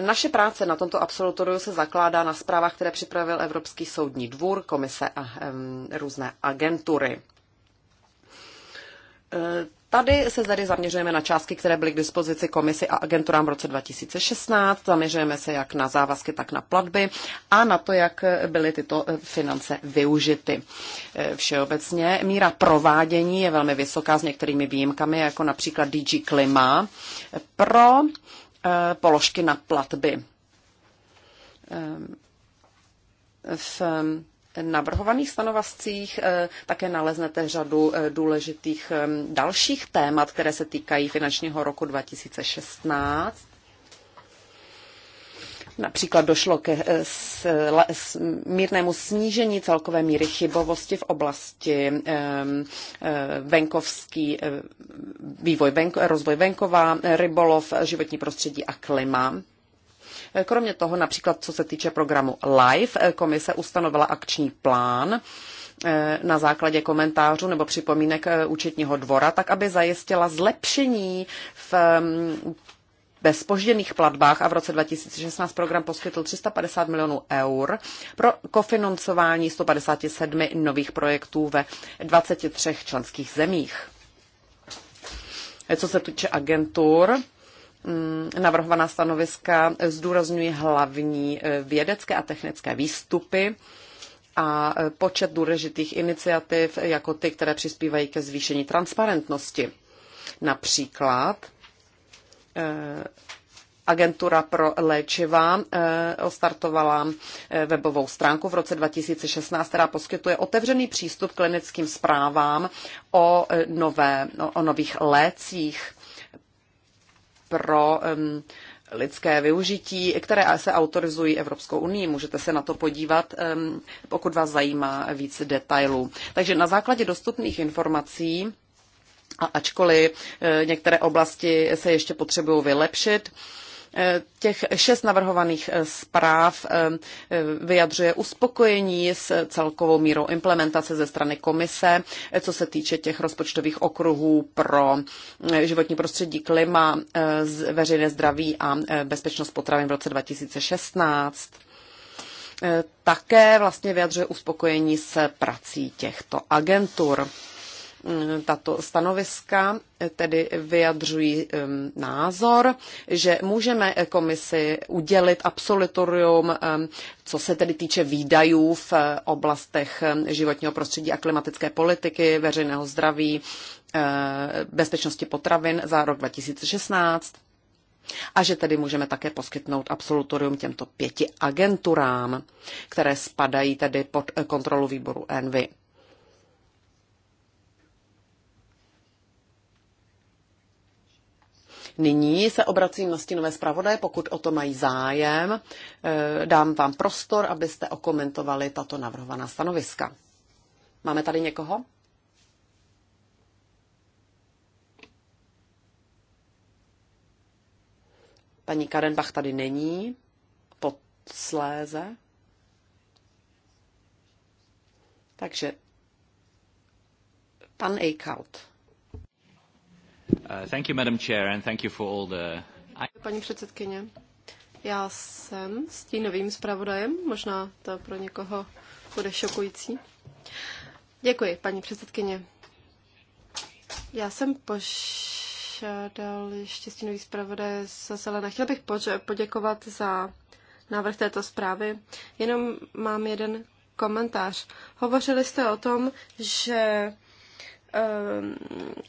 Naše práce na tomto absolutoriu se zakládá na zprávách, které připravil Evropský soudní dvůr, komise a různé agentury. Tady se tady zaměřujeme na částky, které byly k dispozici komisi a agenturám v roce 2016. Zaměřujeme se jak na závazky, tak na platby a na to, jak byly tyto eh, finance využity. Eh, všeobecně míra provádění je velmi vysoká s některými výjimkami, jako například DG Klima eh, pro položky na platby. Ehm, v navrhovaných stanovascích eh, také naleznete řadu eh, důležitých eh, dalších témat, které se týkají finančního roku 2016. Například došlo ke mírnému snížení celkové míry chybovosti v oblasti ehm, venkovský vývoj, venko, rozvoj venkova, rybolov, životní prostředí a klima. Kromě toho například, co se týče programu LIFE, eh, komise ustanovila akční plán, eh, na základě komentářů nebo připomínek eh, účetního dvora, tak aby zajistila zlepšení v bezpožděných mm, platbách a v roce 2016 program poskytl 350 milionů eur pro kofinancování 157 nových projektů ve 23 členských zemích. Co se týče agentur, Mm, navrhovaná stanoviska zdůrazňují hlavní e, vědecké a technické výstupy a e, počet důležitých iniciativ, jako ty, které přispívají ke zvýšení transparentnosti. Například e, Agentura pro léčiva ostartovala webovou stránku v roce 2016, která poskytuje otevřený přístup k klinickým zprávám o, nové, o nových lécích pro lidské využití, které se autorizují Evropskou unii. Můžete se na to podívat, pokud vás zajímá víc detailů. Takže na základě dostupných informací a ačkoliv eh, některé oblasti se ještě potřebují vylepšit, Těch šest navrhovaných eh, zpráv eh, eh, vyjadřuje uspokojení s celkovou mírou implementace ze strany komise, co se týče těch rozpočtových okruhů pro životní prostředí, klima, veřejné zdraví a bezpečnost potravin v roce 2016 také vlastně vyjadřuje uspokojení s prací těchto agentur. Tato stanoviska tedy vyjadřují názor, že můžeme komisi udělit absolutorium, co se tedy týče výdajů v oblastech životního prostředí a klimatické politiky, veřejného zdraví, bezpečnosti potravin za rok 2016 a že tedy můžeme také poskytnout absolutorium těmto pěti agenturám, které spadají tedy pod kontrolu výboru ENVY. Nyní se obracím na stínové zpravodaje, pokud o to mají zájem. Eh, dám vám prostor, abyste okomentovali tato navrhovaná stanoviska. Máme tady někoho? Paní Karenbach tady není. Podsléze. Takže pan Eichhout. Uh, thank you, Madam Chair, and thank you for all the... Paní předsedkyně, já jsem stínovým zpravodajem, možná to pro někoho bude šokující. Děkuji, paní předsedkyně. Já jsem požádal ještě stínový zpravodajem. za zelené. Chtěl bych poděkovat za návrh této zprávy. Jenom mám jeden komentář. Hovořili jste o tom, že Eh,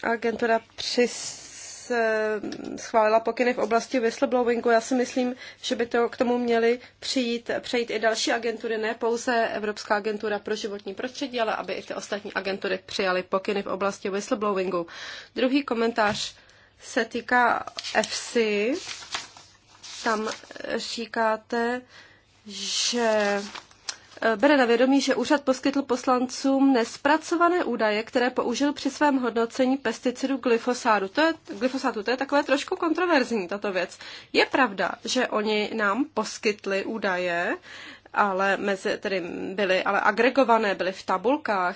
agentura přis eh, schválila pokyny v oblasti whistleblowingu. Já si myslím, že by to k tomu měly přijít, přejít i další agentury, ne pouze Evropská agentura pro životní prostředí, ale aby i ty ostatní agentury přijaly pokyny v oblasti whistleblowingu. Druhý komentář se týká FC. Tam říkáte, že Eh, bere na vědomí, že úřad poskytl poslancům nespracované údaje, které použil při svém hodnocení pesticidu glyfosátu. To je, glyfosátu. To je takové trošku kontroverzní, tato věc. Je pravda, že oni nám poskytli údaje, ale mezi, tedy byly ale agregované, byly v tabulkách,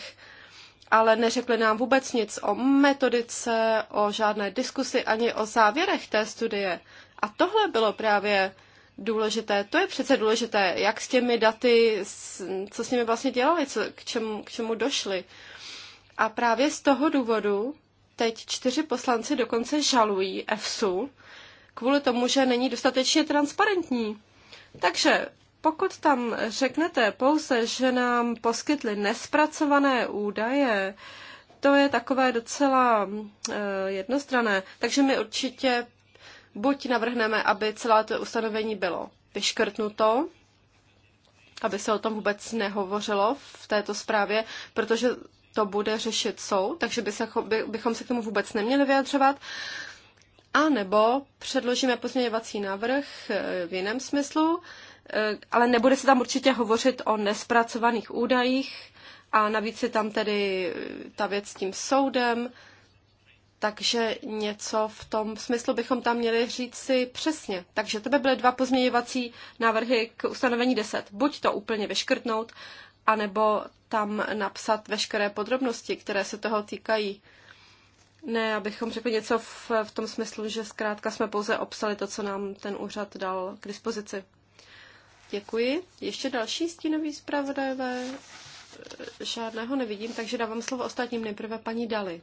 ale neřekli nám vůbec nic o metodice, o žádné diskusi, ani o závěrech té studie. A tohle bylo právě důležité. To je přece důležité, jak s těmi daty, co s nimi vlastně dělali, co, k, čemu, k čemu došli. A právě z toho důvodu teď čtyři poslanci dokonce žalují EFSU kvůli tomu, že není dostatečně transparentní. Takže pokud tam řeknete pouze, že nám poskytli nespracované údaje, to je takové docela e, eh, jednostrané. Takže my určitě Buď navrhneme, aby celá to ustanovení bylo vyškrtnuto, aby se o tom vůbec nehovořilo v této zprávě, protože to bude řešit soud, takže by se, by, bychom se k tomu vůbec neměli vyjadřovat. A nebo předložíme pozměňovací návrh eh, v jiném smyslu, eh, ale nebude se tam určitě hovořit o nespracovaných údajích a navíc je tam tedy eh, ta věc s tím soudem, takže něco v tom smyslu bychom tam měli říct si přesně. Takže to by byly dva pozměňovací návrhy k ustanovení 10. Buď to úplně vyškrtnout, anebo tam napsat veškeré podrobnosti, které se toho týkají. Ne, abychom řekli něco v, v tom smyslu, že zkrátka jsme pouze obsali to, co nám ten úřad dal k dispozici. Děkuji. Ještě další stínový zpravodajové? Žádného nevidím, takže dávám slovo ostatním. Nejprve paní Dali.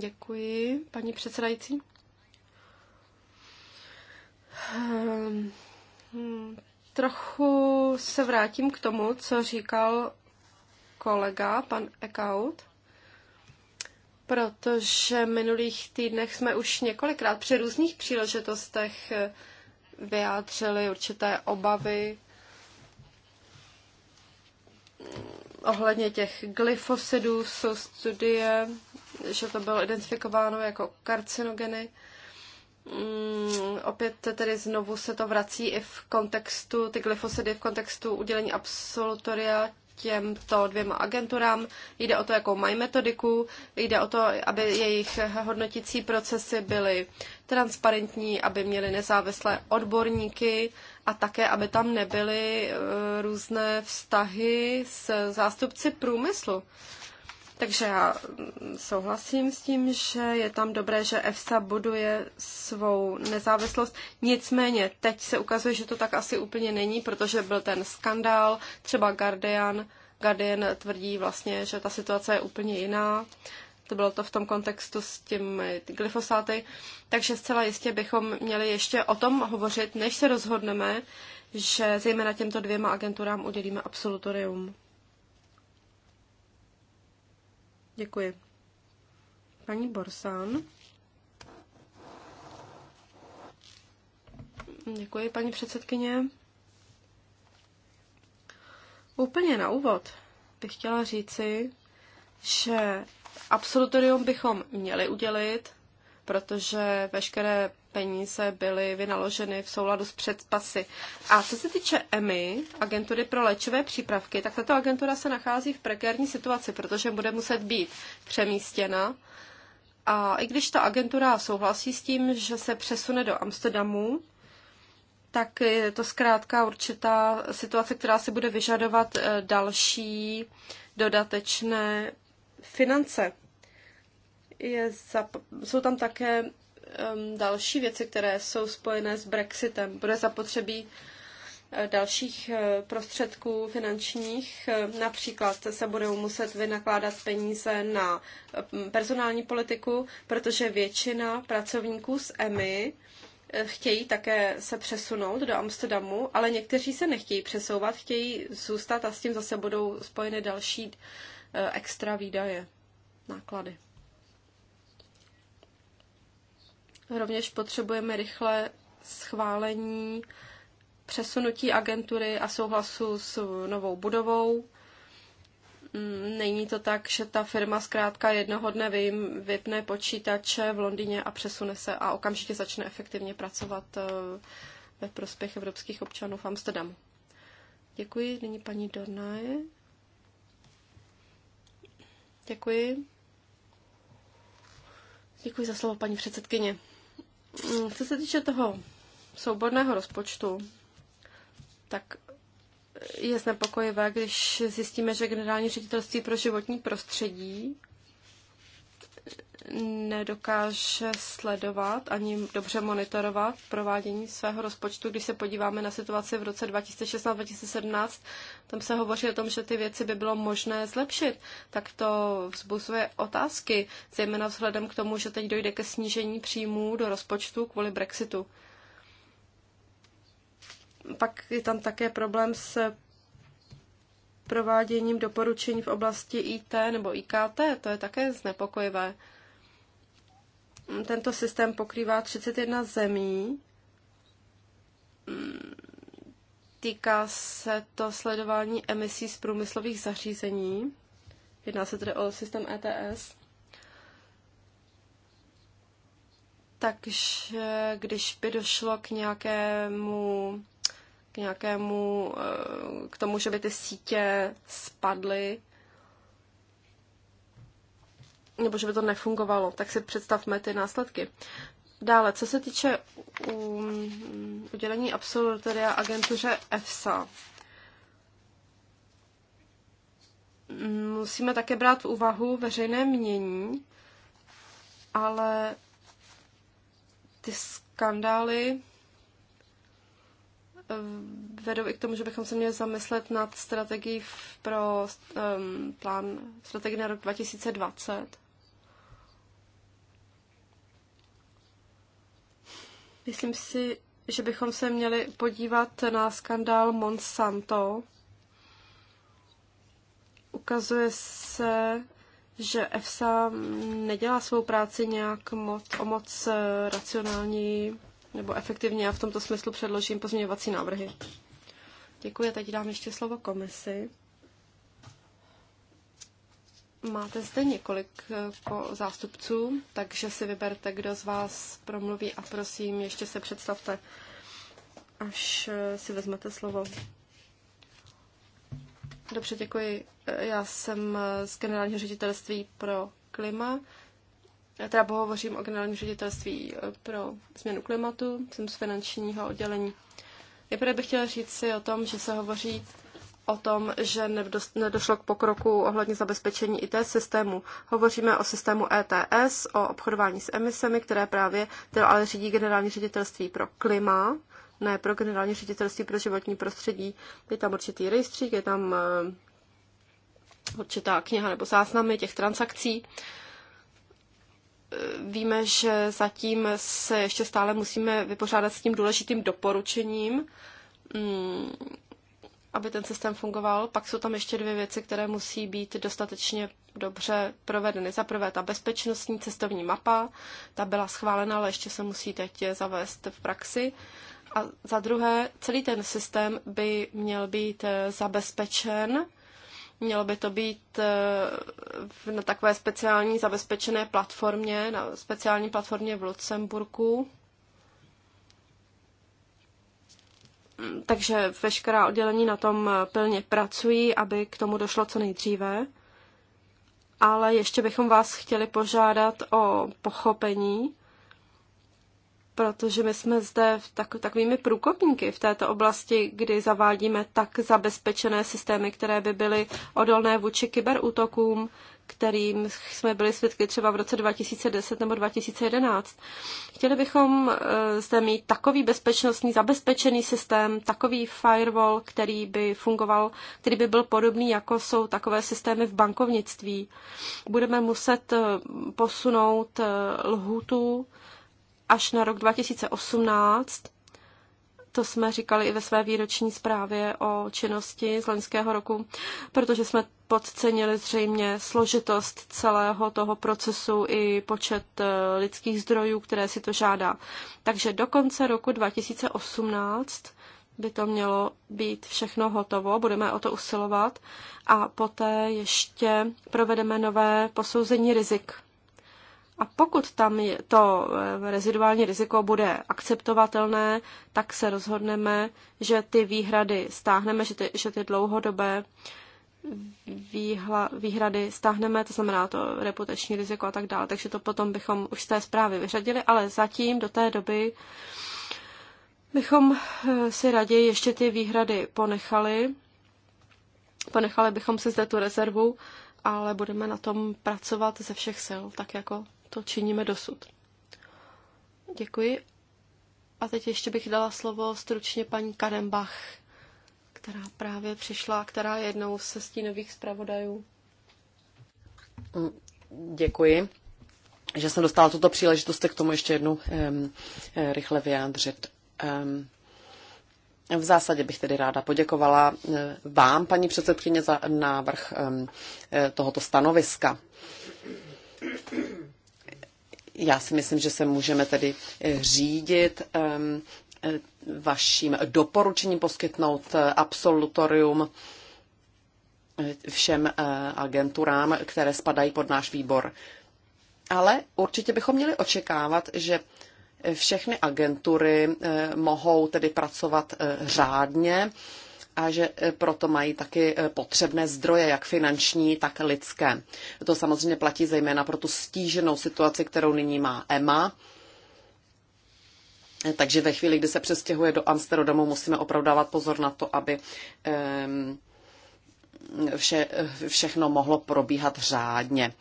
Děkuji, paní předsedající. Ehm, trochu se vrátím k tomu, co říkal kolega, pan Ekaut, protože v minulých týdnech jsme už několikrát při různých příležitostech vyjádřili určité obavy ohledně těch glyfosidů jsou studie, že to bylo identifikováno jako karcinogeny. Mm, opět tedy znovu se to vrací i v kontextu, ty glyfosidy v kontextu udělení absolutoria těmto dvěma agenturám. Jde o to, jakou mají metodiku, jde o to, aby jejich hodnotící procesy byly transparentní, aby měly nezávislé odborníky a také, aby tam nebyly e, různé vztahy s zástupci průmyslu. Takže já mm, souhlasím s tím, že je tam dobré, že EFSA buduje svou nezávislost. Nicméně teď se ukazuje, že to tak asi úplně není, protože byl ten skandál, třeba Guardian, Guardian tvrdí vlastně, že ta situace je úplně jiná. To bylo to v tom kontextu s těmi glyfosáty. Takže zcela jistě bychom měli ještě o tom hovořit, než se rozhodneme, že zejména těmto dvěma agenturám udělíme absolutorium. Děkuji. Paní Borsan. Děkuji, paní předsedkyně. Úplně na úvod bych chtěla říci, že absolutorium bychom měli udělit, protože veškeré peníze byly vynaloženy v souladu s předpasy. A co se týče EMI, agentury pro léčivé přípravky, tak tato agentura se nachází v prekérní situaci, protože bude muset být přemístěna. A i když ta agentura souhlasí s tím, že se přesune do Amsterdamu, tak je to zkrátka určitá situace, která si bude vyžadovat eh, další dodatečné finance. Je zap- jsou tam také um, další věci, které jsou spojené s Brexitem. Bude zapotřebí eh, dalších eh, prostředků finančních. Eh, například se budou muset vynakládat peníze na mm, personální politiku, protože většina pracovníků z EMI chtějí také se přesunout do Amsterdamu, ale někteří se nechtějí přesouvat, chtějí zůstat a s tím zase budou spojeny další extra výdaje, náklady. Rovněž potřebujeme rychlé schválení přesunutí agentury a souhlasu s novou budovou. Mm, není to tak, že ta firma zkrátka jednoho dne vypne počítače v Londýně a přesune se a okamžitě začne efektivně pracovat eh, ve prospěch evropských občanů v Amsterdamu. Děkuji. Nyní paní Dornaje. Děkuji. Děkuji za slovo, paní předsedkyně. Mm, co se týče toho souborného rozpočtu, tak je znepokojivé, když zjistíme, že generální ředitelství pro životní prostředí nedokáže sledovat ani dobře monitorovat provádění svého rozpočtu. Když se podíváme na situaci v roce 2016-2017, tam se hovoří o tom, že ty věci by bylo možné zlepšit. Tak to vzbuzuje otázky, zejména vzhledem k tomu, že teď dojde ke snížení příjmů do rozpočtu kvůli Brexitu. Pak je tam také problém s prováděním doporučení v oblasti IT nebo IKT. To je také znepokojivé. Tento systém pokrývá 31 zemí. Týká se to sledování emisí z průmyslových zařízení. Jedná se tedy o systém ETS. Takže když by došlo k nějakému nějakému, eh, k tomu, že by ty sítě spadly, nebo že by to nefungovalo, tak si představme ty následky. Dále, co se týče um, udělení absolutoria agentuře EFSA, musíme také brát v úvahu veřejné mění, ale ty skandály Eh, vedou i k tomu, že bychom se měli zamyslet nad strategií pro um, plán strategie na rok 2020. Myslím si, že bychom se měli podívat na skandál Monsanto. Ukazuje se, že EFSA nedělá svou práci nějak moc, o eh, moc racionální nebo efektivně a v tomto smyslu předložím pozměňovací návrhy. Děkuji, teď dám ještě slovo komisi. Máte zde několik eh, zástupců, takže si vyberte, kdo z vás promluví a prosím, ještě se představte, až eh, si vezmete slovo. Dobře, děkuji. Eh, já jsem z generálního ředitelství pro klima teda pohovořím o generálním ředitelství eh, pro změnu klimatu, jsem z finančního oddělení. Nejprve bych chtěla říct si o tom, že se hovoří o tom, že nedošlo k pokroku ohledně zabezpečení IT systému. Hovoříme o systému ETS, o obchodování s emisemi, které právě teda ale řídí generální ředitelství pro klima, ne pro generální ředitelství pro životní prostředí. Je tam určitý rejstřík, je tam eh, určitá kniha nebo záznamy těch transakcí víme, že zatím se ještě stále musíme vypořádat s tím důležitým doporučením, mm, aby ten systém fungoval. Pak jsou tam ještě dvě věci, které musí být dostatečně dobře provedeny. Za prvé ta bezpečnostní cestovní mapa, ta byla schválena, ale ještě se musí teď zavést v praxi. A za druhé, celý ten systém by měl být eh, zabezpečen Mělo by to být eh, na takové speciální zabezpečené platformě, na speciální platformě v Lucemburku. Mm, takže veškerá oddělení na tom eh, plně pracují, aby k tomu došlo co nejdříve. Ale ještě bychom vás chtěli požádat o pochopení, protože my jsme zde v tak, takovými průkopníky v této oblasti, kdy zavádíme tak zabezpečené systémy, které by byly odolné vůči kyberútokům, kterým jsme byli svědky třeba v roce 2010 nebo 2011. Chtěli bychom eh, zde mít takový bezpečnostní zabezpečený systém, takový firewall, který by fungoval, který by byl podobný, jako jsou takové systémy v bankovnictví. Budeme muset eh, posunout eh, lhutu až na rok 2018. To jsme říkali i ve své výroční zprávě o činnosti z loňského roku, protože jsme podcenili zřejmě složitost celého toho procesu i počet eh, lidských zdrojů, které si to žádá. Takže do konce roku 2018 by to mělo být všechno hotovo, budeme o to usilovat a poté ještě provedeme nové posouzení rizik. A pokud tam to eh, reziduální riziko bude akceptovatelné, tak se rozhodneme, že ty výhrady stáhneme, že ty, že ty dlouhodobé výhla, výhrady stáhneme, to znamená to reputační riziko a tak dále. Takže to potom bychom už z té zprávy vyřadili, ale zatím do té doby bychom eh, si raději ještě ty výhrady ponechali. Ponechali bychom si zde tu rezervu, ale budeme na tom pracovat ze všech sil, tak jako to činíme dosud. Děkuji. A teď ještě bych dala slovo stručně paní Kadembach, která právě přišla, která je jednou ze stínových zpravodajů. Děkuji, že jsem dostala tuto příležitost k tomu ještě jednou um, rychle vyjádřit. Um, v zásadě bych tedy ráda poděkovala eh, vám, paní předsedkyně, za návrh eh, tohoto stanoviska. Já si myslím, že se můžeme tedy eh, řídit ehm, eh, vaším doporučením poskytnout eh, absolutorium všem agenturám, které spadají pod náš výbor. Ale určitě bychom měli očekávat, že všechny agentury mohou tedy pracovat řádně a že e, proto mají taky e, potřebné zdroje, jak finanční, tak lidské. To samozřejmě platí zejména pro tu stíženou situaci, kterou nyní má EMA. E, takže ve chvíli, kdy se přestěhuje do Amsterdamu, musíme opravdu dávat pozor na to, aby vše, všechno mohlo probíhat řádně.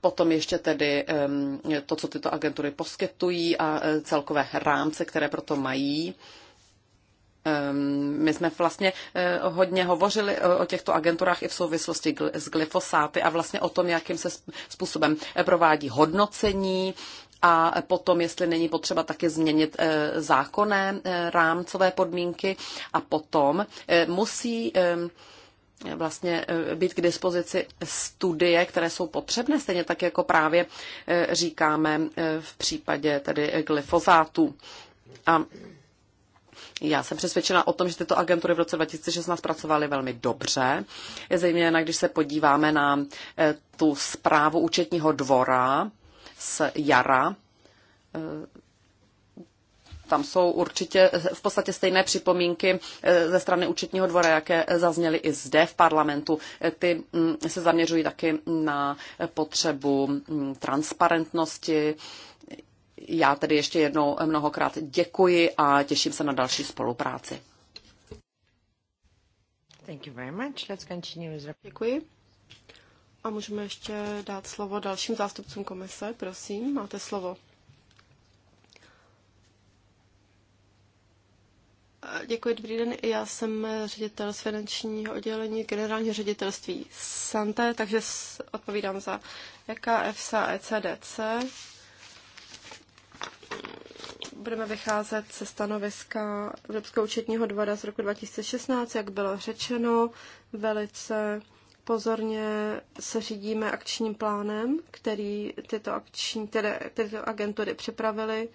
Potom ještě tedy to, co tyto agentury poskytují a e, celkové rámce, které proto mají. My jsme vlastně e, hodně hovořili e, o těchto agenturách i v souvislosti s glyfosáty a vlastně o tom, jakým se způsobem provádí hodnocení a potom, jestli není potřeba taky změnit zákonné rámcové podmínky a potom musí vlastně eh, být k dispozici studie, které jsou potřebné, stejně tak jako právě eh, říkáme eh, v případě tedy glyfozátů. A já jsem přesvědčena o tom, že tyto agentury v roce 2016 pracovaly velmi dobře, zejména když se podíváme na tu zprávu účetního dvora z jara tam jsou určitě v podstatě stejné připomínky eh, ze strany účetního dvora, jaké eh, zazněly i zde v parlamentu. Eh, ty mm, se zaměřují taky na potřebu mm, transparentnosti. Já tedy ještě jednou mnohokrát děkuji a těším se na další spolupráci. Thank you very much. Let's continue with... Děkuji. A můžeme ještě dát slovo dalším zástupcům komise. Prosím, máte slovo. Děkuji, dobrý den. Já jsem ředitel z finančního oddělení generálního ředitelství Santé, takže odpovídám za EKF ECDC. Budeme vycházet se stanoviska Evropského účetního dvora z roku 2016, jak bylo řečeno, velice pozorně se řídíme akčním plánem, který tyto, akční, které, tyto agentury připravily.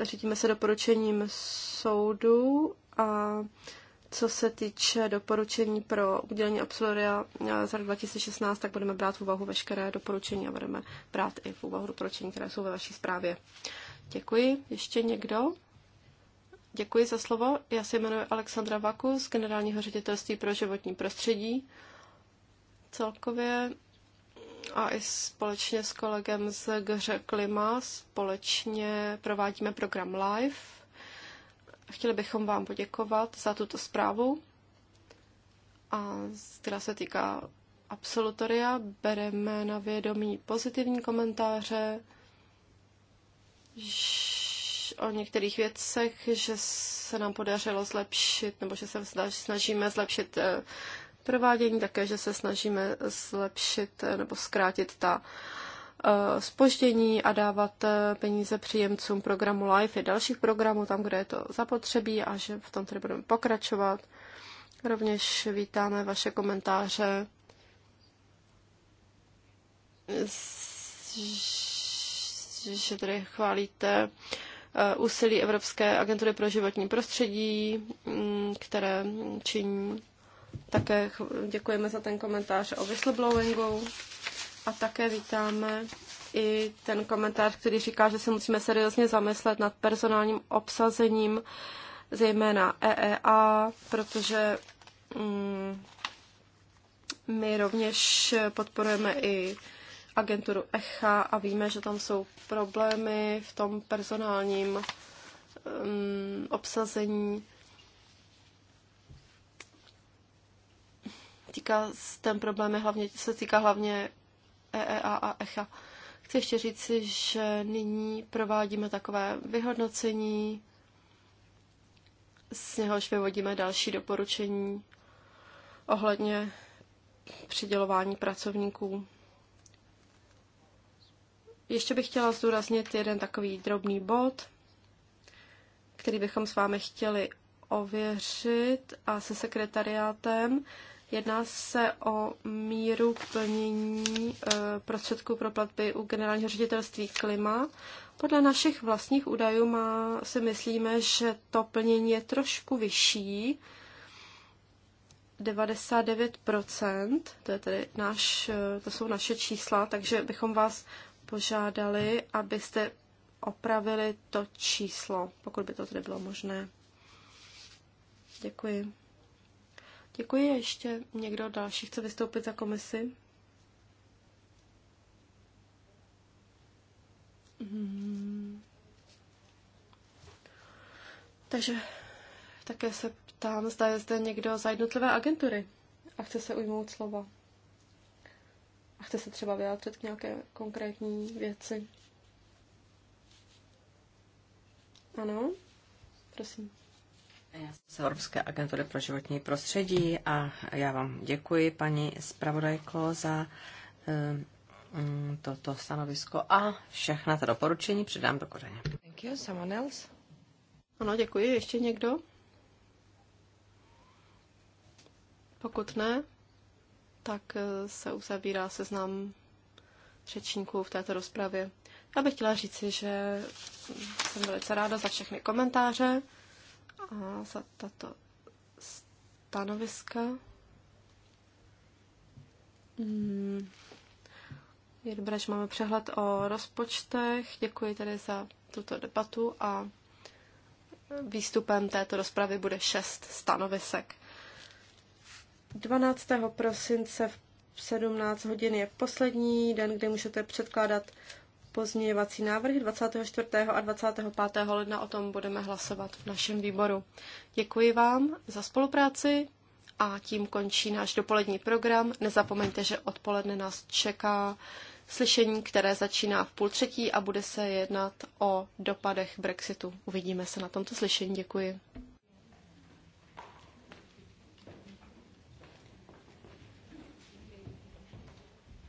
Řídíme se doporučením soudu a co se týče doporučení pro udělení absolutoria eh, za rok 2016, tak budeme brát v úvahu veškeré doporučení a budeme brát i v úvahu doporučení, které jsou ve vaší zprávě. Děkuji. Ještě někdo? Děkuji za slovo. Já se jmenuji Alexandra Vaku z Generálního ředitelství pro životní prostředí. Celkově a i společně s kolegem z GŘ Klima společně provádíme program Live. Chtěli bychom vám poděkovat za tuto zprávu, a která se týká absolutoria. Bereme na vědomí pozitivní komentáře o některých věcech, že se nám podařilo zlepšit, nebo že se snažíme zlepšit eh, provádění, také, že se snažíme zlepšit nebo zkrátit ta spoždění eh, a dávat eh, peníze příjemcům programu LIFE i dalších programů tam, kde je to zapotřebí a že v tom tedy budeme pokračovat. Rovněž vítáme vaše komentáře, že tady chválíte eh, úsilí Evropské agentury pro životní prostředí, mm, které činí také děkujeme za ten komentář o whistleblowingu a také vítáme i ten komentář, který říká, že se musíme seriózně zamyslet nad personálním obsazením, zejména EEA, protože mm, my rovněž podporujeme i agenturu ECHA a víme, že tam jsou problémy v tom personálním mm, obsazení týká ten problém, je hlavně, se týká hlavně EEA a ECHA. E Chci ještě si, že nyní provádíme takové vyhodnocení, z něhož vyvodíme další doporučení ohledně přidělování pracovníků. Ještě bych chtěla zdůraznit jeden takový drobný bod, který bychom s vámi chtěli ověřit a se sekretariátem. Jedná se o míru plnění eh, prostředků pro platby u generálního ředitelství klima. Podle našich vlastních údajů má, si myslíme, že to plnění je trošku vyšší, 99%, to, je tedy naš, eh, to jsou naše čísla, takže bychom vás požádali, abyste opravili to číslo, pokud by to tedy bylo možné. Děkuji. Děkuji. Ještě někdo další chce vystoupit za komisi? Hmm. Takže také se ptám, zda je zde někdo za jednotlivé agentury a chce se ujmout slova. A chce se třeba vyjádřit k nějaké konkrétní věci. Ano, prosím. Jsem z Evropské agentury pro životní prostředí a já vám děkuji, paní zpravodajko, za eh, mm, toto stanovisko a všechna ta doporučení předám do kořeně. Thank you. Someone else? Ano, děkuji. Ještě někdo? Pokud ne, tak eh, se uzavírá seznam řečníků v této rozpravě. Já bych chtěla říci, že jsem velice ráda za všechny komentáře a za tato stanoviska. Hmm. Je dobré, že máme přehled o rozpočtech. Děkuji tedy za tuto debatu a výstupem této rozpravy bude šest stanovisek. 12. prosince v 17 hodin je poslední den, kdy můžete předkládat pozměňovací návrhy 24. a 25. ledna. O tom budeme hlasovat v našem výboru. Děkuji vám za spolupráci a tím končí náš dopolední program. Nezapomeňte, že odpoledne nás čeká slyšení, které začíná v půl třetí a bude se jednat o dopadech Brexitu. Uvidíme se na tomto slyšení. Děkuji.